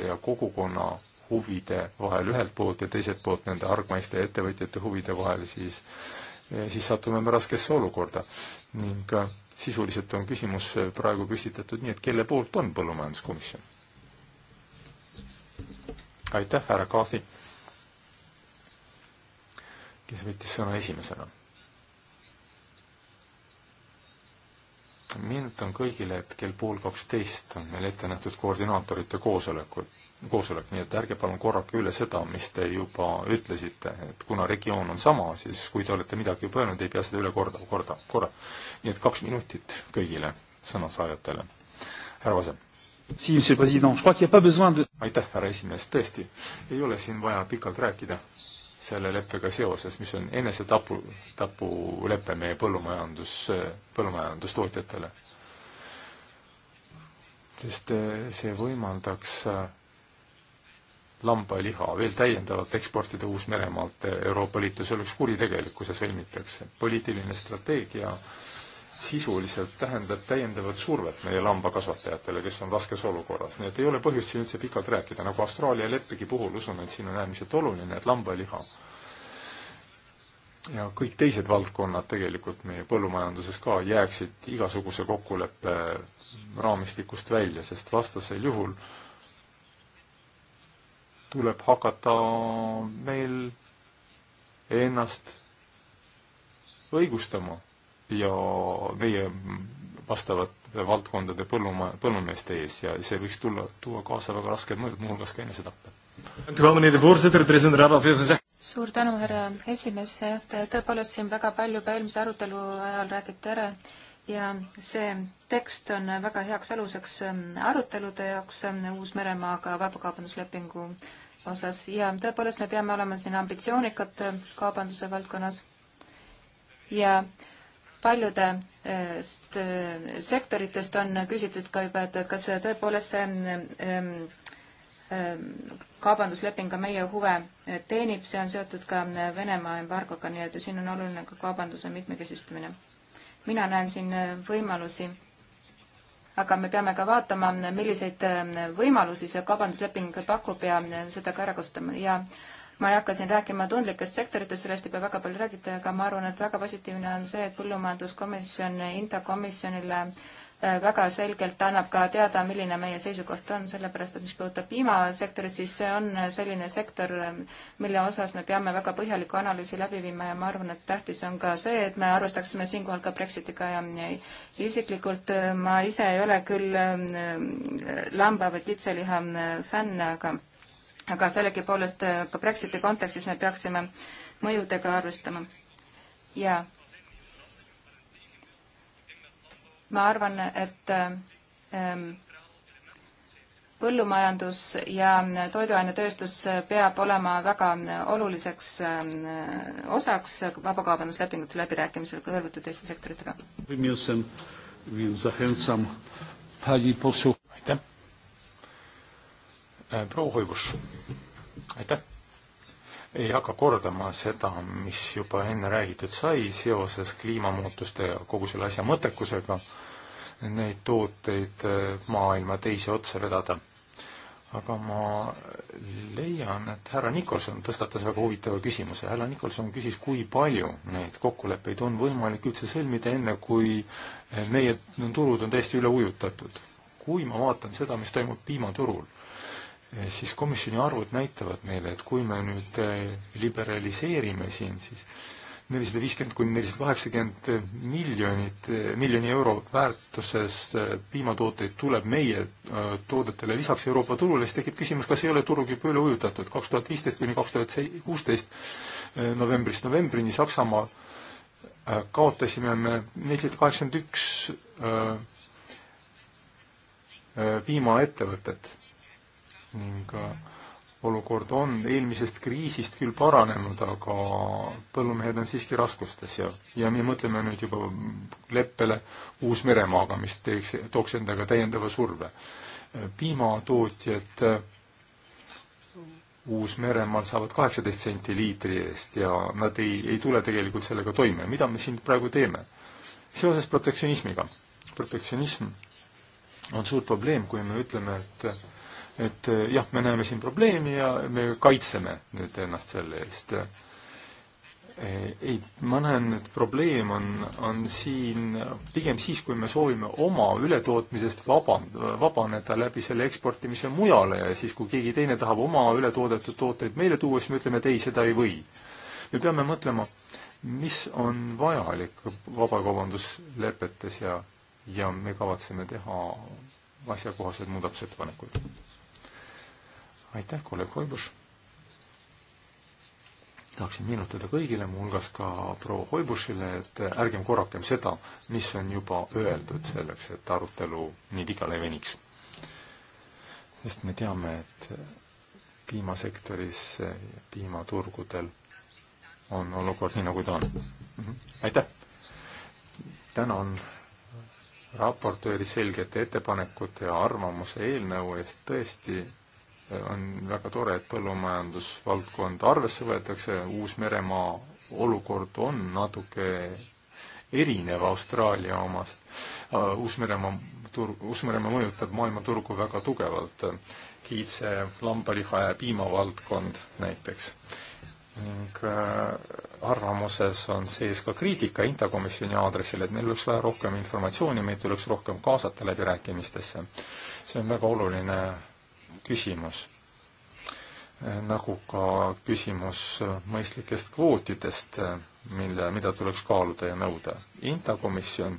ja kogukonna huvide vahel ühelt poolt ja teiselt poolt nende hargmaiste ettevõtjate huvide vahel, siis, siis satume me raskesse olukorda ning sisuliselt on küsimus äh, praegu püstitatud nii, et kelle poolt on põllumajanduskomisjon? aitäh, härra Kaafi, kes võttis sõna esimesena. meenutan kõigile, et kell pool kaksteist on meil ette nähtud koordinaatorite koosolekud koosolek, nii et ärge palun korrake üle seda, mis te juba ütlesite, et kuna regioon on sama, siis kui te olete midagi juba öelnud, ei pea seda üle korda, korda, korra. nii et kaks minutit kõigile sõnasaajatele. härra Vase. aitäh, härra esimees, tõesti, ei ole siin vaja pikalt rääkida selle leppega seoses, mis on enesetapu, tapulepe meie põllumajandus, põllumajandustootjatele sest eh, see võimaldaks eh, lambaliha veel täiendavalt eksportida Uus-Meremaalt Euroopa Liitu, see oleks kuritegelik, kui see sõlmitakse. poliitiline strateegia sisuliselt tähendab täiendavat survet meie lambakasvatajatele, kes on raskes olukorras, nii et ei ole põhjust siin üldse pikalt rääkida, nagu Austraalia leppegi puhul usun, et siin on äärmiselt oluline, et lambaliha ja kõik teised valdkonnad tegelikult meie põllumajanduses ka jääksid igasuguse kokkuleppe raamistikust välja, sest vastasel juhul äh, tuleb hakata meil ennast õigustama ja meie vastavate valdkondade põllumaa, põllumeeste ees ja see võiks tulla, tuua kaasa väga rasked mõjud, muuhulgas ka enesetappe.
suur tänu, härra esimees, tõepoolest siin väga palju juba eelmise arutelu ajal räägiti ära ja see tekst on väga heaks aluseks ähm, arutelude jaoks ähm, Uus-Meremaaga vabakaubanduslepingu äh, osas ja tõepoolest me peame olema siin ambitsioonikad äh, kaubanduse valdkonnas ja paljudest äh, äh, sektoritest on küsitud ka juba, et kas tõepoolest see ähm, ähm, kaubandusleping ka meie huve teenib, see on seotud ka Venemaa embargoga, nii et siin on oluline ka kaubanduse mitmekesistamine. mina näen siin võimalusi aga me peame ka vaatama, milliseid ähm, võimalusi see kaubandusleping pakub ja seda ka ära kasutama ja ma ei hakka siin rääkima tundlikest sektoritest, sellest ei pea väga palju räägida, aga ma arvan, et väga positiivne on see, et põllumajanduskomisjon Inta komisjonile Äh, väga selgelt annab ka teada, milline meie seisukoht on, sellepärast et mis puudutab piimasektorit, siis see on selline sektor, ähm, mille osas me peame väga põhjaliku analüüsi läbi viima ja ma arvan, et tähtis on ka see, et me arvestaksime siinkohal ka Brexitiga ja isiklikult äh, ma ise ei ole küll ähm, äh, lamba- või kitseliha fänn, aga aga sellegipoolest ka Brexiti kontekstis me peaksime mõjudega arvestama. jaa ma arvan, et ähm, põllumajandus ja toiduainetööstus peab olema väga oluliseks ähm, osaks vabakaubanduslepingute läbirääkimisel kõrvuti teiste sektoritega.
aitäh. Äh, proua Hoivus, aitäh ei hakka kordama seda, mis juba enne räägitud sai seoses kliimamuutuste ja kogu selle asja mõttekusega, neid tooteid äh, maailma teise otsa vedada. aga ma leian, et härra Nikolson tõstatas väga huvitava küsimuse. härra Nikolson küsis, kui palju neid kokkuleppeid on võimalik üldse sõlmida, enne kui äh, meie turud on täiesti üle ujutatud. kui ma vaatan seda, mis toimub piimaturul Eh, siis komisjoni arvud näitavad meile, et kui me nüüd eh, liberaliseerime siin, siis nelisada viiskümmend kuni nelisada kaheksakümmend miljonit, eh, miljoni euro väärtuses piimatooteid tuleb meie toodetele lisaks Euroopa turule, siis tekib küsimus, kas ei ole turg juba üle ujutatud. kaks tuhat viisteist kuni kaks tuhat kuusteist novembrist novembrini Saksamaa kaotasime me nelisada kaheksakümmend üks piimaettevõtet ning äh, olukord on eelmisest kriisist küll paranenud, aga põllumehed on siiski raskustes ja, ja me mõtleme nüüd juba leppele Uus-Meremaaga, mis teeks, tooks endaga täiendava surve. piimatootjad äh, Uus-Meremaal saavad kaheksateist senti liitri eest ja nad ei, ei tule tegelikult sellega toime. mida me siin praegu teeme? seoses protektsionismiga. protektsionism on suur probleem, kui me ütleme, et et eh, jah, me näeme siin probleemi ja me kaitseme nüüd ennast selle eest. Eh, ei, ma näen, et probleem on, on siin pigem siis, kui me soovime oma ületootmisest vaba, vabaneda läbi selle eksportimise mujale ja siis, kui keegi teine tahab oma ületoodetud tooteid meile tuua, siis me ütleme, et ei, seda ei või. me peame mõtlema, mis on vajalik vabakaubanduslepetes ja, ja me kavatseme teha asjakohased muudatusettepanekud aitäh, kolleeg Hoibuš. tahaksin meenutada kõigile, muuhulgas ka proua Hoibušile, et ärgem korrakem seda, mis on juba öeldud selleks, et arutelu nii pikale ei veniks. sest me teame, et piimasektoris, piimaturgudel on olukord nii, nagu ta on. Mhm. aitäh! tänan raportööri selgete ettepanekute ja arvamuse eelnõu eest tõesti on väga tore, et põllumajandusvaldkond arvesse võetakse, Uus-Meremaa olukord on natuke erinev Austraalia omast. Äh, Uus-Meremaa turg, Uus-Meremaa mõjutab maailmaturgu väga tugevalt. kiitse, lambaliha ja piimavaldkond näiteks ning äh, arvamuses on sees ka kriitika Intakomisjoni aadressil, et neil oleks vaja rohkem informatsiooni, meid tuleks rohkem kaasata läbirääkimistesse. see on väga oluline küsimus, nagu ka küsimus mõistlikest kvootidest, mille, mida tuleks kaaluda ja nõuda. Intakomisjon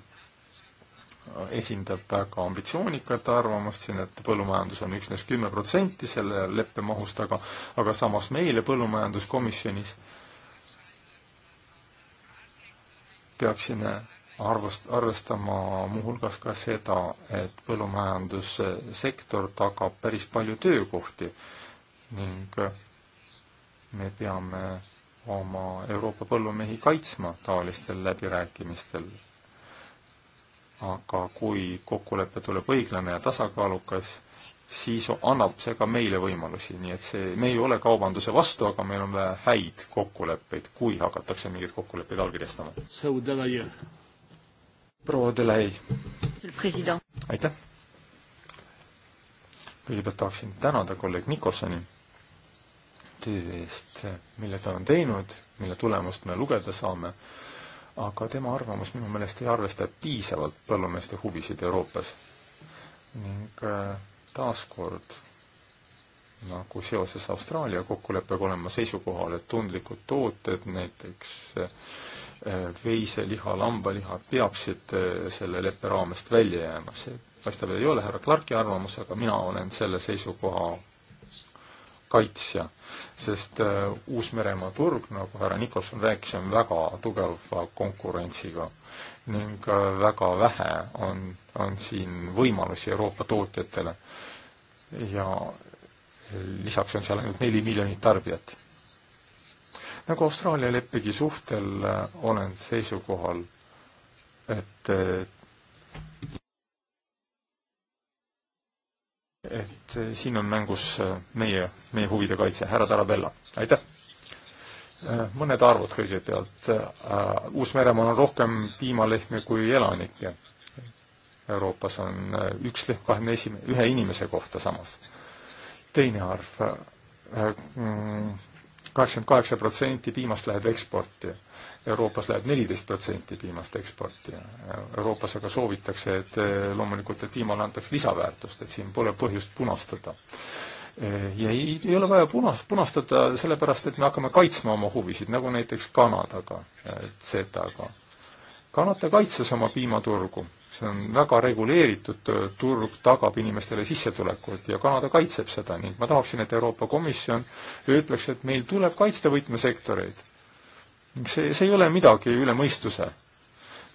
esindab väga ambitsioonikat arvamust siin, et põllumajandus on üksnes kümme protsenti selle leppe mahust, aga aga samas meile põllumajanduskomisjonis peaksime arvest-, arvestama muuhulgas ka seda, et põllumajandussektor tagab päris palju töökohti ning me peame oma Euroopa põllumehi kaitsma taolistel läbirääkimistel. aga kui kokkulepe tuleb õiglane ja tasakaalukas, siis annab see ka meile võimalusi, nii et see, me ei ole kaubanduse vastu, aga meil on vaja häid kokkuleppeid, kui hakatakse mingeid kokkuleppeid allkirjastama proua Delay. aitäh! kõigepealt tahaksin tänada kolleeg Nikolsoni töö eest, mille ta on teinud, mille tulemust me lugeda saame, aga tema arvamus minu meelest ei arvesta piisavalt põllumeeste huvisid Euroopas. ning äh, taaskord nagu seoses Austraalia kokkuleppega olen ma seisukohal, et tundlikud tooted, näiteks äh, veiseliha, lambaliha, peaksid äh, selle leppe raamest välja jääma. see paistab, ei ole härra Clarki arvamus, aga mina olen selle seisukoha kaitsja, sest äh, Uus-Meremaa turg, nagu härra Nikolson rääkis, on väga tugeva konkurentsiga ning väga vähe on, on siin võimalusi Euroopa tootjatele ja lisaks on seal ainult neli miljonit tarbijat. nagu Austraalia leppegi suhtel äh, olen seisukohal, et äh, et äh, siin on mängus meie, meie huvide kaitse, härra Tarabella, aitäh! mõned arvud kõigepealt. Uus-Meremaal on rohkem piimalehmi kui elanikke. Euroopas on üks lehm kahekümne esimene, ühe inimese kohta samas teine arv, äh, kaheksakümmend kaheksa protsenti piimast läheb eksporti. Euroopas läheb neliteist protsenti piimast eksporti. Euroopas aga soovitakse, et äh, loomulikult, et piimale antaks lisaväärtust, et siin pole põhjust punastada. Äh, ja ei, ei ole vaja punas, punastada sellepärast, et me hakkame kaitsma oma huvisid, nagu näiteks Kanadaga, Z-ga. Kanada kaitses oma piimaturgu see on väga reguleeritud äh, turg, tagab inimestele sissetulekud ja Kanada kaitseb seda ning ma tahaksin, et Euroopa Komisjon ütleks, et meil tuleb kaitsta võtmesektoreid. see, see ei ole midagi üle mõistuse.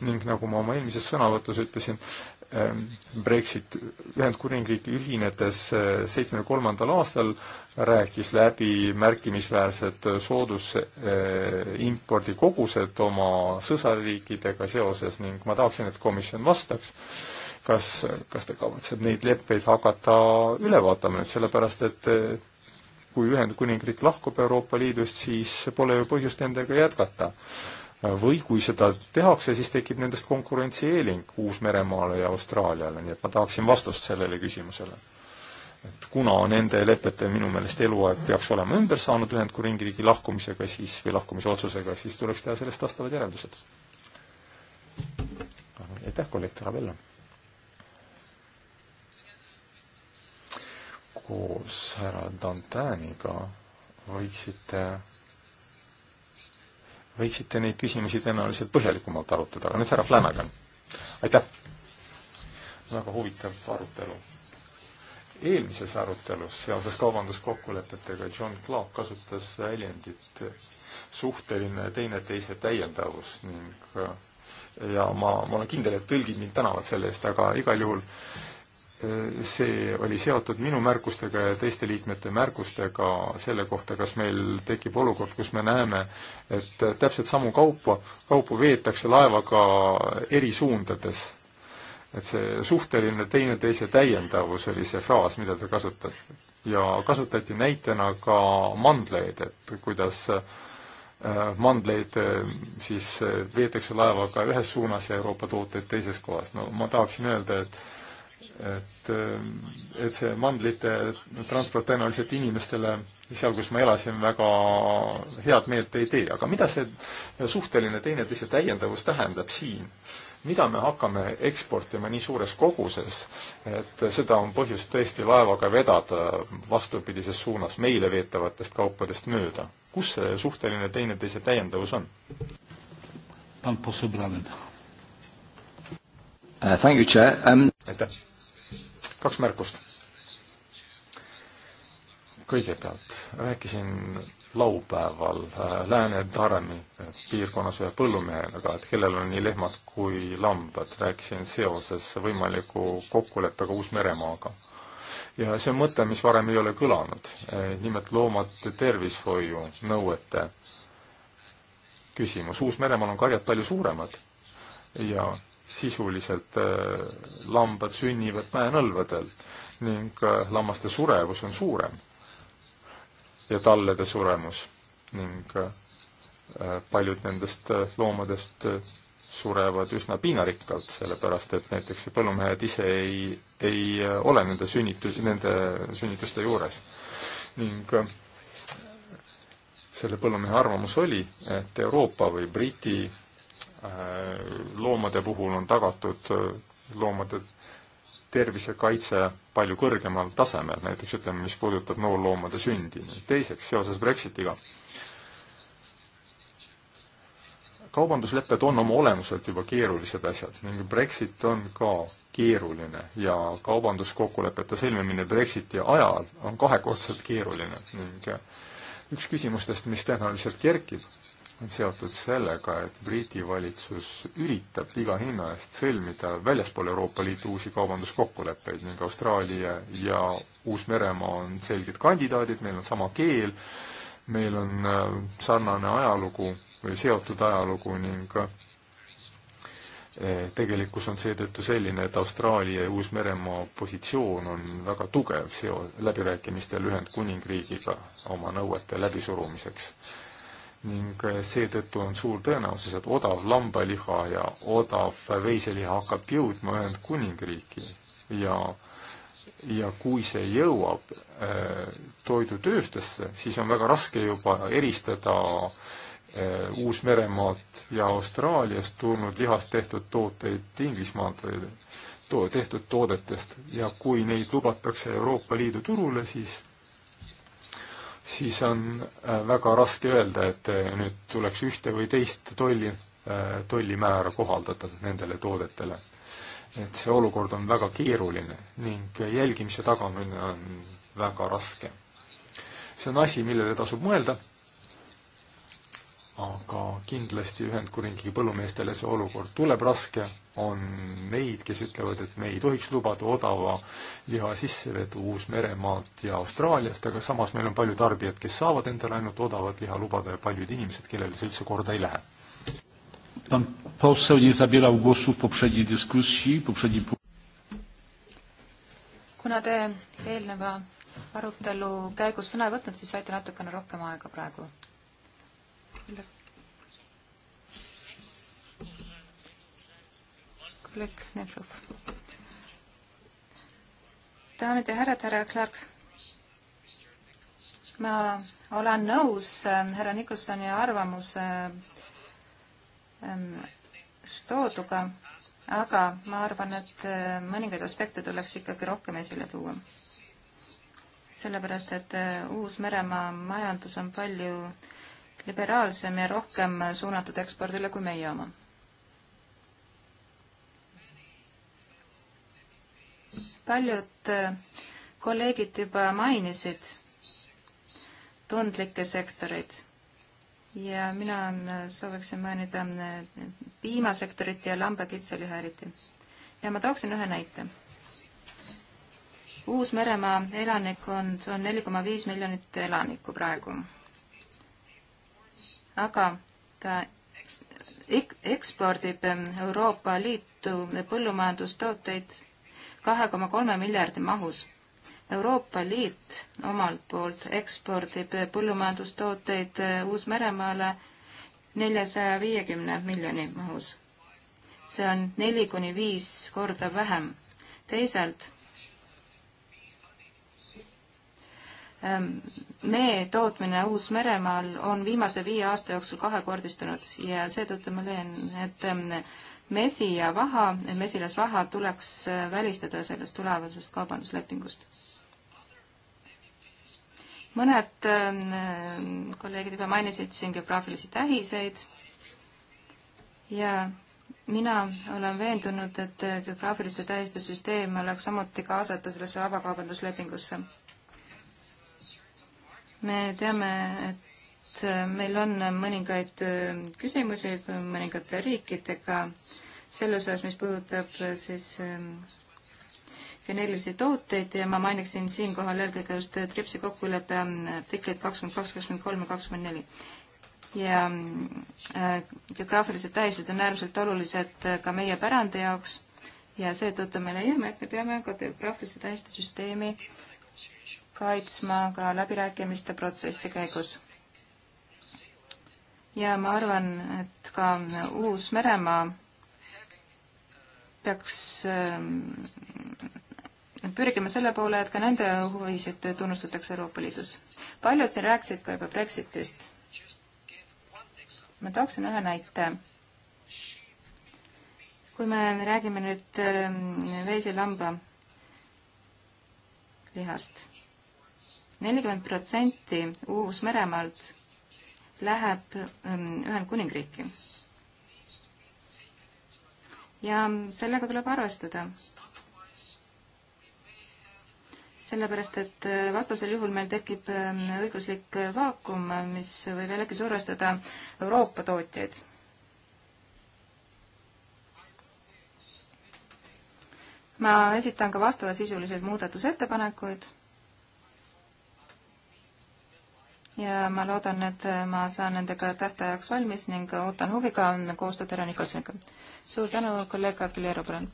ning nagu ma oma eelmises sõnavõtus ütlesin, Ähm, Brexit Ühendkuningriik ühinedes äh, seitsmekümne kolmandal aastal rääkis läbi märkimisväärsed soodusimpordikogused äh, oma sõsarriikidega seoses ning ma tahaksin, et komisjon vastaks, kas, kas ta kavatseb neid leppeid hakata üle vaatama nüüd, sellepärast et äh, kui Ühendkuningriik lahkub Euroopa Liidust, siis pole ju põhjust nendega jätkata või kui seda tehakse, siis tekib nendest konkurentsieeling Uus-Meremaale ja Austraaliale, nii et ma tahaksin vastust sellele küsimusele. et kuna nende lepete minu meelest eluaeg peaks olema ümber saanud Ühendkuningriigi lahkumisega siis, või lahkumise otsusega, siis tuleks teha sellest vastavad järeldused. aitäh, kolleeg Tarabella! koos härra Dantaniga võiksite võiksite neid küsimusi tõenäoliselt põhjalikumalt arutada, aga nüüd härra Flanagan, aitäh! väga huvitav arutelu. eelmises arutelus seoses kaubanduskokkulepetega John Clark kasutas väljendit suhteline teineteise täiendavus ning ja ma, ma olen kindel, et tõlgid mind tänavad selle eest, aga igal juhul see oli seotud minu märkustega ja teiste liikmete märkustega selle kohta, kas meil tekib olukord, kus me näeme, et täpselt samu kaupa, kaupu veetakse laevaga eri suundades. et see suhteline teineteise täiendavus oli see fraas, mida ta kasutas. ja kasutati näitena ka mandleid, et kuidas äh, mandleid äh, siis äh, veetakse laevaga ühes suunas ja Euroopa tooteid teises kohas. no ma tahaksin öelda, et et, et see mandlite transport tõenäoliselt inimestele seal, kus ma elasin, väga head meelt ei tee, aga mida see suhteline teineteise täiendavus tähendab siin? mida me hakkame eksportima nii suures koguses, et seda on põhjust tõesti laevaga vedada vastupidises suunas meile veetavatest kaupadest mööda. kus see suhteline teineteise täiendavus on? Uh, thank you, Chair. Um... Aitäh! kaks märkust. kõigepealt rääkisin laupäeval äh, Lääne-Taremi piirkonnas ühe põllumehega, et kellel on nii lehmad kui lambad, rääkisin seoses võimaliku kokkuleppega Uus-Meremaaga ja see on mõte, mis varem ei ole kõlanud, äh, nimelt loomade tervishoiu nõuete küsimus. Uus-Meremaal on karjad palju suuremad ja sisuliselt äh, lambad sünnivad mäenõlvadel ning äh, lammaste surevus on suurem ja tallede suremus ning äh, paljud nendest loomadest surevad üsna piinarikkalt, sellepärast et näiteks põllumehed ise ei, ei ole nende sünnitu-, nende sünnituste juures. ning selle põllumehe arvamus oli, et Euroopa või Briti Äh, loomade puhul on tagatud äh, loomade tervisekaitse palju kõrgemal tasemel, näiteks ütleme, mis puudutab noorloomade sündi. teiseks, seoses Brexitiga. kaubanduslepped on oma olemuselt juba keerulised asjad ning Brexit on ka keeruline ja kaubanduskokkulepete sõlmimine Brexiti ajal on kahekordselt keeruline ning äh, üks küsimustest, mis tõenäoliselt kerkib, on seotud sellega, et Briti valitsus üritab iga hinna eest sõlmida väljaspool Euroopa Liitu uusi kaubanduskokkuleppeid ning Austraalia ja Uus-Meremaa on selged kandidaadid, meil on sama keel, meil on äh, sarnane ajalugu või seotud ajalugu ning äh, tegelikkus on seetõttu selline, et Austraalia ja Uus-Meremaa positsioon on väga tugev seo-, läbirääkimistel Ühendkuningriigiga oma nõuete läbisurumiseks ning seetõttu on suur tõenäosus, et odav lambaliha ja odav veiseliha hakkab jõudma Ühendkuningriiki ja, ja kui see jõuab äh, toidutööstusse, siis on väga raske juba eristada äh, Uus-Meremaalt ja Austraaliast tulnud lihast tehtud tooteid Inglismaalt või to tehtud toodetest ja kui neid lubatakse Euroopa Liidu turule, siis siis on äh, väga raske öelda, et äh, nüüd tuleks ühte või teist tolli, äh, tollimäära kohaldada nendele toodetele. et see olukord on väga keeruline ning jälgimise tagamine on väga raske. see on asi, millele tasub mõelda aga kindlasti Ühendkuningriigi põllumeestele see olukord tuleb raske, on neid, kes ütlevad, et me ei tohiks lubada odava liha sissevedu Uus-Meremaalt ja Austraaliast, aga samas meil on palju tarbijad, kes saavad endale ainult odavat liha lubada ja paljud inimesed, kellele see üldse korda ei lähe.
kuna te eelneva arutelu käigus sõna ei võtnud, siis saite natukene rohkem aega praegu kolleeg Nevrov. daamid ja härrad, härra Clark. ma olen nõus ähm, härra Nikolsoni arvamuse ähm, tooduga, aga ma arvan, et äh, mõningaid aspekte tuleks ikkagi rohkem esile tuua. sellepärast, et äh, Uus-Meremaa majandus on palju äh, liberaalsem ja rohkem suunatud ekspordile kui meie oma. paljud äh, kolleegid juba mainisid tundlikke sektoreid ja mina äh, sooviksin mainida äh, piimasektorit ja lambakitseliha eriti. ja ma tooksin ühe näite. Uus-Meremaa elanikkond on neli koma viis miljonit elanikku praegu aga ta ek ekspordib Euroopa Liitu põllumajandustooteid kahe koma kolme miljardi mahus. Euroopa Liit omalt poolt ekspordib põllumajandustooteid Uus-Meremaale neljasaja viiekümne miljoni mahus. see on neli kuni viis korda vähem. teisalt Ehm, mee tootmine Uus-Meremaal on viimase viie aasta jooksul kahekordistunud ja seetõttu ma leian, et ehm, mesi ja vaha, mesilasvaha tuleks eh, välistada sellest tulevasest kaubanduslepingust. mõned ehm, kolleegid juba mainisid siin geograafilisi tähiseid ja mina olen veendunud, et geograafiliste tähiste süsteem oleks samuti kaasata sellesse vabakaubanduslepingusse me teame, et äh, meil on mõningaid äh, küsimusi mõningate riikidega selles osas, mis puudutab äh, siis ähm, geneerilisi tooteid ja ma mainiksin siinkohal eelkõige just TRIPS-i kokkuleppe artikleid kakskümmend kaks, kakskümmend kolm ja kakskümmend neli. ja geograafilised tähised on äärmiselt olulised ka meie pärandi jaoks ja seetõttu me leiame, et me peame ka geograafilise tähiste süsteemi kaitsma ka läbirääkimiste protsessi käigus. ja ma arvan, et ka Uus-Meremaa peaks ähm, pürgima selle poole, et ka nende huvisid tunnustatakse Euroopa Liidus. paljud siin rääkisid ka juba Brexitist. ma tooksin ühe näite. kui me räägime nüüd ähm, veiselamba lihast, nelikümmend protsenti Uus-Meremaalt läheb ähm, Ühendkuningriiki. ja sellega tuleb arvestada. sellepärast, et äh, vastasel juhul meil tekib ähm, õiguslik äh, vaakum, äh, mis võib jällegi survestada Euroopa tootjaid. ma esitan ka vastavasisuliseid muudatusettepanekuid ja ma loodan, et ma saan nendega tähtajaks valmis ning ootan huviga koostööd härra Nikolsoniga. suur tänu, kolleeg Aguilera, palun.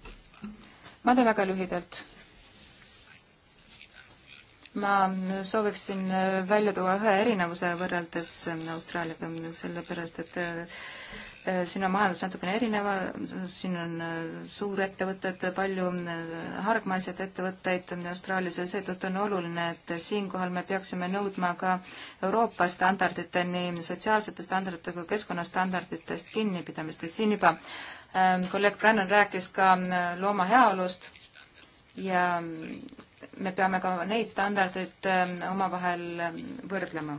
ma teen väga lühidalt. ma sooviksin välja tuua ühe erinevuse võrreldes Austraaliaga, sellepärast et Eh, siin on majandus natukene erineva, siin on eh, suurettevõtted, palju eh, hargmaised ettevõtteid Austraalias ja seetõttu on oluline, et siinkohal me peaksime nõudma ka Euroopa standardite, nii sotsiaalsete standardite kui keskkonnastandarditest kinnipidamist ja siin juba kolleeg Brennan rääkis ka looma heaolust ja mm, me peame ka neid standardeid omavahel võrdlema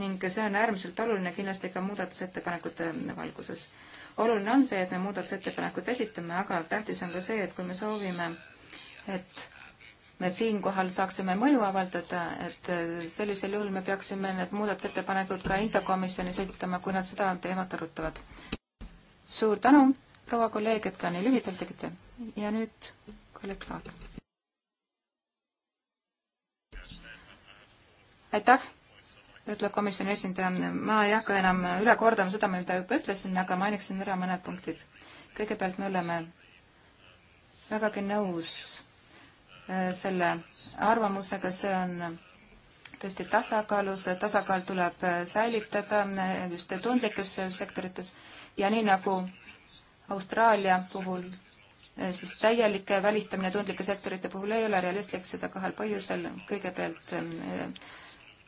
ning see on äärmiselt oluline kindlasti ka muudatusettepanekute valguses. oluline on see, et me muudatusettepanekut esitame, aga tähtis on ka see, et kui me soovime, et me siinkohal saaksime mõju avaldada, et sellisel juhul me peaksime need muudatusettepanekud ka infokomisjonis esitama, kui nad seda teemat arutavad. suur tänu, proua kolleeg, et ka nii lühidalt tegite ja nüüd kolleeg Klaar. aitäh ütleb komisjoni esindaja. ma ei hakka enam üle kordama seda, mida juba ütlesin, aga mainiksin ära mõned punktid. kõigepealt me oleme vägagi nõus äh, selle arvamusega, see on tõesti tasakaalus, tasakaal tuleb äh, säilitada äh, just tundlikes sektorites ja nii nagu Austraalia puhul siis täielik välistamine tundlike sektorite puhul ei ole realistlik, seda kahel põhjusel. kõigepealt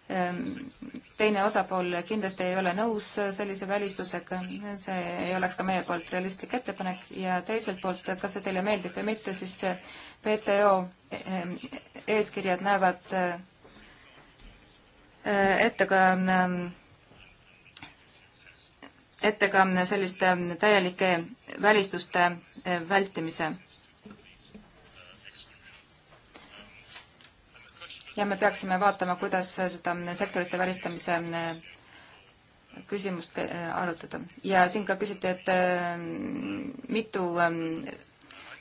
Ehm, teine osapool kindlasti ei ole nõus sellise välistusega, see ei oleks ka meie poolt realistlik ettepanek ja teiselt poolt, kas see teile meeldib või mitte, siis WTO ehm, eeskirjad näevad ehm, ette ka ette ka selliste täielike välistuste vältimise ja me peaksime vaatama, kuidas seda sektorite välistamise äh, küsimust äh, arutada. ja siin ka küsiti, et äh, mitu ähm,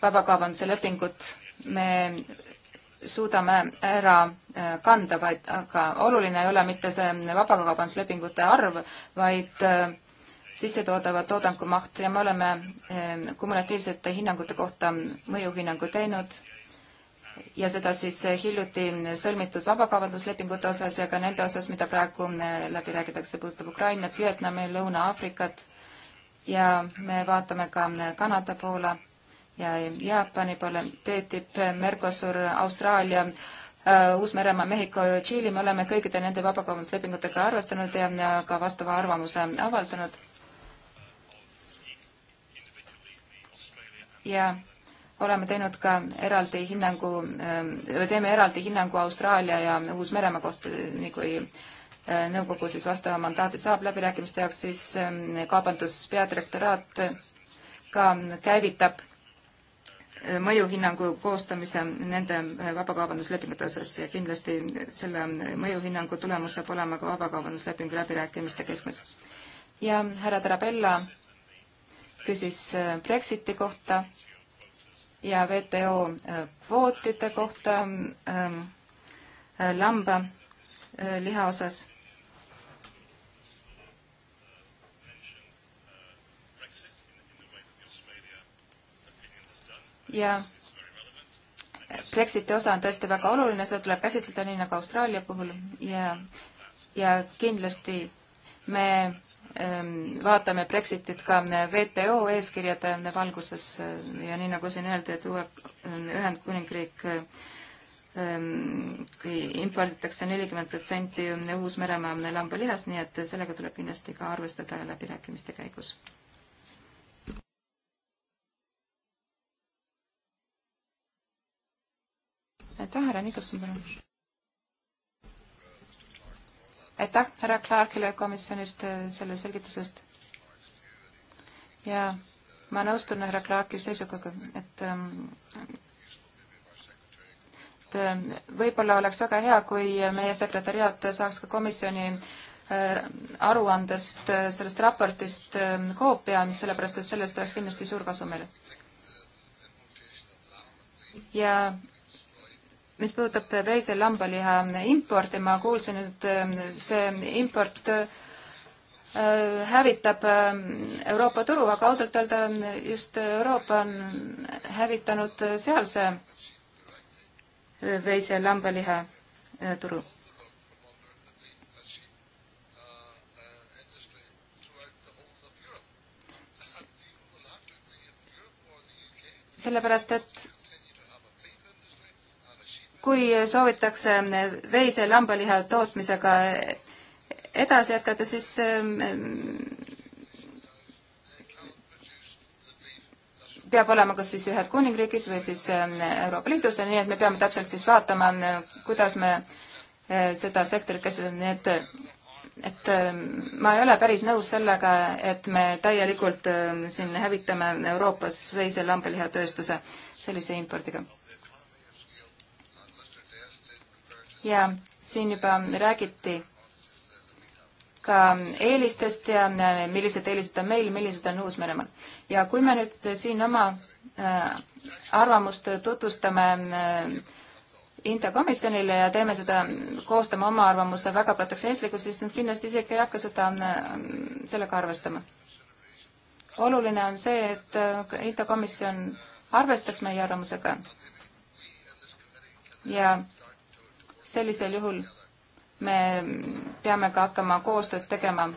vabakaubanduse lepingut me suudame ära kanda, vaid aga oluline ei ole mitte see vabakaubanduslepingute arv, vaid sissetoodava toodangu maht ja me oleme kumulatiivsete hinnangute kohta mõjuhinnangu teinud ja seda siis hiljuti sõlmitud vabakaubanduslepingute osas ja ka nende osas, mida praegu mm, läbi räägitakse, puudutab Ukrainat, Vietnami, Lõuna-Aafrikat ja me vaatame ka mm, Kanada poole ja Jaapani poole, TTIP, Mercosur, Austraalia, äh, Uus-Meremaa, Mehhiko, Tšiili, me oleme kõikide nende vabakaubanduslepingutega arvestanud ja ka vastava arvamuse avaldanud. ja oleme teinud ka eraldi hinnangu, teeme eraldi hinnangu Austraalia ja Uus-Meremaa kohta, nii kui nõukogu siis vastava mandaadi saab läbirääkimiste jaoks, siis kaubanduspeadirektoraat ka käivitab mõjuhinnangu koostamise nende vabakaubanduslepingute osas ja kindlasti selle mõjuhinnangu tulemus saab olema ka vabakaubanduslepingu läbirääkimiste keskmes. ja härra Tarabella küsis Brexiti kohta ja WTO äh, kvootide kohta ähm, äh, lamba äh, liha osas. ja Brexiti osa on tõesti väga oluline, seda tuleb käsitleda nii nagu Austraalia puhul ja, ja kindlasti me Ehm, vaatame Brexitit ka eh, WTO eeskirjade eh, valguses eh, ja nii nagu siin öeldi, et uue Ühendkuningriik ehm, kui imporditakse nelikümmend protsenti Uus-Meremaa lambalihast, nii et sellega tuleb kindlasti ka arvestada läbirääkimiste käigus. aitäh, härra Nikolson, palun! aitäh härra Clarkile komisjonist äh, selle selgitusest. ja ma nõustun härra Clarki seisukohaga, et ähm, et ähm, võib-olla oleks väga hea, kui meie sekretäriaat saaks ka komisjoni äh, aruandest, äh, sellest raportist ähm, koopia, sellepärast et sellest oleks kindlasti suur kasu meile. ja mis puudutab veise- ja lambaliha importi, ma kuulsin, et ähm, see import äh, hävitab ähm, Euroopa turu, aga ausalt öelda just Euroopa on hävitanud sealse äh, veise- ja lambaliha äh, turu. sellepärast, et kui soovitakse veise- ja lambaliha tootmisega edasi jätkata, siis ähm, peab olema kas siis Ühendkuningriigis või siis ähm, Euroopa Liidus ja nii, et me peame täpselt siis vaatama, kuidas me äh, seda sektorit käsitleme, nii et et ähm, ma ei ole päris nõus sellega, et me täielikult siin hävitame Euroopas veise- ja lambalihatööstuse sellise impordiga ja siin juba räägiti ka eelistest ja äh, millised eelised on meil, millised on Uus-Meremaal. ja kui me nüüd siin oma äh, arvamust tutvustame äh, Inta komisjonile ja teeme seda, koostame oma arvamuse väga protektsionistlikult, siis nad kindlasti isegi ei hakka seda, sellega arvestama. oluline on see, et Inta komisjon arvestaks meie arvamusega ja sellisel juhul me peame ka hakkama koostööd tegema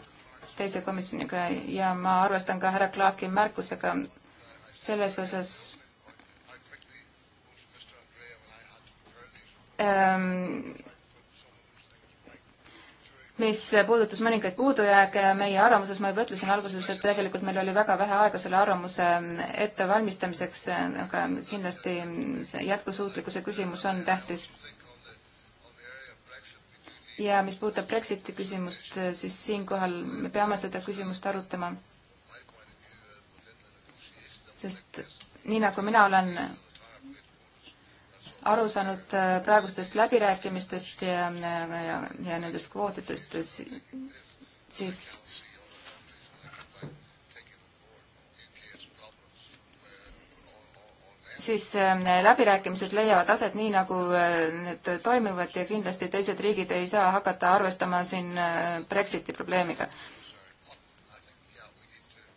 teise komisjoniga ja ma arvestan ka härra Clarki märkusega selles osas, ähm, mis puudutas mõningaid puudujääke meie arvamuses, ma juba ütlesin alguses, et tegelikult meil oli väga vähe aega selle arvamuse ettevalmistamiseks, aga kindlasti see jätkusuutlikkuse küsimus on tähtis ja mis puudutab Brexiti küsimust, siis siinkohal me peame seda küsimust arutama. sest nii nagu mina olen aru saanud äh, praegustest läbirääkimistest ja, ja, ja nendest kvootidest, siis siis ähm, läbirääkimised leiavad aset nii, nagu äh, need toimuvad ja kindlasti teised riigid ei saa hakata arvestama siin äh, Brexiti probleemiga.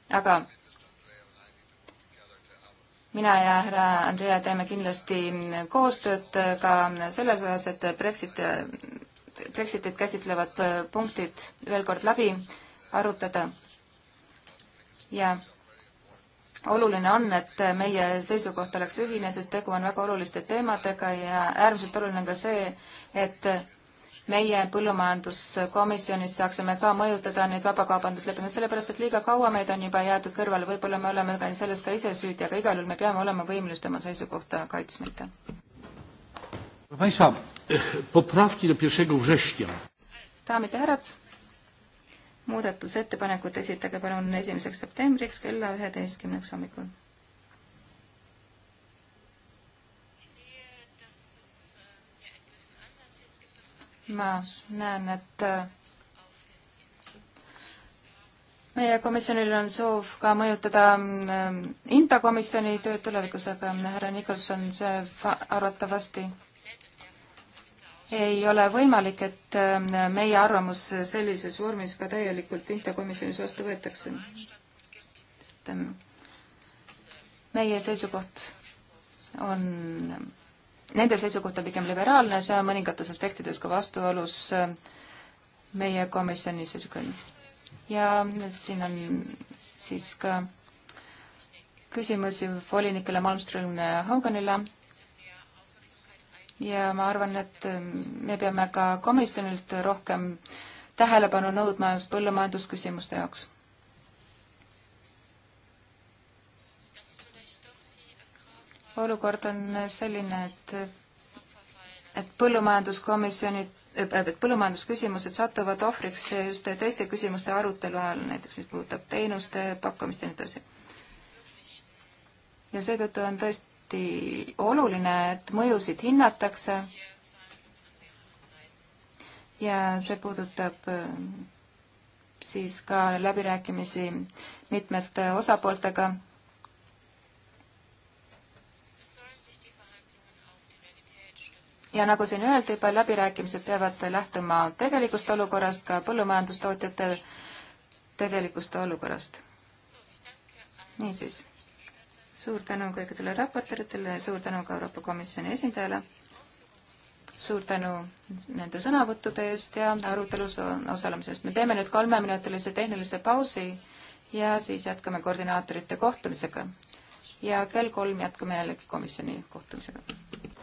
aga mina ja härra Andrea teeme kindlasti äh, koostööd ka selles osas, et Brexit, Brexitit käsitlevad punktid veel kord läbi arutada ja oluline on, et meie seisukoht oleks ühine, sest tegu on väga oluliste teemadega ja äärmiselt oluline on ka see, et meie põllumajanduskomisjonis saaksime ka mõjutada neid vabakaubanduslepinguid, sellepärast et liiga kaua meid on juba jäetud kõrvale, võib-olla me oleme ka selles ka ise süüdi, aga igal juhul me peame olema võimelised oma seisukohta kaitsma ikka. daamid ja härrad muudatusettepanekut esitage palun esimeseks septembriks kella üheteistkümneks hommikul. ma näen, et äh, meie komisjonil on soov ka mõjutada äh, Inta komisjoni tööd tulevikus, aga härra Nikolson, see arvatavasti ei ole võimalik, et äh, meie arvamus sellises vormis ka täielikult hintekomisjonis vastu võetakse. sest ähm, meie seisukoht on, nende seisukoht on pigem liberaalne, see on mõningates aspektides ka vastuolus äh, meie komisjoni seisukohaga. ja siin on siis ka küsimusi volinikele Malmström Hauganile ja ma arvan, et ähm, me peame ka komisjonilt rohkem tähelepanu nõudma just põllumajandusküsimuste jaoks. olukord on selline, et, et põllumajanduskomisjonid äh, äh, põllumajandusküsimused satuvad ohvriks just teiste küsimuste arutelu ajal, näiteks mis puudutab teenuste pakkumist ja nii edasi. ja seetõttu on tõesti samuti oluline, et mõjusid hinnatakse ja see puudutab äh, siis ka läbirääkimisi mitmete osapooltega. ja nagu siin öeldi juba, läbirääkimised peavad lähtuma tegelikust olukorrast, ka põllumajandustootjate tegelikust olukorrast. niisiis suur tänu kõikidele raportööritele, suur tänu ka Euroopa Komisjoni esindajale, suur tänu nende sõnavõttude eest ja arutelus osalemisest. me teeme nüüd kolmeminutilise tehnilise pausi ja siis jätkame koordinaatorite kohtumisega. ja kell kolm jätkame jällegi komisjoni kohtumisega.